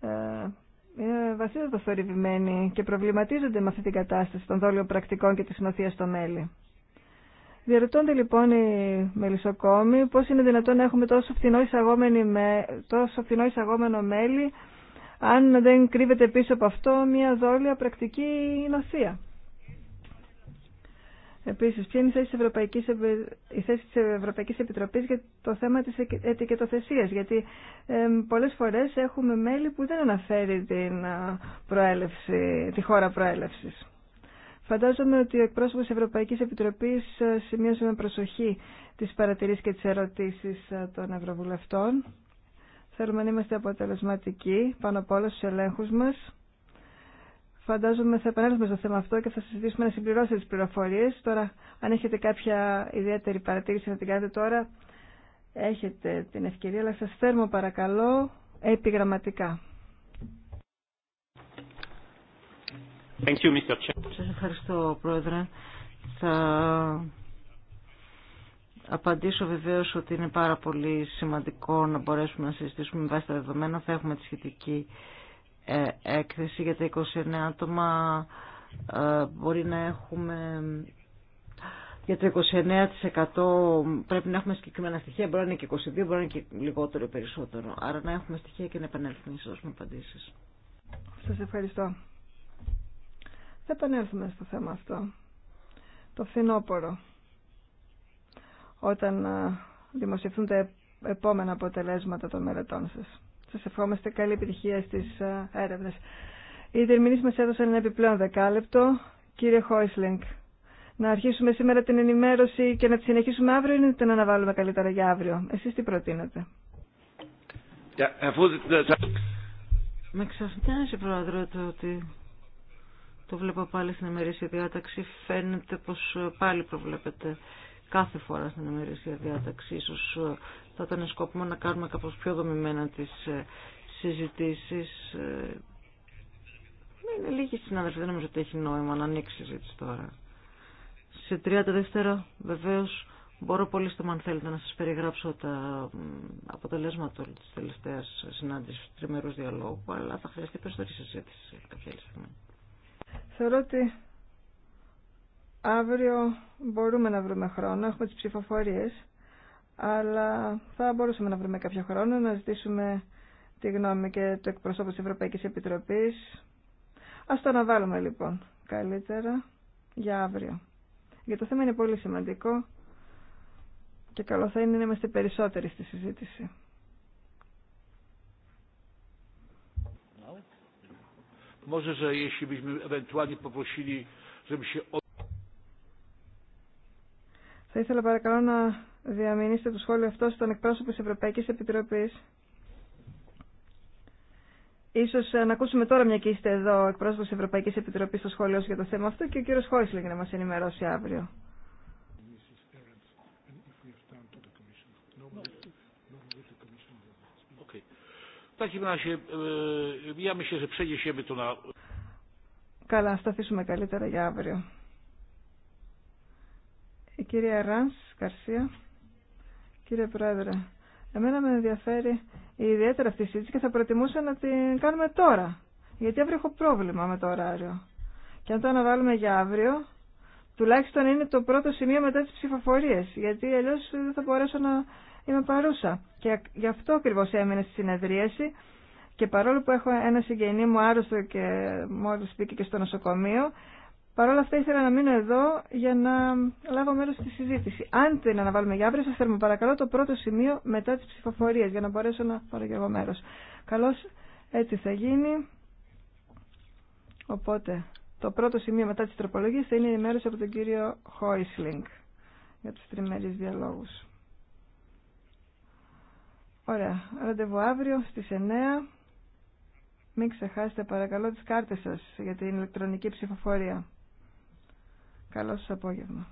ε, βασίζονται θορυβημένοι και προβληματίζονται με αυτή την κατάσταση των δόλων πρακτικών και της νοθείας στο μέλι. Διαρωτώνται λοιπόν οι μελισσοκόμοι πώς είναι δυνατόν να έχουμε τόσο φθηνό, με, τόσο φθηνό εισαγόμενο μέλι αν δεν κρύβεται πίσω από αυτό μια δόλια πρακτική νοθεία. Επίση, ποια είναι η θέση τη Ευρωπαϊκή Ευρωπαϊκής Επιτροπής για το θέμα τη ετικετοθεσία. γιατί ε, πολλές φορές έχουμε μέλη που δεν αναφέρει την προέλευση, τη χώρα προέλευση. Φαντάζομαι ότι ο εκπρόσωπο τη Ευρωπαϊκή Επιτροπή σημείωσε με προσοχή τι παρατηρήσει και τι ερωτήσει των Ευρωβουλευτών. Θέλουμε να είμαστε αποτελεσματικοί πάνω από όλου του ελέγχου μα Φαντάζομαι θα επανέλθουμε στο θέμα αυτό και θα συζητήσουμε να συμπληρώσετε τις πληροφορίες. Τώρα, αν έχετε κάποια ιδιαίτερη παρατήρηση να την κάνετε τώρα, έχετε την ευκαιρία, αλλά σας θέρμο παρακαλώ επιγραμματικά. Thank ευχαριστώ, Πρόεδρε. Θα απαντήσω βεβαίως ότι είναι πάρα πολύ σημαντικό να μπορέσουμε να συζητήσουμε με βάση τα δεδομένα. Θα έχουμε τη σχετική ε, έκθεση για τα 29 άτομα ε, μπορεί να έχουμε για το 29% πρέπει να έχουμε συγκεκριμένα στοιχεία, μπορεί να είναι και 22, μπορεί να είναι και λιγότερο ή περισσότερο. Άρα να έχουμε στοιχεία και να επανέλθουμε να δώσουμε απαντήσεις Σα ευχαριστώ. Θα επανέλθουμε στο θέμα αυτό. Το φθινόπωρο. Όταν ε, δημοσιευθούν τα επόμενα αποτελέσματα των μελετών σας. Σα ευχόμαστε καλή επιτυχία στις ε, έρευνες. Οι σε μα έδωσαν ένα επιπλέον δεκάλεπτο. Κύριε Χόισλινγκ, να αρχίσουμε σήμερα την ενημέρωση και να τη συνεχίσουμε αύριο ή να την αναβάλουμε καλύτερα για αύριο. Εσείς τι προτείνετε. Με ξαφνιάζει, Πρόεδρε, το ότι το βλέπω πάλι στην ημερήσια διάταξη. Φαίνεται πως πάλι προβλέπεται κάθε φορά στην ημερήσια διάταξη. Ίσως ε, θα ήταν σκόπιμο να κάνουμε κάπως πιο δομημένα τις ε, συζητήσεις. Ε, είναι λίγοι συνάδελφοι, δεν νομίζω ότι έχει νόημα να ανοίξει η συζήτηση τώρα. Σε 30 δεύτερα βεβαίως μπορώ πολύ στο αν θέλετε να σας περιγράψω τα αποτελέσματα της τελευταίας συνάντησης του τριμερούς διαλόγου, αλλά θα χρειαστεί περισσότερη συζήτηση κάποια άλλη στιγμή. Θεωρώ ότι αύριο μπορούμε να βρούμε χρόνο, έχουμε τις ψηφοφορίες αλλά θα μπορούσαμε να βρούμε κάποιο χρόνο να ζητήσουμε τη γνώμη και του εκπροσώπου της Ευρωπαϊκής Επιτροπής. Ας το αναβάλουμε λοιπόν καλύτερα για αύριο. Γιατί το θέμα είναι πολύ σημαντικό και καλό θα είναι να είμαστε περισσότεροι στη συζήτηση. Θα ήθελα παρακαλώ να διαμηνήσετε το σχόλιο αυτό στον εκπρόσωπο της Ευρωπαϊκής Επιτροπής. Ίσως να ακούσουμε τώρα μια και είστε εδώ εκπρόσωπος της Ευρωπαϊκής Επιτροπής στο σχόλιο για το θέμα αυτό και ο κύριος Χόισλινγκ να μας ενημερώσει αύριο. E, e, Καλά, θα αφήσουμε καλύτερα για αύριο. Η κυρία Ράνς Καρσία. Κύριε Πρόεδρε, εμένα με ενδιαφέρει ιδιαίτερα αυτή η συζήτηση και θα προτιμούσα να την κάνουμε τώρα. Γιατί αύριο έχω πρόβλημα με το ωράριο. Και αν το αναβάλουμε για αύριο, τουλάχιστον είναι το πρώτο σημείο μετά τις ψηφοφορίες. Γιατί αλλιώς δεν θα μπορέσω να είμαι παρούσα. Και γι' αυτό ακριβώ έμεινε στη συνεδρίαση. Και παρόλο που έχω ένα συγγενή μου άρρωστο και μόλις μπήκε και στο νοσοκομείο, Παρ' όλα αυτά ήθελα να μείνω εδώ για να λάβω μέρος στη συζήτηση. Αν την αναβάλουμε για αύριο, σας θέλουμε παρακαλώ το πρώτο σημείο μετά τις ψηφοφορίες για να μπορέσω να πάρω και εγώ μέρος. Καλώς έτσι θα γίνει. Οπότε το πρώτο σημείο μετά τις τροπολογίες θα είναι η ενημέρωση από τον κύριο Χόισλινγκ για τους τριμερείς διαλόγους. Ωραία. Ραντεβού αύριο στις 9. Μην ξεχάσετε παρακαλώ τις κάρτες σας για την ηλεκτρονική ψηφοφορία. Καλό σα απόγευμα.